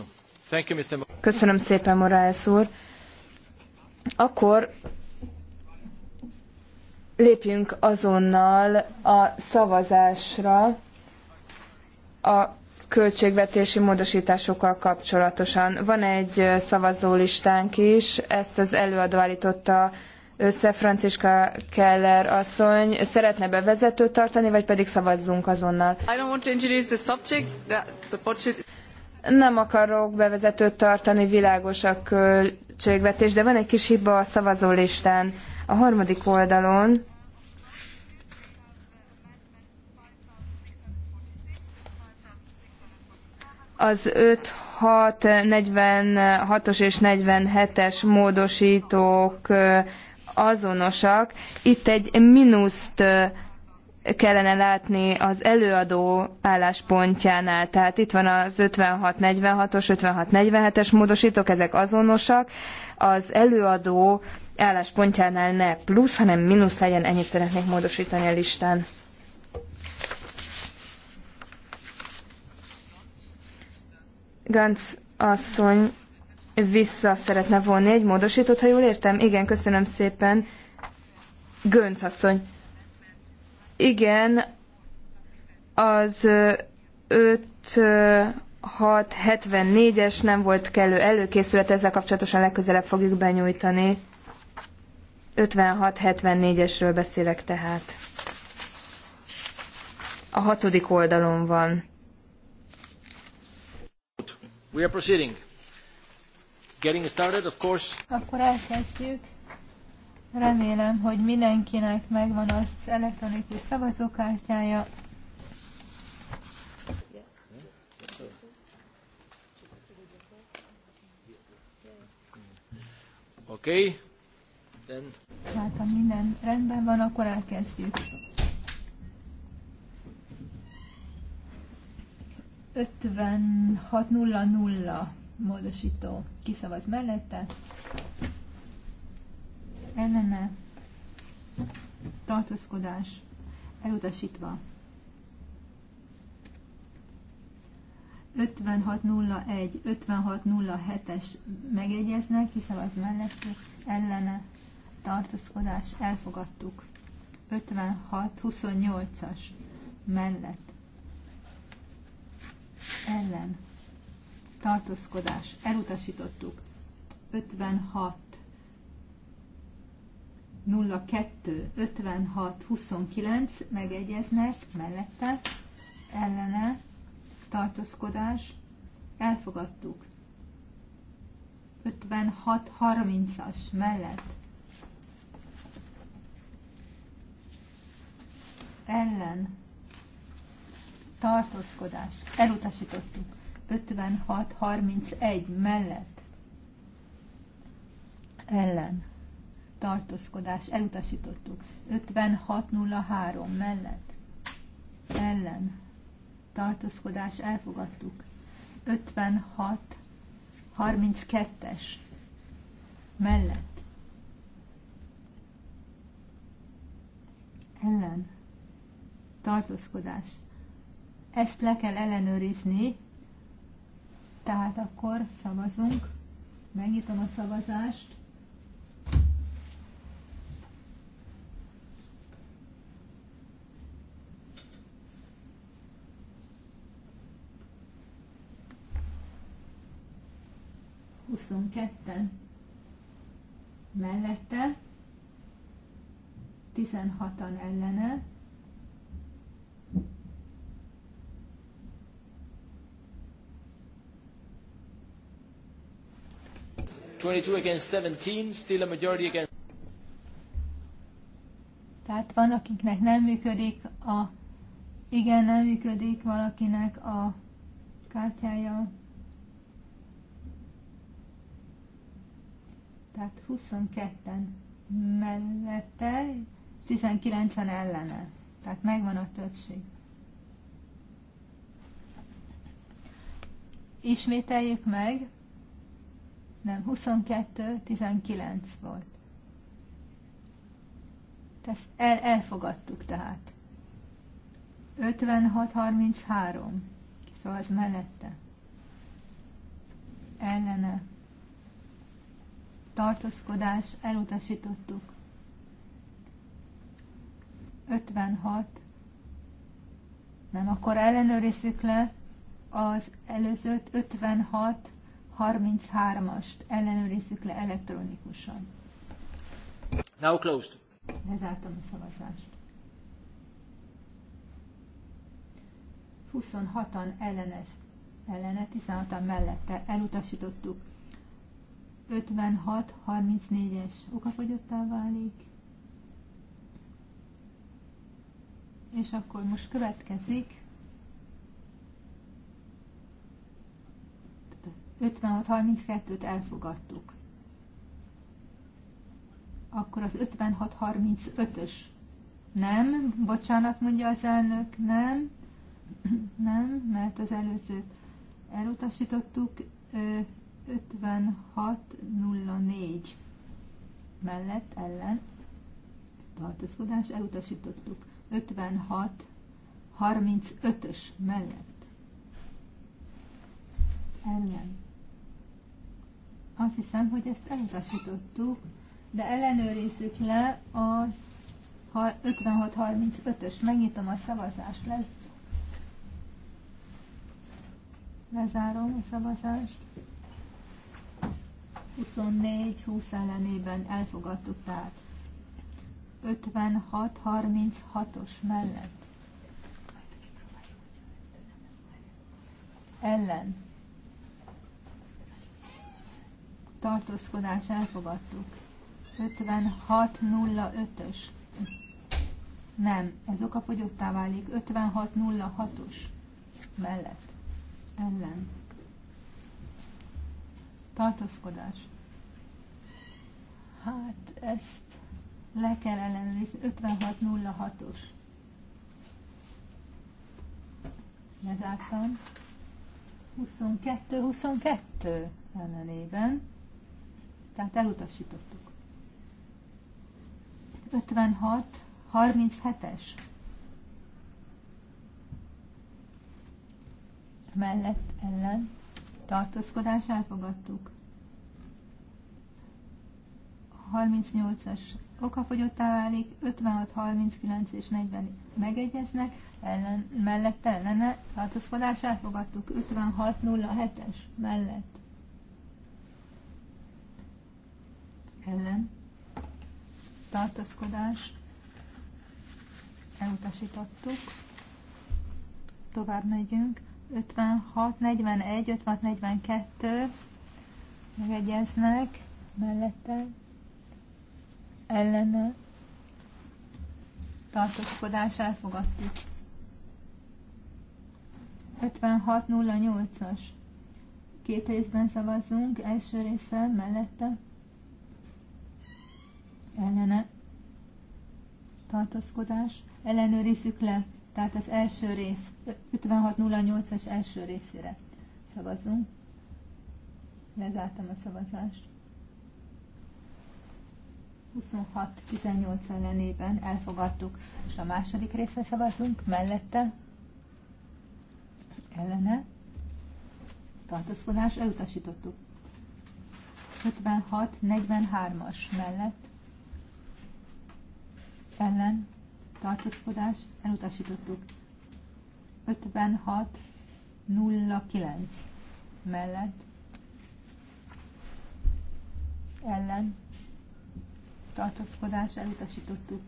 Thank you, Mr. Köszönöm szépen, Morales úr. Akkor lépjünk azonnal a szavazásra. A költségvetési módosításokkal kapcsolatosan. Van egy szavazólistánk is, ezt az előadó állította össze Franciska Keller asszony. Szeretne bevezetőt tartani, vagy pedig szavazzunk azonnal? Subject, budget... Nem akarok bevezetőt tartani, világos a költségvetés, de van egy kis hiba a szavazólistán. A harmadik oldalon Az 5, 6, 46-os és 47-es módosítók azonosak. Itt egy mínuszt kellene látni az előadó álláspontjánál. Tehát itt van az 56-46-os, 56-47-es módosítók, ezek azonosak. Az előadó álláspontjánál ne plusz, hanem mínusz legyen, ennyit szeretnék módosítani a listán. Gantz asszony vissza szeretne vonni egy módosítót, ha jól értem. Igen, köszönöm szépen. Gönc asszony. Igen, az 5674-es nem volt kellő előkészület, ezzel kapcsolatosan legközelebb fogjuk benyújtani. 5674-esről beszélek tehát. A hatodik oldalon van. We are proceeding. Getting started, of course. Akkor elkezdjük. Remélem, hogy mindenkinek megvan az elektronikus szavazókártyája. Oké. Okay. Then... Hát, ha minden rendben van, akkor elkezdjük. 56.00 módosító kiszavaz mellette, ellene, tartózkodás, elutasítva. 56.01, 56.07-es megegyeznek, kiszavaz mellettük, ellene, tartózkodás, elfogadtuk. 56.28-as mellett ellen tartózkodás elutasítottuk. 56 02 56 29 megegyeznek mellette ellene tartózkodás elfogadtuk. 56 30-as mellett ellen tartózkodást elutasítottuk. 56-31 mellett ellen tartózkodás elutasítottuk. 56-03 mellett ellen tartózkodás elfogadtuk. 56-32-es mellett ellen tartózkodás ezt le kell ellenőrizni, tehát akkor szavazunk. Megnyitom a szavazást. Huszonketten mellette, tizenhatan ellene, 22 against 17, still a majority against... Tehát van, akiknek nem működik a... Igen, nem működik valakinek a kártyája. Tehát 22-en mellette, 19-en ellene. Tehát megvan a többség. Ismételjük meg nem, 22, 19 volt. Ezt el, elfogadtuk tehát. 56, 33. Szóval ez mellette. Ellene. Tartózkodás, elutasítottuk. 56. Nem, akkor ellenőrizzük le az előzőt 56 33-ast ellenőrizzük le elektronikusan. Now closed. Lezártam a szavazást. 26-an ellenez, ellene, 16-an mellette elutasítottuk. 56-34-es okafogyottá válik. És akkor most következik 56-32-t elfogadtuk. Akkor az 56-35-ös. Nem, bocsánat, mondja az elnök, nem, nem, mert az előző elutasítottuk. 56-04 mellett ellen tartózkodás elutasítottuk. 56-35-ös mellett ellen azt hiszem, hogy ezt elutasítottuk, de ellenőrizzük le az 5635 ös Megnyitom a szavazást. Lesz. Lezárom a szavazást. 24-20 ellenében elfogadtuk, tehát 5636 os mellett. Ellen. tartózkodás elfogadtuk. 5605-ös. Nem, ez fogyottá válik. 5606-os mellett. Ellen. Tartózkodás. Hát ezt le kell ellenőrizni. 5606-os. Lezártam. 22-22 ellenében tehát elutasítottuk. 56, 37-es mellett ellen tartózkodás elfogadtuk. 38-as okafogyottá válik, 56, 39 és 40 megegyeznek, ellen, mellett ellene tartózkodás elfogadtuk, 56, 07-es mellett ellen tartózkodás elutasítottuk. Tovább megyünk. 56, 41, 56, 42 megegyeznek mellette ellene tartózkodás elfogadtuk. 5608-as. Két részben szavazzunk, első része mellette ellene tartózkodás. Ellenőrizzük le, tehát az első rész, 5608-as első részére szavazunk. Lezártam a szavazást. 26-18 ellenében elfogadtuk. és a második része szavazunk, mellette, ellene, tartózkodás, elutasítottuk. 56-43-as mellett, ellen tartózkodás elutasítottuk. 56.09 mellett ellen tartózkodás elutasítottuk.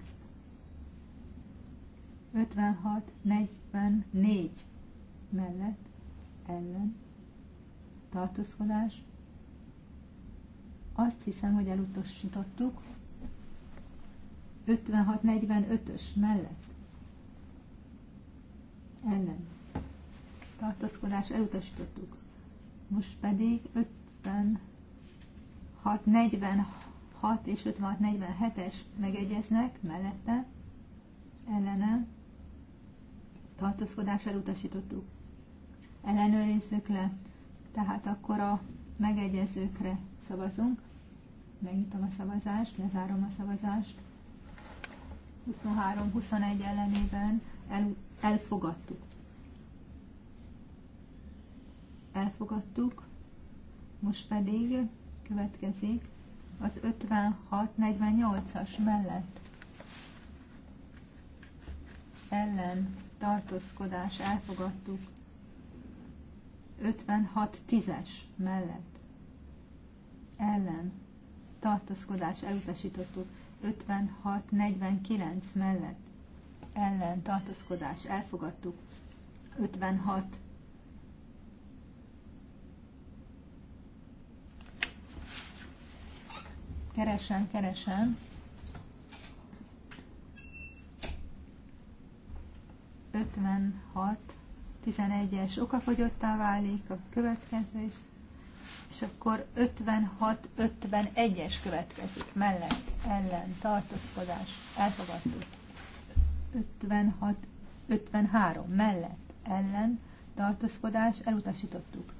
56.44 mellett ellen tartózkodás azt hiszem, hogy elutasítottuk, 56-45-ös mellett ellen tartózkodás elutasítottuk. Most pedig 56-46 és 56-47-es megegyeznek mellette ellene tartózkodás elutasítottuk. Ellenőrizzük le, tehát akkor a megegyezőkre szavazunk. Megnyitom a szavazást, lezárom a szavazást. 23-21 ellenében el, elfogadtuk. Elfogadtuk, most pedig következik az 56-48-as mellett ellen tartózkodás elfogadtuk 56-10-es mellett ellen tartózkodás elutasítottuk 56-49 mellett ellen tartózkodás elfogadtuk. 56 keresem, keresem. 56 11-es okafogyottá válik, a következő is és akkor 56-51-es következik mellett, ellen, tartózkodás, elfogadtuk. 56-53 mellett, ellen, tartózkodás, elutasítottuk.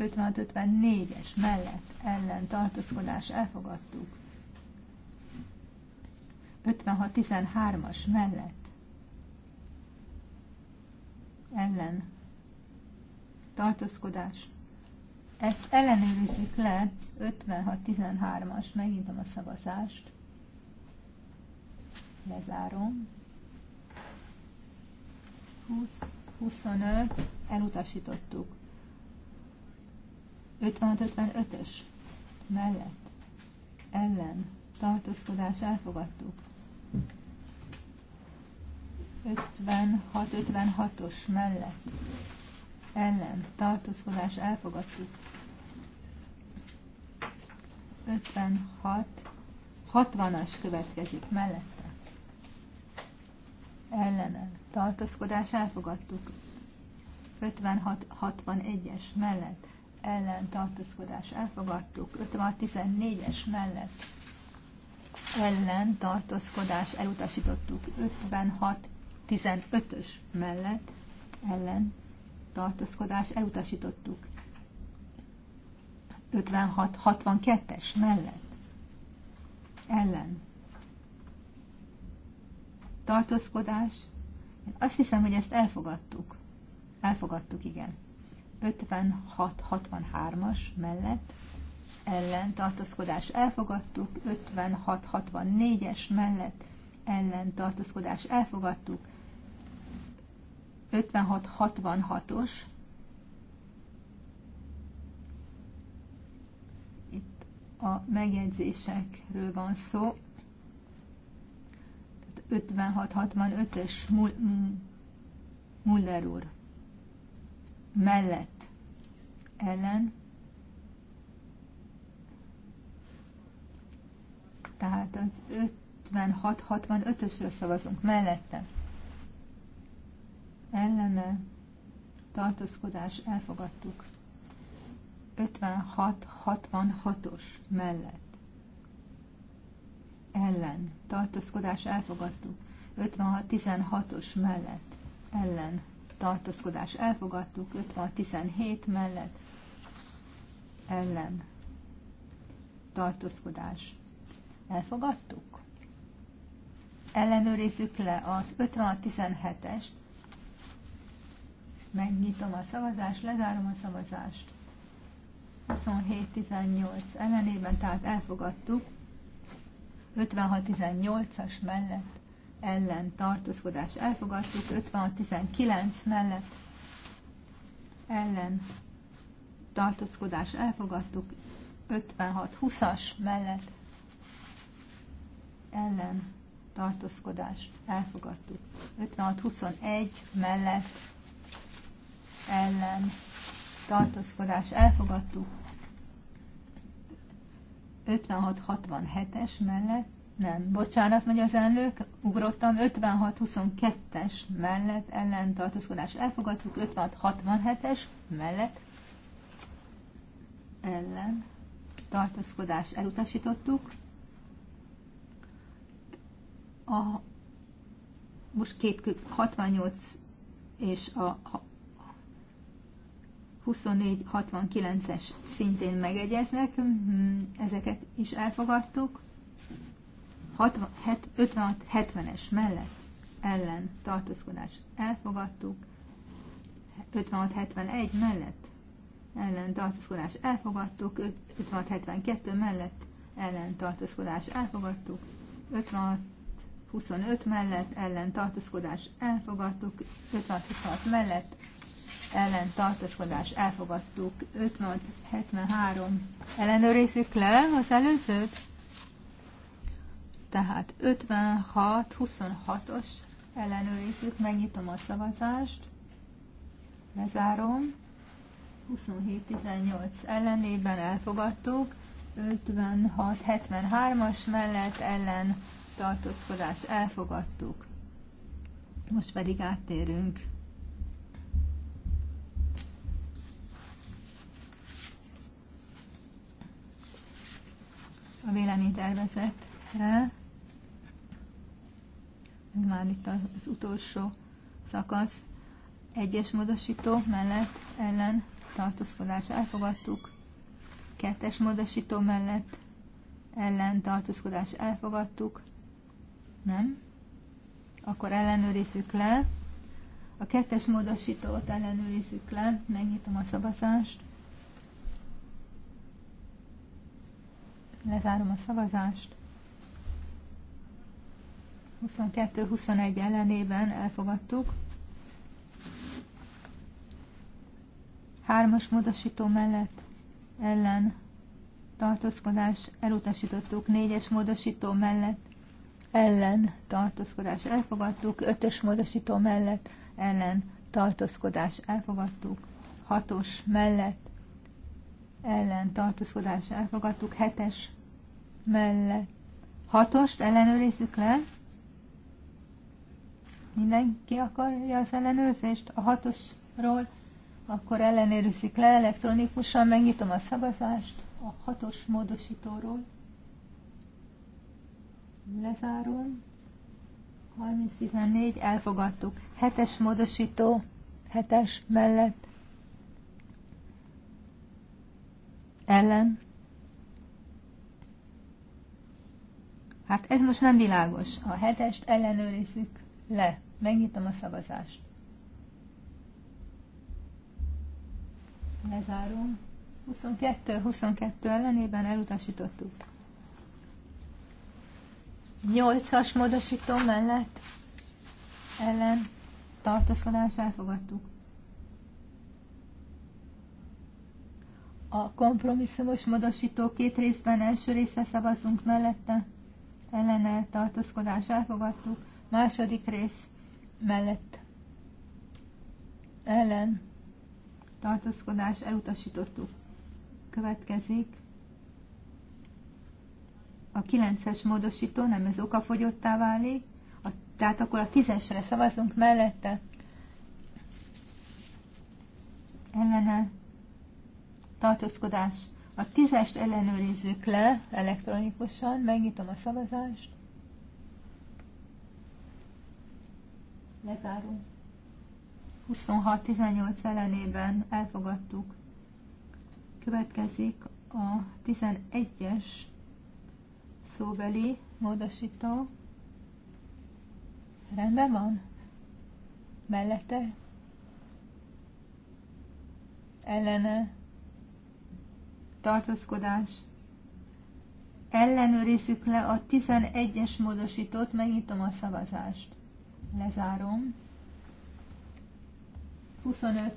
56-54-es mellett, ellen, tartózkodás, elfogadtuk. 56-13-as mellett, ellen, tartózkodás, ezt ellenőrizzük le, 56-13-as, megnyitom a szavazást, lezárom, 20-25, elutasítottuk, 56-55-ös, mellett, ellen, tartózkodás, elfogadtuk, 56-56-os mellett ellen tartózkodás elfogadtuk. 56, 60-as következik mellette. Ellene tartózkodás elfogadtuk. 56-61-es mellett ellen tartózkodás elfogadtuk. 56-14-es mellett ellen tartózkodás elutasítottuk. 56-15-ös mellett ellen tartózkodás elutasítottuk. 56-62-es mellett ellen tartózkodás. Én azt hiszem, hogy ezt elfogadtuk. Elfogadtuk, igen. 56-63-as mellett ellen tartózkodás elfogadtuk, 56-64-es mellett ellen tartózkodás elfogadtuk, 5666 os Itt a megjegyzésekről van szó. 5665 ös Muller úr mellett ellen tehát az 5665 65 ösről szavazunk mellette ellene tartózkodás elfogadtuk. 56-66-os mellett ellen tartózkodás elfogadtuk. 56-16-os mellett ellen tartózkodás elfogadtuk. 56-17 mellett ellen tartózkodás elfogadtuk. Ellenőrizzük le az 56-17-est, megnyitom a szavazást, lezárom a szavazást. 27-18 ellenében, tehát elfogadtuk. 56-18-as mellett ellen tartózkodás elfogadtuk, 56-19 mellett ellen tartózkodás elfogadtuk, 56-20-as mellett ellen tartózkodást elfogadtuk. 56-21 mellett ellen tartózkodás elfogadtuk. 56-67-es mellett, nem, bocsánat, megy az elnök, ugrottam, 56-22-es mellett ellen tartózkodás elfogadtuk, 56-67-es mellett ellen tartózkodás elutasítottuk. A, most két 68 és a 2469-es szintén megegyeznek, hm, ezeket is elfogadtuk. 56-70-es mellett ellen tartózkodás elfogadtuk. 56-71 mellett ellen tartózkodás elfogadtuk. 56-72 mellett ellen tartózkodás elfogadtuk. 56 25 mellett ellen tartózkodás elfogadtuk, 56-26 mellett ellen tartózkodás elfogadtuk. 573 ellenőrizzük le az előzőt. Tehát 56-26-os ellenőrizzük, megnyitom a szavazást, lezárom. 27-18 ellenében elfogadtuk, 56-73-as mellett ellen tartózkodás elfogadtuk. Most pedig áttérünk a véleménytervezetre. Ez már itt az utolsó szakasz. Egyes módosító mellett ellen tartózkodás elfogadtuk. Kettes módosító mellett ellen tartózkodás elfogadtuk. Nem? Akkor ellenőrizzük le. A kettes módosítót ellenőrizzük le. Megnyitom a szavazást. Lezárom a szavazást. 22-21 ellenében elfogadtuk. Hármas módosító mellett ellen tartózkodás elutasítottuk. Négyes módosító mellett ellen tartózkodás elfogadtuk. Ötös módosító mellett ellen tartózkodás elfogadtuk. Hatos mellett ellen tartózkodás elfogadtuk. Hetes mellett. Hatost ellenőrizzük le. Mindenki akarja az ellenőrzést a hatosról, akkor ellenőrizzük le elektronikusan, megnyitom a szavazást a hatos módosítóról. Lezárom. 30-14, elfogadtuk. Hetes módosító, hetes mellett. Ellen. Hát ez most nem világos. A hetest ellenőrizzük le. Megnyitom a szavazást. Lezárom. 22-22 ellenében elutasítottuk. 8-as módosító mellett ellen tartózkodás elfogadtuk. A kompromisszumos módosító két részben első része szavazunk mellette ellene tartózkodás elfogadtuk, második rész mellett ellen tartózkodás elutasítottuk. Következik a 9-es módosító, nem ez okafogyottá válik, a, tehát akkor a 10-esre szavazunk mellette ellene tartózkodás a tízest ellenőrizzük le elektronikusan, megnyitom a szavazást. Lezárunk. 26-18 ellenében elfogadtuk. Következik a 11-es szóbeli módosító. Rendben van? Mellette? Ellene? tartózkodás. Ellenőrizzük le a 11-es módosítót, megnyitom a szavazást. Lezárom.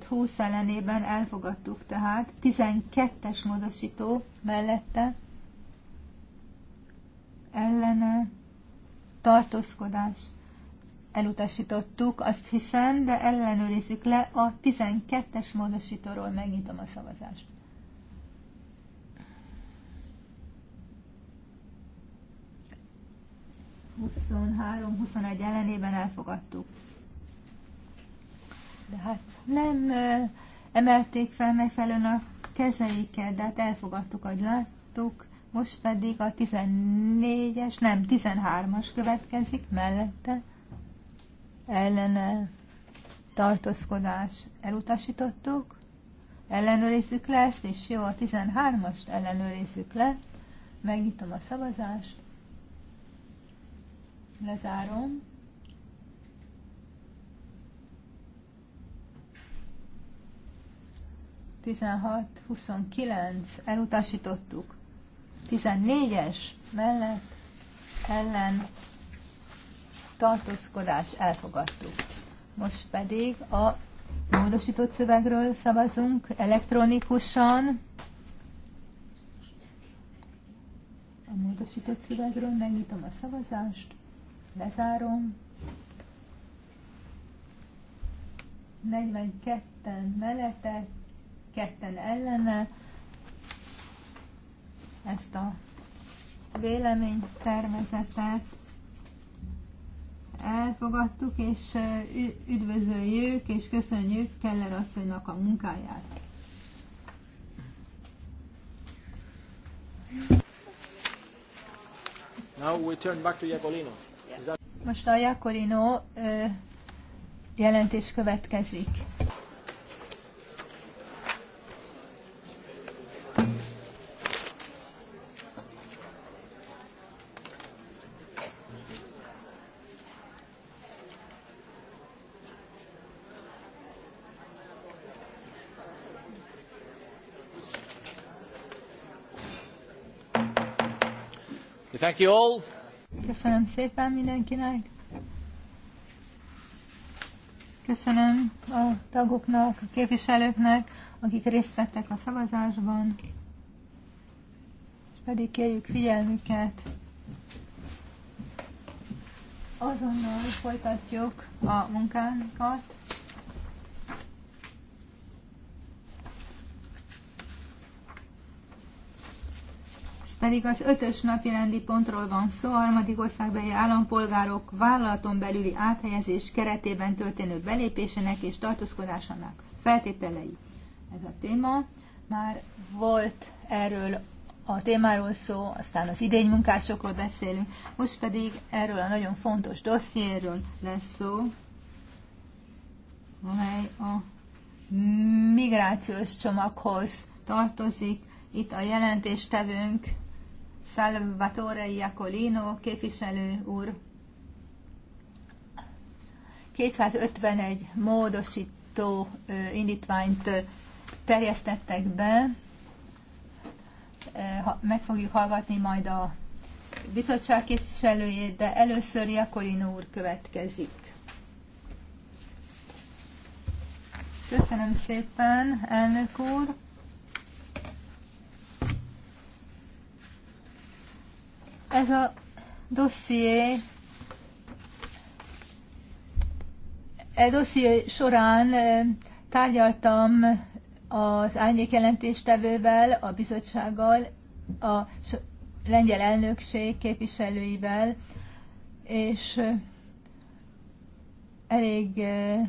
25-20 ellenében elfogadtuk tehát, 12-es módosító mellette ellene tartózkodás elutasítottuk, azt hiszem, de ellenőrizzük le a 12-es módosítóról, megnyitom a szavazást. 23-21 ellenében elfogadtuk. De hát nem emelték fel megfelelően a kezeiket, de hát elfogadtuk, ahogy láttuk. Most pedig a 14-es, nem, 13-as következik mellette. Ellene tartózkodás elutasítottuk. Ellenőrizzük le ezt, és jó, a 13-ast ellenőrizzük le. Megnyitom a szavazást. Lezárom. Tizenhat, huszonkilenc, elutasítottuk. Tizennégyes mellett ellen tartózkodás elfogadtuk. Most pedig a módosított szövegről szavazunk elektronikusan. A módosított szövegről megnyitom a szavazást. Lezárom. 42-en mellette, ketten ellene. Ezt a vélemény tervezetet elfogadtuk, és üdvözöljük, és köszönjük Keller asszonynak a munkáját. Now we turn back to Iacolino. Most a Jakorino jelentés következik. Thank you all. Köszönöm szépen mindenkinek. Köszönöm a tagoknak, a képviselőknek, akik részt vettek a szavazásban, és pedig kérjük figyelmüket. Azonnal folytatjuk a munkánkat. pedig az ötös napi rendi pontról van szó, harmadik országbeli állampolgárok vállalaton belüli áthelyezés keretében történő belépésének és tartózkodásának feltételei. Ez a téma. Már volt erről a témáról szó, aztán az idény munkásokról beszélünk, most pedig erről a nagyon fontos dossziéről lesz szó, amely a migrációs csomaghoz tartozik. Itt a jelentéstevőnk Salvatore Iacolino képviselő úr. 251 módosító indítványt terjesztettek be. Meg fogjuk hallgatni majd a bizottság képviselőjét, de először Jakolin úr következik. Köszönöm szépen, elnök úr! Ez a dosszié E dosszié során e, tárgyaltam az árnyék jelentéstevővel, a bizottsággal, a lengyel elnökség képviselőivel, és e, elég e,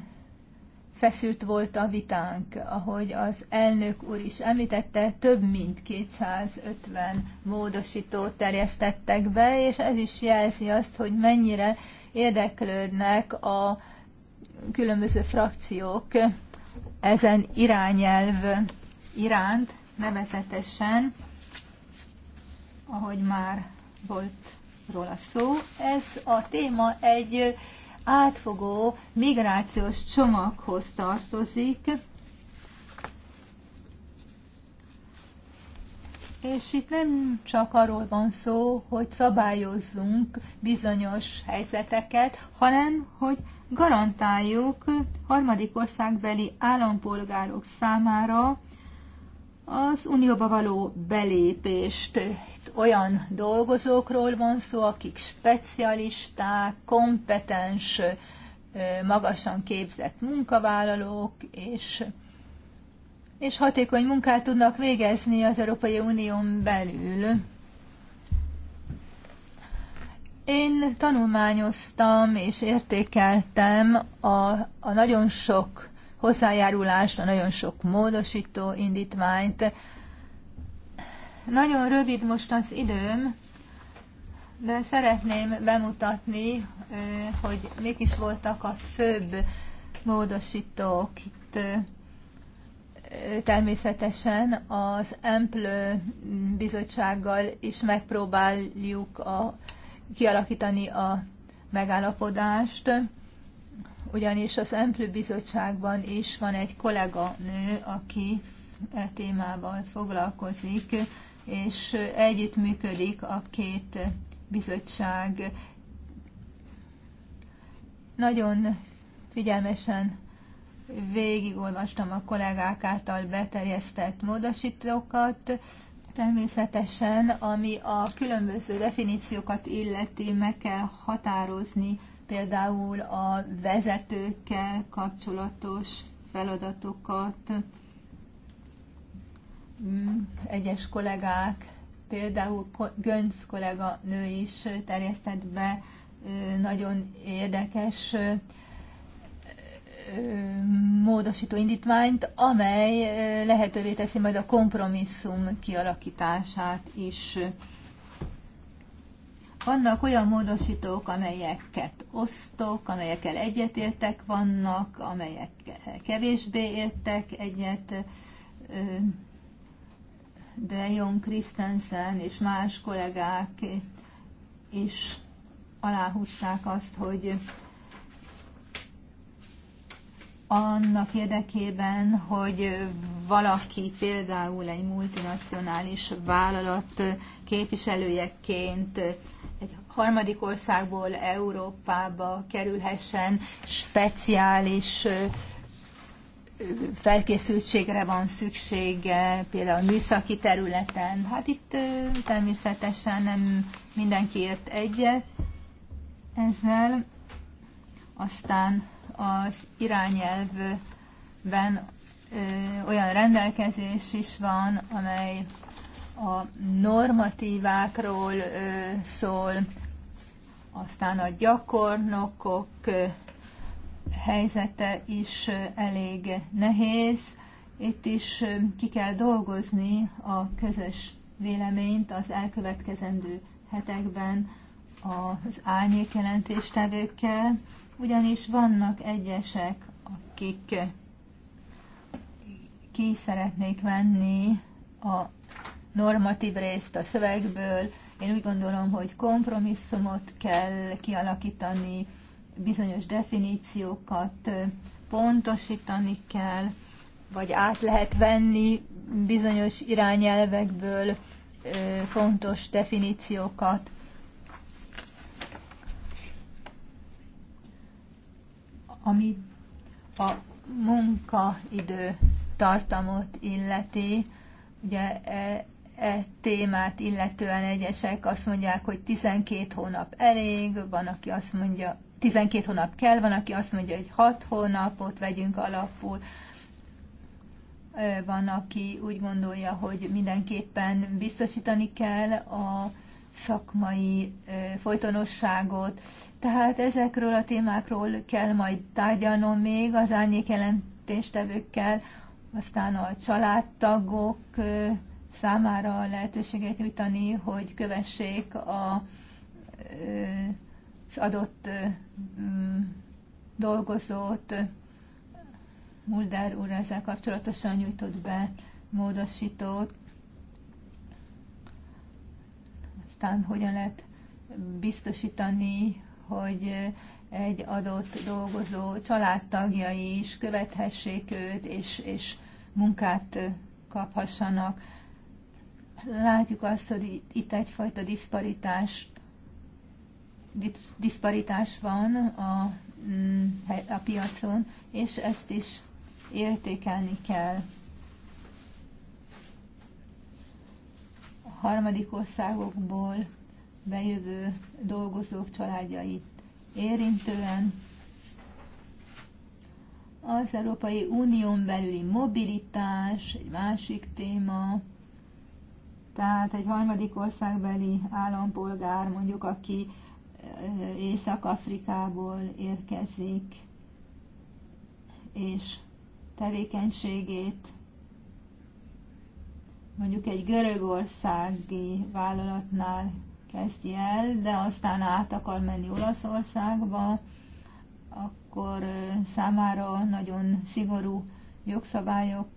feszült volt a vitánk, ahogy az elnök úr is említette, több mint 250 módosítót terjesztettek be, és ez is jelzi azt, hogy mennyire érdeklődnek a különböző frakciók ezen irányelv iránt, nevezetesen, ahogy már volt róla szó. Ez a téma egy átfogó migrációs csomaghoz tartozik, És itt nem csak arról van szó, hogy szabályozzunk bizonyos helyzeteket, hanem hogy garantáljuk harmadik országbeli állampolgárok számára az unióba való belépést olyan dolgozókról van szó, akik specialisták, kompetens, magasan képzett munkavállalók, és, és hatékony munkát tudnak végezni az Európai Unión belül. Én tanulmányoztam és értékeltem a, a nagyon sok hozzájárulást, a nagyon sok módosító indítványt. Nagyon rövid most az időm, de szeretném bemutatni, hogy mik is voltak a főbb módosítók itt természetesen az Emplő bizottsággal is megpróbáljuk a, kialakítani a megállapodást ugyanis az Emplő Bizottságban is van egy kollega nő, aki e témával foglalkozik, és együttműködik a két bizottság. Nagyon figyelmesen végigolvastam a kollégák által beterjesztett módosítókat, természetesen, ami a különböző definíciókat illeti, meg kell határozni például a vezetőkkel kapcsolatos feladatokat. Hmm, egyes kollégák, például Gönc kollega nő is terjesztett be nagyon érdekes módosító indítványt, amely lehetővé teszi majd a kompromisszum kialakítását is. Vannak olyan módosítók, amelyeket osztok, amelyekkel egyetértek vannak, amelyek kevésbé értek egyet. De Jon Christensen és más kollégák is aláhúzták azt, hogy annak érdekében, hogy valaki például egy multinacionális vállalat képviselőjeként egy harmadik országból Európába kerülhessen, speciális felkészültségre van szüksége, például műszaki területen. Hát itt természetesen nem mindenki ért egyet ezzel. Aztán az irányelvben olyan rendelkezés is van, amely a normatívákról szól, aztán a gyakornokok helyzete is elég nehéz. Itt is ki kell dolgozni a közös véleményt az elkövetkezendő hetekben az árnyék jelentéstevőkkel ugyanis vannak egyesek, akik ki szeretnék venni a normatív részt a szövegből. Én úgy gondolom, hogy kompromisszumot kell kialakítani, bizonyos definíciókat pontosítani kell, vagy át lehet venni bizonyos irányelvekből fontos definíciókat. Ami a munkaidő tartamot illeti, ugye e, e témát illetően egyesek azt mondják, hogy 12 hónap elég, van, aki azt mondja, 12 hónap kell, van, aki azt mondja, hogy 6 hónapot vegyünk alapul, van, aki úgy gondolja, hogy mindenképpen biztosítani kell a szakmai folytonosságot. Tehát ezekről a témákról kell majd tárgyalnom még az jelentéstevőkkel, aztán a családtagok számára lehetőséget nyújtani, hogy kövessék a, az adott dolgozót. Mulder úr ezzel kapcsolatosan nyújtott be módosítót. aztán hogyan lehet biztosítani, hogy egy adott dolgozó családtagjai is követhessék őt, és, és munkát kaphassanak. Látjuk azt, hogy itt egyfajta diszparitás, diszparitás van a, mm, a piacon, és ezt is értékelni kell. harmadik országokból bejövő dolgozók családjait érintően, az Európai Unión belüli mobilitás egy másik téma, tehát egy harmadik országbeli állampolgár, mondjuk aki Észak-Afrikából érkezik, és tevékenységét mondjuk egy görögországi vállalatnál kezdi el, de aztán át akar menni Olaszországba, akkor számára nagyon szigorú jogszabályok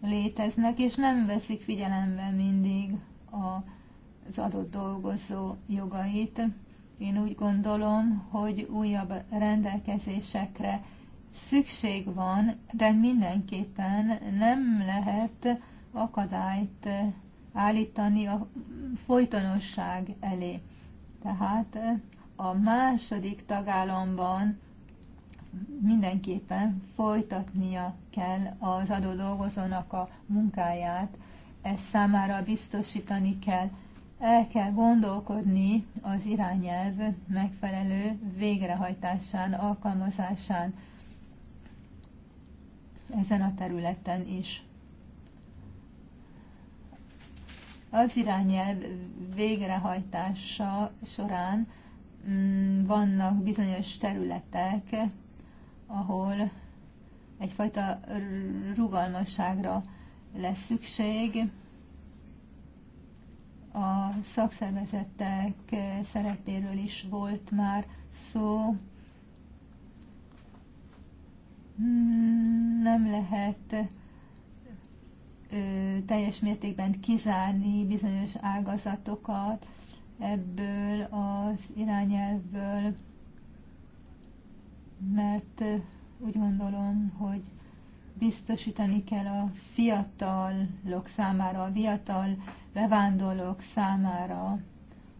léteznek, és nem veszik figyelembe mindig az adott dolgozó jogait. Én úgy gondolom, hogy újabb rendelkezésekre szükség van, de mindenképpen nem lehet akadályt eh, állítani a folytonosság elé. Tehát eh, a második tagállamban mindenképpen folytatnia kell az adó dolgozónak a munkáját, ezt számára biztosítani kell. El kell gondolkodni az irányelv megfelelő végrehajtásán, alkalmazásán ezen a területen is. Az irányelv végrehajtása során mm, vannak bizonyos területek, ahol egyfajta rugalmasságra lesz szükség. A szakszervezetek szerepéről is volt már szó. Mm, nem lehet teljes mértékben kizárni bizonyos ágazatokat ebből az irányelvből, mert úgy gondolom, hogy biztosítani kell a fiatalok számára, a fiatal bevándorlók számára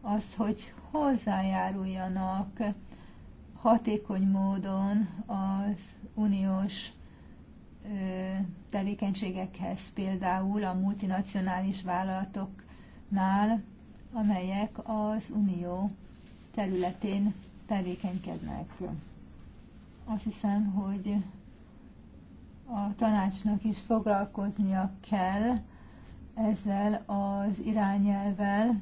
az, hogy hozzájáruljanak hatékony módon az uniós tevékenységekhez, például a multinacionális vállalatoknál, amelyek az unió területén tevékenykednek. Azt hiszem, hogy a tanácsnak is foglalkoznia kell ezzel az irányelvel,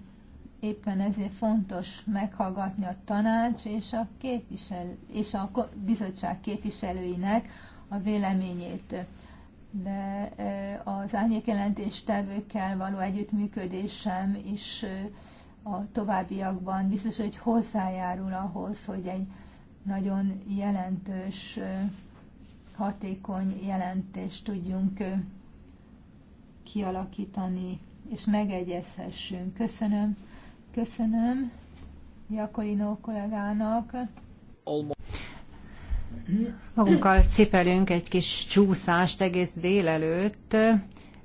éppen ezért fontos meghallgatni a tanács és a, képvisel, és a bizottság képviselőinek a véleményét. De e, az árnyékjelentéstevőkkel való együttműködésem is e, a továbbiakban biztos, hogy hozzájárul ahhoz, hogy egy nagyon jelentős, e, hatékony jelentést tudjunk kialakítani, és megegyezhessünk. Köszönöm, köszönöm Jakolino kollégának. Magunkkal cipelünk egy kis csúszást egész délelőtt.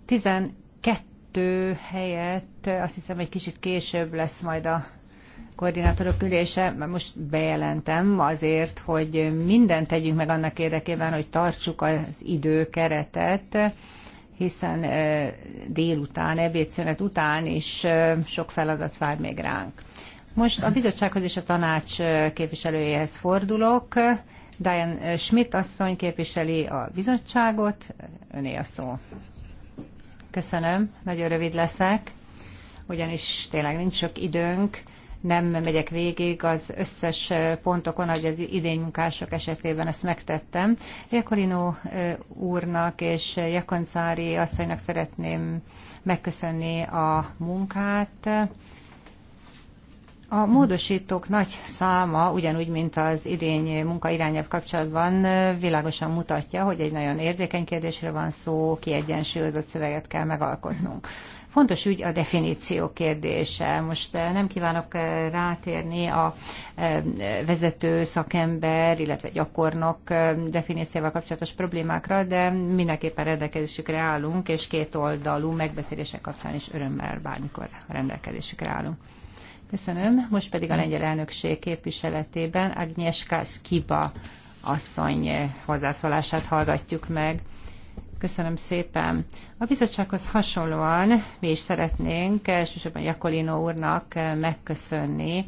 12 helyett azt hiszem egy kicsit később lesz majd a koordinátorok ülése, most bejelentem azért, hogy mindent tegyünk meg annak érdekében, hogy tartsuk az időkeretet, hiszen délután, ebédszünet után is sok feladat vár még ránk. Most a bizottsághoz és a tanács képviselőjéhez fordulok. Diane Schmidt asszony képviseli a bizottságot, öné a szó. Köszönöm, nagyon rövid leszek, ugyanis tényleg nincs sok időnk, nem megyek végig az összes pontokon, ahogy az idénymunkások esetében ezt megtettem. Jakolino úrnak és Jakoncári asszonynak szeretném megköszönni a munkát, a módosítók nagy száma, ugyanúgy, mint az idény munkairányabb kapcsolatban, világosan mutatja, hogy egy nagyon érzékeny kérdésre van szó, kiegyensúlyozott szöveget kell megalkotnunk. Fontos ügy a definíció kérdése. Most eh, nem kívánok eh, rátérni a eh, vezető szakember, illetve gyakornok definícióval kapcsolatos problémákra, de mindenképpen rendelkezésükre állunk, és két oldalú megbeszélések kapcsán is örömmel bármikor rendelkezésükre állunk. Köszönöm. Most pedig a lengyel elnökség képviseletében Agnieszka Skiba asszony hozzászólását hallgatjuk meg. Köszönöm szépen. A bizottsághoz hasonlóan mi is szeretnénk elsősorban Jakolino úrnak megköszönni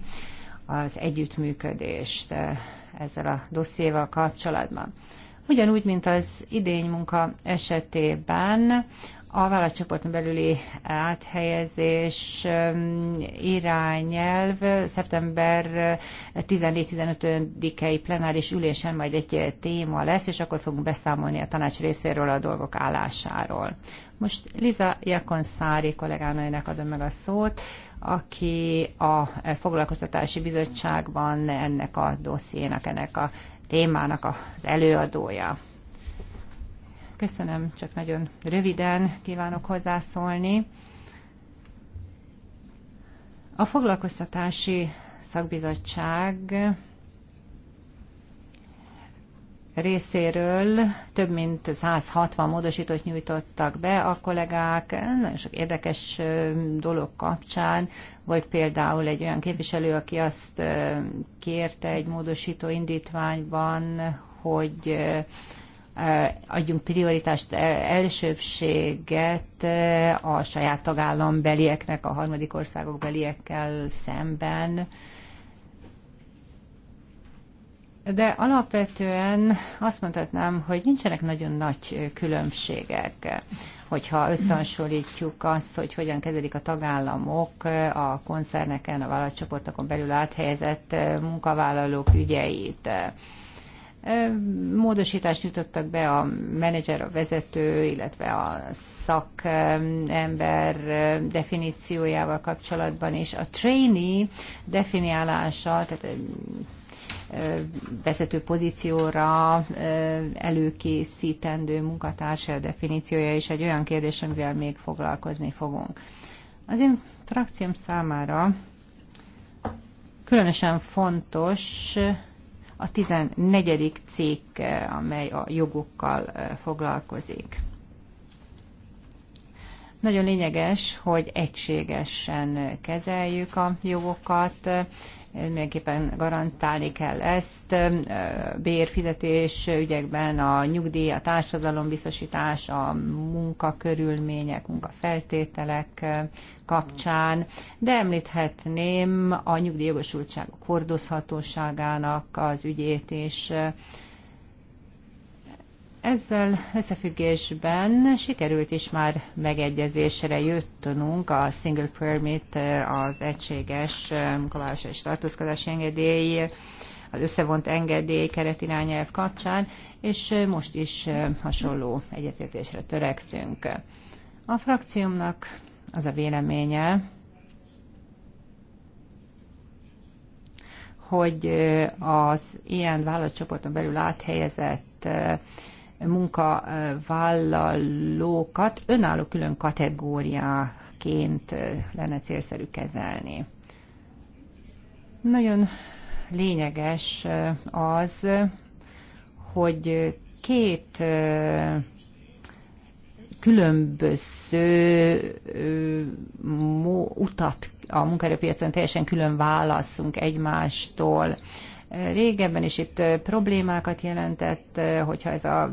az együttműködést ezzel a dossziéval kapcsolatban. Ugyanúgy, mint az idény munka esetében, a vállalatcsoporton belüli áthelyezés irányelv szeptember 14-15-i plenáris ülésen majd egy téma lesz, és akkor fogunk beszámolni a tanács részéről a dolgok állásáról. Most Liza Jakonszári kollégánőnek adom meg a szót, aki a Foglalkoztatási Bizottságban ennek a dossziénak, ennek a témának az előadója. Köszönöm, csak nagyon röviden kívánok hozzászólni. A foglalkoztatási szakbizottság részéről több mint 160 módosítót nyújtottak be a kollégák nagyon sok érdekes dolog kapcsán. Volt például egy olyan képviselő, aki azt kérte egy módosító indítványban, hogy Eh, adjunk prioritást, eh, elsőbséget eh, a saját tagállam belieknek, a harmadik országok beliekkel szemben. De alapvetően azt mondhatnám, hogy nincsenek nagyon nagy különbségek, hogyha összehasonlítjuk azt, hogy hogyan kezelik a tagállamok a koncerneken, a vállalatcsoportokon belül áthelyezett munkavállalók ügyeit. Módosítást nyújtottak be a menedzser, a vezető, illetve a szakember definíciójával kapcsolatban, és a trainee definiálása, tehát vezető pozícióra előkészítendő munkatársa definíciója is egy olyan kérdés, amivel még foglalkozni fogunk. Az én frakcióm számára különösen fontos a 14. cég, eh, amely a jogokkal eh, foglalkozik. Nagyon lényeges, hogy egységesen kezeljük a jogokat, eh, mindenképpen garantálni kell ezt. Bérfizetés ügyekben a nyugdíj, a társadalombiztosítás, a munkakörülmények, munkafeltételek kapcsán, de említhetném a nyugdíjjogosultságok hordozhatóságának az ügyét is, ezzel összefüggésben sikerült is már megegyezésre jöttünk a single permit, eh, az egységes eh, munkavállalás és tartózkodási engedély, az összevont engedély keretirányelv kapcsán, és eh, most is hasonló egyetértésre törekszünk. A frakciómnak az a véleménye, hogy az ilyen vállalatcsoporton belül áthelyezett munkavállalókat önálló külön kategóriáként lenne célszerű kezelni. Nagyon lényeges az, hogy két különböző utat a munkaerőpiacon teljesen külön válaszunk egymástól régebben is itt problémákat jelentett, hogyha ez a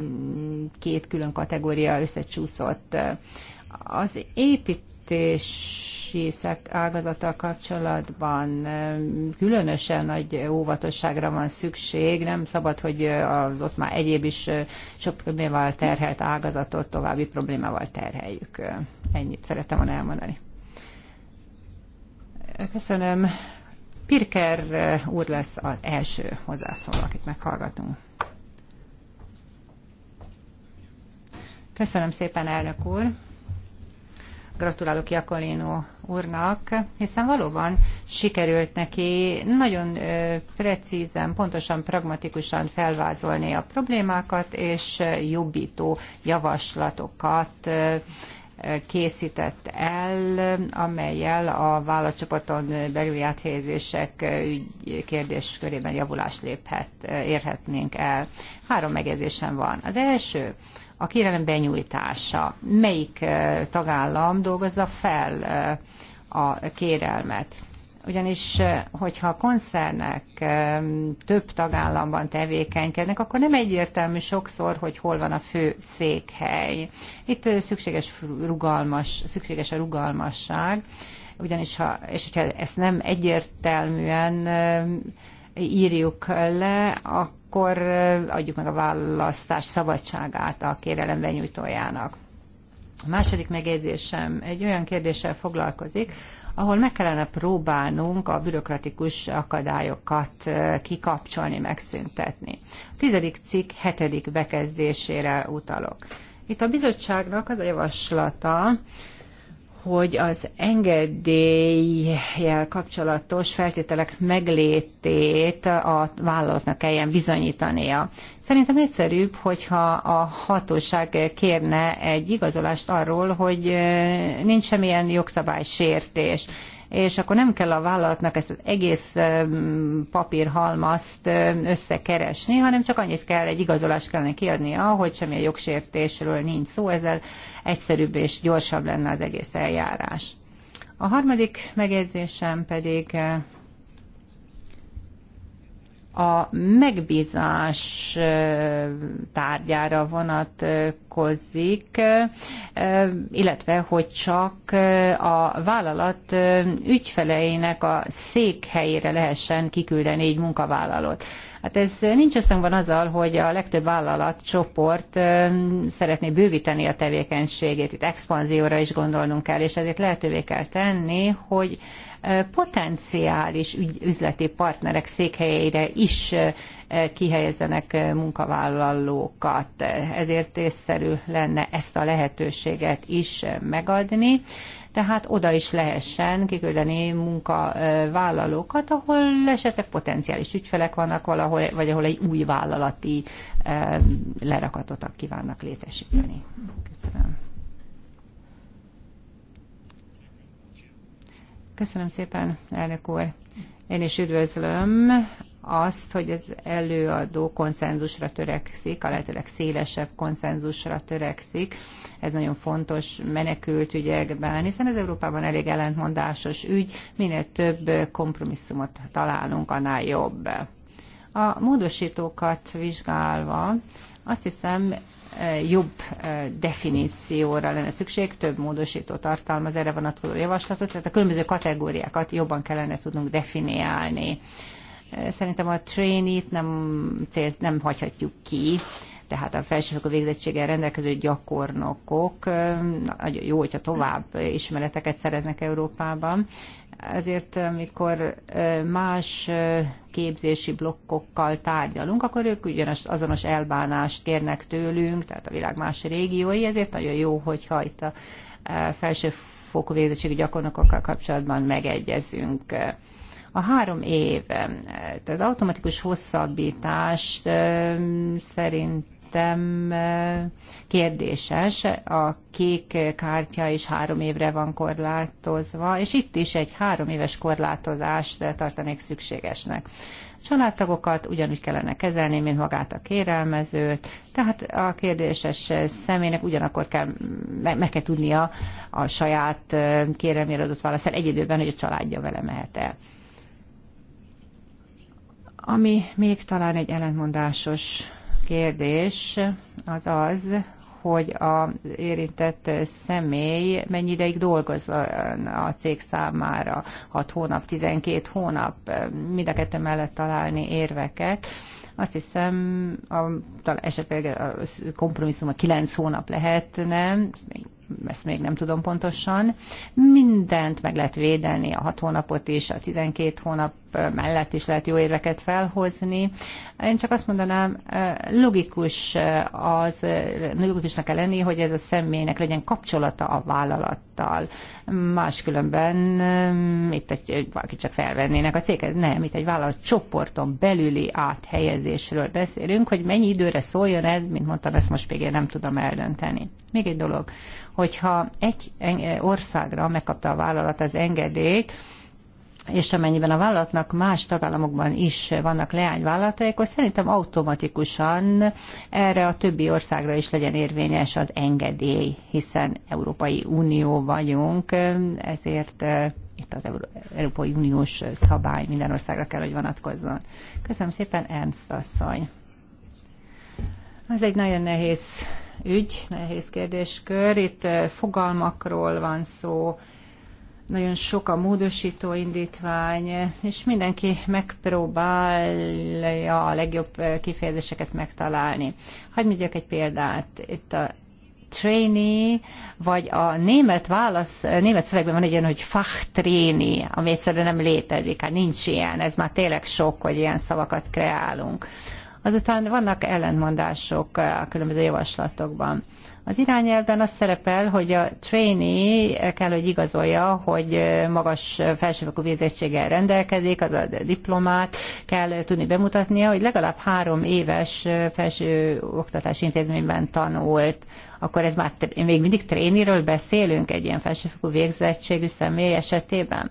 két külön kategória összecsúszott. Az építési ágazattal kapcsolatban különösen nagy óvatosságra van szükség, nem szabad, hogy az ott már egyéb is sok problémával terhelt ágazatot további problémával terheljük. Ennyit szerettem volna elmondani. Köszönöm Pirker eh, úr lesz az első hozzászól, akit meghallgatunk. Köszönöm szépen, elnök úr! Gratulálok Jakolino úrnak, hiszen valóban sikerült neki nagyon eh, precízen, pontosan, pragmatikusan felvázolni a problémákat és eh, jobbító javaslatokat készített el, amelyel a vállalatcsoporton belüli áthelyezések kérdéskörében javulást léphet, érhetnénk el. Három megjegyzésem van. Az első, a kérelem benyújtása. Melyik eh, tagállam dolgozza fel eh, a kérelmet? Ugyanis, hogyha a koncernek több tagállamban tevékenykednek, akkor nem egyértelmű sokszor, hogy hol van a fő székhely. Itt szükséges, rugalmas, szükséges a rugalmasság, ugyanis ha, és hogyha ezt nem egyértelműen írjuk le, akkor adjuk meg a választás szabadságát a kérelem benyújtójának. A második megjegyzésem egy olyan kérdéssel foglalkozik, ahol meg kellene próbálnunk a bürokratikus akadályokat kikapcsolni, megszüntetni. A tizedik cikk hetedik bekezdésére utalok. Itt a bizottságnak az a javaslata, hogy az engedélyjel kapcsolatos feltételek meglétét a vállalatnak kelljen bizonyítania. Szerintem egyszerűbb, hogyha a hatóság kérne egy igazolást arról, hogy eh, nincs semmilyen jogszabálysértés és akkor nem kell a vállalatnak ezt az egész papírhalmazt összekeresni, hanem csak annyit kell, egy igazolást kellene kiadnia, hogy semmilyen jogsértésről nincs szó, ezzel egyszerűbb és gyorsabb lenne az egész eljárás. A harmadik megjegyzésem pedig eh, a megbízás tárgyára vonatkozik, illetve hogy csak a vállalat ügyfeleinek a székhelyére lehessen kiküldeni egy munkavállalót. Hát ez nincs összhangban azzal, hogy a legtöbb vállalat csoport szeretné bővíteni a tevékenységét, itt expanzióra is gondolnunk kell, és ezért lehetővé kell tenni, hogy potenciális üzleti partnerek székhelyeire is kihelyezzenek munkavállalókat. Ezért észszerű lenne ezt a lehetőséget is megadni, tehát oda is lehessen kiküldeni munkavállalókat, ahol esetleg potenciális ügyfelek vannak valahol, vagy ahol egy új vállalati lerakatot kívánnak létesíteni. Köszönöm. Köszönöm szépen, elnök úr. Én is üdvözlöm azt, hogy az előadó konszenzusra törekszik, a lehetőleg szélesebb konszenzusra törekszik. Ez nagyon fontos menekült ügyekben, hiszen az Európában elég ellentmondásos ügy, minél több kompromisszumot találunk, annál jobb. A módosítókat vizsgálva azt hiszem jobb definícióra lenne szükség, több módosító tartalmaz erre vonatkozó javaslatot, tehát a különböző kategóriákat jobban kellene tudnunk definiálni. Szerintem a trainit nem, nem hagyhatjuk ki, tehát a felsőfokú végzettséggel rendelkező gyakornokok, nagyon jó, hogyha tovább ismereteket szereznek Európában, ezért amikor más képzési blokkokkal tárgyalunk, akkor ők ugyanaz azonos elbánást kérnek tőlünk, tehát a világ más régiói, ezért nagyon jó, hogyha itt a felsőfokú végzettségű gyakornokokkal kapcsolatban megegyezünk. A három év, az automatikus hosszabbítás szerint szerintem kérdéses. A kék kártya is három évre van korlátozva, és itt is egy három éves korlátozást tartanék szükségesnek. A családtagokat ugyanúgy kellene kezelni, mint magát a kérelmezőt, tehát a kérdéses személynek ugyanakkor kell, meg, meg kell tudnia a saját kérelmére adott válaszát egy időben, hogy a családja vele mehet el. Ami még talán egy ellentmondásos kérdés az az, hogy az érintett személy mennyi ideig dolgoz a cég számára, 6 hónap, 12 hónap, mind a kettő mellett találni érveket. Azt hiszem, a, talán esetleg a kompromisszum a 9 hónap lehetne, ezt még nem tudom pontosan. Mindent meg lehet védeni, a 6 hónapot is, a 12 hónap mellett is lehet jó érveket felhozni. Én csak azt mondanám, logikus az, logikusnak kell lenni, hogy ez a személynek legyen kapcsolata a vállalattal. Máskülönben itt egy, valaki csak felvennének a céghez. Nem, itt egy vállalat csoporton belüli áthelyezésről beszélünk, hogy mennyi időre szóljon ez, mint mondtam, ezt most én nem tudom eldönteni. Még egy dolog, hogyha egy országra megkapta a vállalat az engedélyt, és amennyiben a vállalatnak más tagállamokban is vannak leányvállalatai, akkor szerintem automatikusan erre a többi országra is legyen érvényes az engedély, hiszen Európai Unió vagyunk, ezért eh, itt az Európai Uniós szabály minden országra kell, hogy vonatkozzon. Köszönöm szépen, Ernst asszony. Ez egy nagyon nehéz ügy, nehéz kérdéskör. Itt eh, fogalmakról van szó, nagyon sok a módosító indítvány, és mindenki megpróbálja a legjobb kifejezéseket megtalálni. Hagyj mondjak egy példát. Itt a trainee, vagy a német válasz, a német szövegben van egy ilyen, hogy fachtréni, ami egyszerűen nem létezik, hát nincs ilyen, ez már tényleg sok, hogy ilyen szavakat kreálunk. Azután vannak ellentmondások a különböző javaslatokban. Az irányelvben az szerepel, hogy a trainee kell, hogy igazolja, hogy magas felsőfokú végzettséggel rendelkezik, az a diplomát kell tudni bemutatnia, hogy legalább három éves felső oktatási intézményben tanult akkor ez már még mindig tréniről beszélünk egy ilyen felsőfokú végzettségű személy esetében.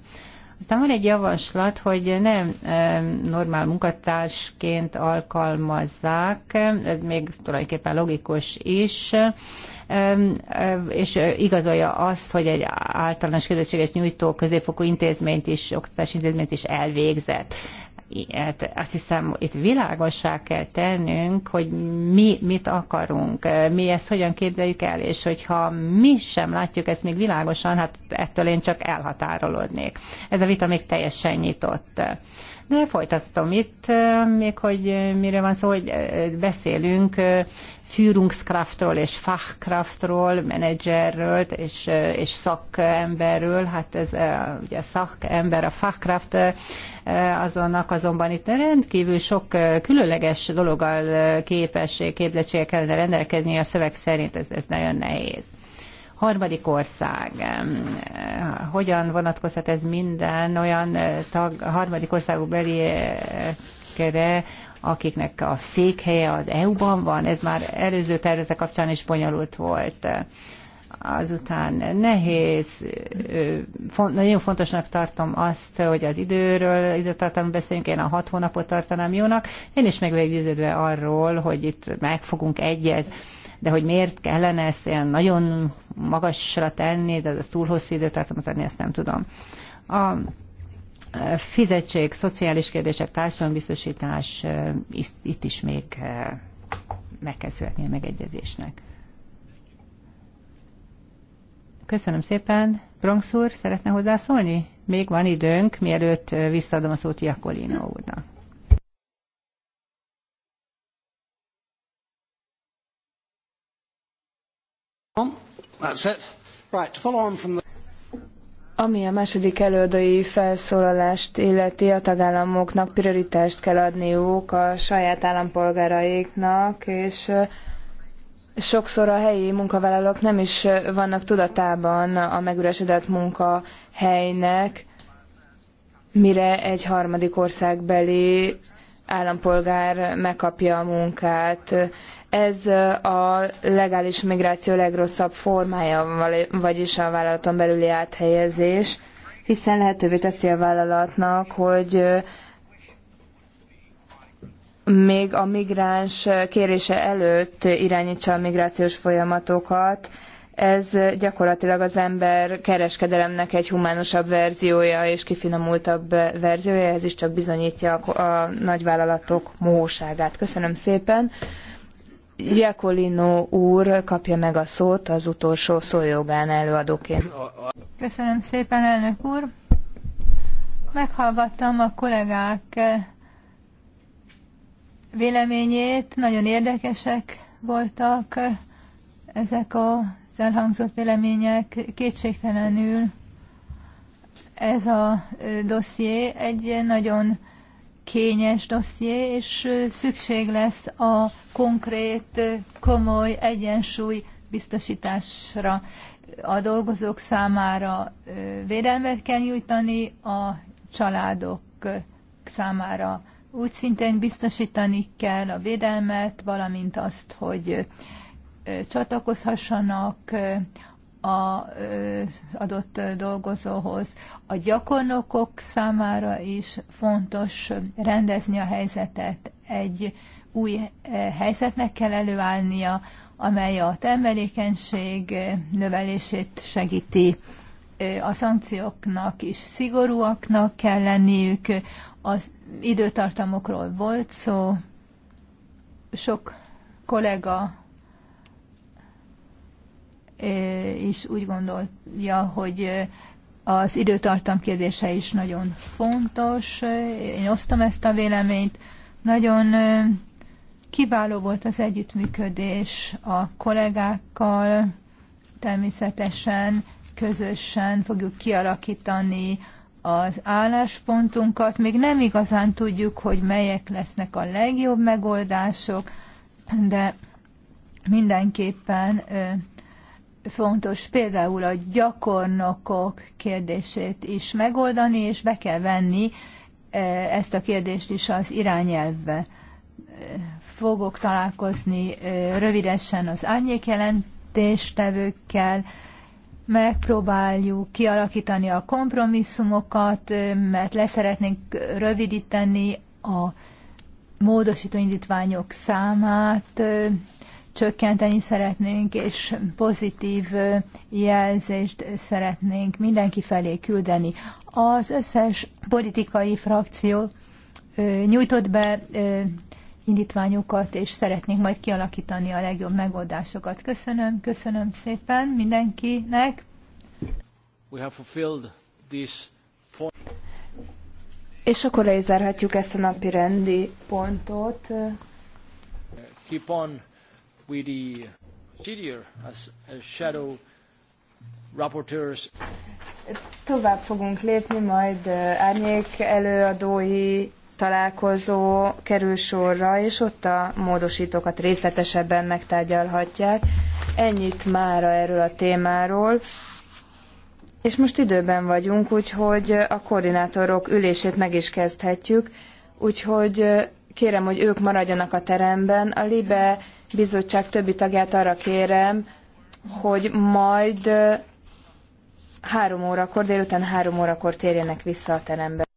Aztán van egy javaslat, hogy nem e, normál munkatársként alkalmazzák, ez még tulajdonképpen logikus is, e, e, és igazolja azt, hogy egy általános képzettséget nyújtó középfokú intézményt is, oktatási intézményt is elvégzett hát azt hiszem, itt világossá kell tennünk, hogy mi mit akarunk, mi ezt hogyan képzeljük el, és hogyha mi sem látjuk ezt még világosan, hát ettől én csak elhatárolódnék. Ez a vita még teljesen nyitott. De folytatom itt, még hogy mire van szó, hogy beszélünk Führungskraftról és Fachkraftról, menedzserről és, és szakemberről, hát ez ugye a szakember, a Fachkraft azonnak azonban itt rendkívül sok különleges dologgal képesség, képzettséggel kellene rendelkezni a szöveg szerint, ez, ez nagyon nehéz. Harmadik ország, hogyan vonatkozhat ez minden olyan eh, tag, harmadik országú beliekre, eh, akiknek a székhelye az EU-ban van, ez már előző tervezet kapcsán is bonyolult volt azután nehéz, eh, font, nagyon fontosnak tartom azt, hogy az időről, időtartam beszéljünk, én a hat hónapot tartanám jónak. Én is meg vagyok győződve arról, hogy itt meg fogunk egyezni de hogy miért kellene ezt ilyen nagyon magasra tenni, de ez túl hosszú időtartamot tenni, ezt nem tudom. A e, fizetség, szociális kérdések, társadalombiztosítás, e, itt is még e, meg kell születni a megegyezésnek. Köszönöm szépen. Bronx úr, szeretne hozzászólni? Még van időnk, mielőtt visszaadom a szót Jakolino úrnak. Ami a második előadói felszólalást illeti, a tagállamoknak prioritást kell adniuk a saját állampolgáraiknak, és sokszor a helyi munkavállalók nem is vannak tudatában a megüresedett munkahelynek, mire egy harmadik országbeli állampolgár megkapja a munkát. Ez a legális migráció legrosszabb formája, vagyis a vállalaton belüli áthelyezés, hiszen lehetővé teszi a vállalatnak, hogy még a migráns kérése előtt irányítsa a migrációs folyamatokat, ez gyakorlatilag az ember kereskedelemnek egy humánusabb verziója és kifinomultabb verziója, ez is csak bizonyítja a, a nagyvállalatok mohóságát. Köszönöm szépen. Giacolino úr kapja meg a szót az utolsó szójogán előadóként. Köszönöm szépen, elnök úr. Meghallgattam a kollégák eh, véleményét, nagyon érdekesek voltak eh, ezek az elhangzott vélemények. Kétségtelenül ez a eh, dosszié egy nagyon kényes dosszié, és szükség lesz a konkrét, komoly egyensúly biztosításra. A dolgozók számára védelmet kell nyújtani, a családok számára úgy szintén biztosítani kell a védelmet, valamint azt, hogy csatlakozhassanak az adott dolgozóhoz. A gyakornokok számára is fontos rendezni a helyzetet. Egy új helyzetnek kell előállnia, amely a termelékenység növelését segíti. A szankcióknak is szigorúaknak kell lenniük. Az időtartamokról volt szó. Sok kollega is úgy gondolja, hogy az időtartam kérdése is nagyon fontos. Én osztom ezt a véleményt. Nagyon kiváló volt az együttműködés a kollégákkal, természetesen közösen fogjuk kialakítani az álláspontunkat. Még nem igazán tudjuk, hogy melyek lesznek a legjobb megoldások, de mindenképpen fontos például a gyakornokok kérdését is megoldani, és be kell venni e, ezt a kérdést is az irányelvbe. E, fogok találkozni e, rövidesen az árnyékjelentéstevőkkel, megpróbáljuk kialakítani a kompromisszumokat, mert leszeretnénk rövidíteni a módosító indítványok számát, csökkenteni szeretnénk, és pozitív jelzést szeretnénk mindenki felé küldeni. Az összes politikai frakció nyújtott be indítványokat, és szeretnénk majd kialakítani a legjobb megoldásokat. Köszönöm, köszönöm szépen mindenkinek. We have fulfilled this és akkor lezárhatjuk ezt a napi rendi pontot. Keep on with the procedure as a shadow rapporteurs. Tovább fogunk lépni, majd árnyék előadói találkozó kerül sorra, és ott a módosítókat részletesebben megtárgyalhatják. Ennyit mára erről a témáról. És most időben vagyunk, úgyhogy a koordinátorok ülését meg is kezdhetjük, úgyhogy kérem, hogy ők maradjanak a teremben. A LIBE bizottság többi tagját arra kérem, hogy majd három órakor, délután három órakor térjenek vissza a terembe.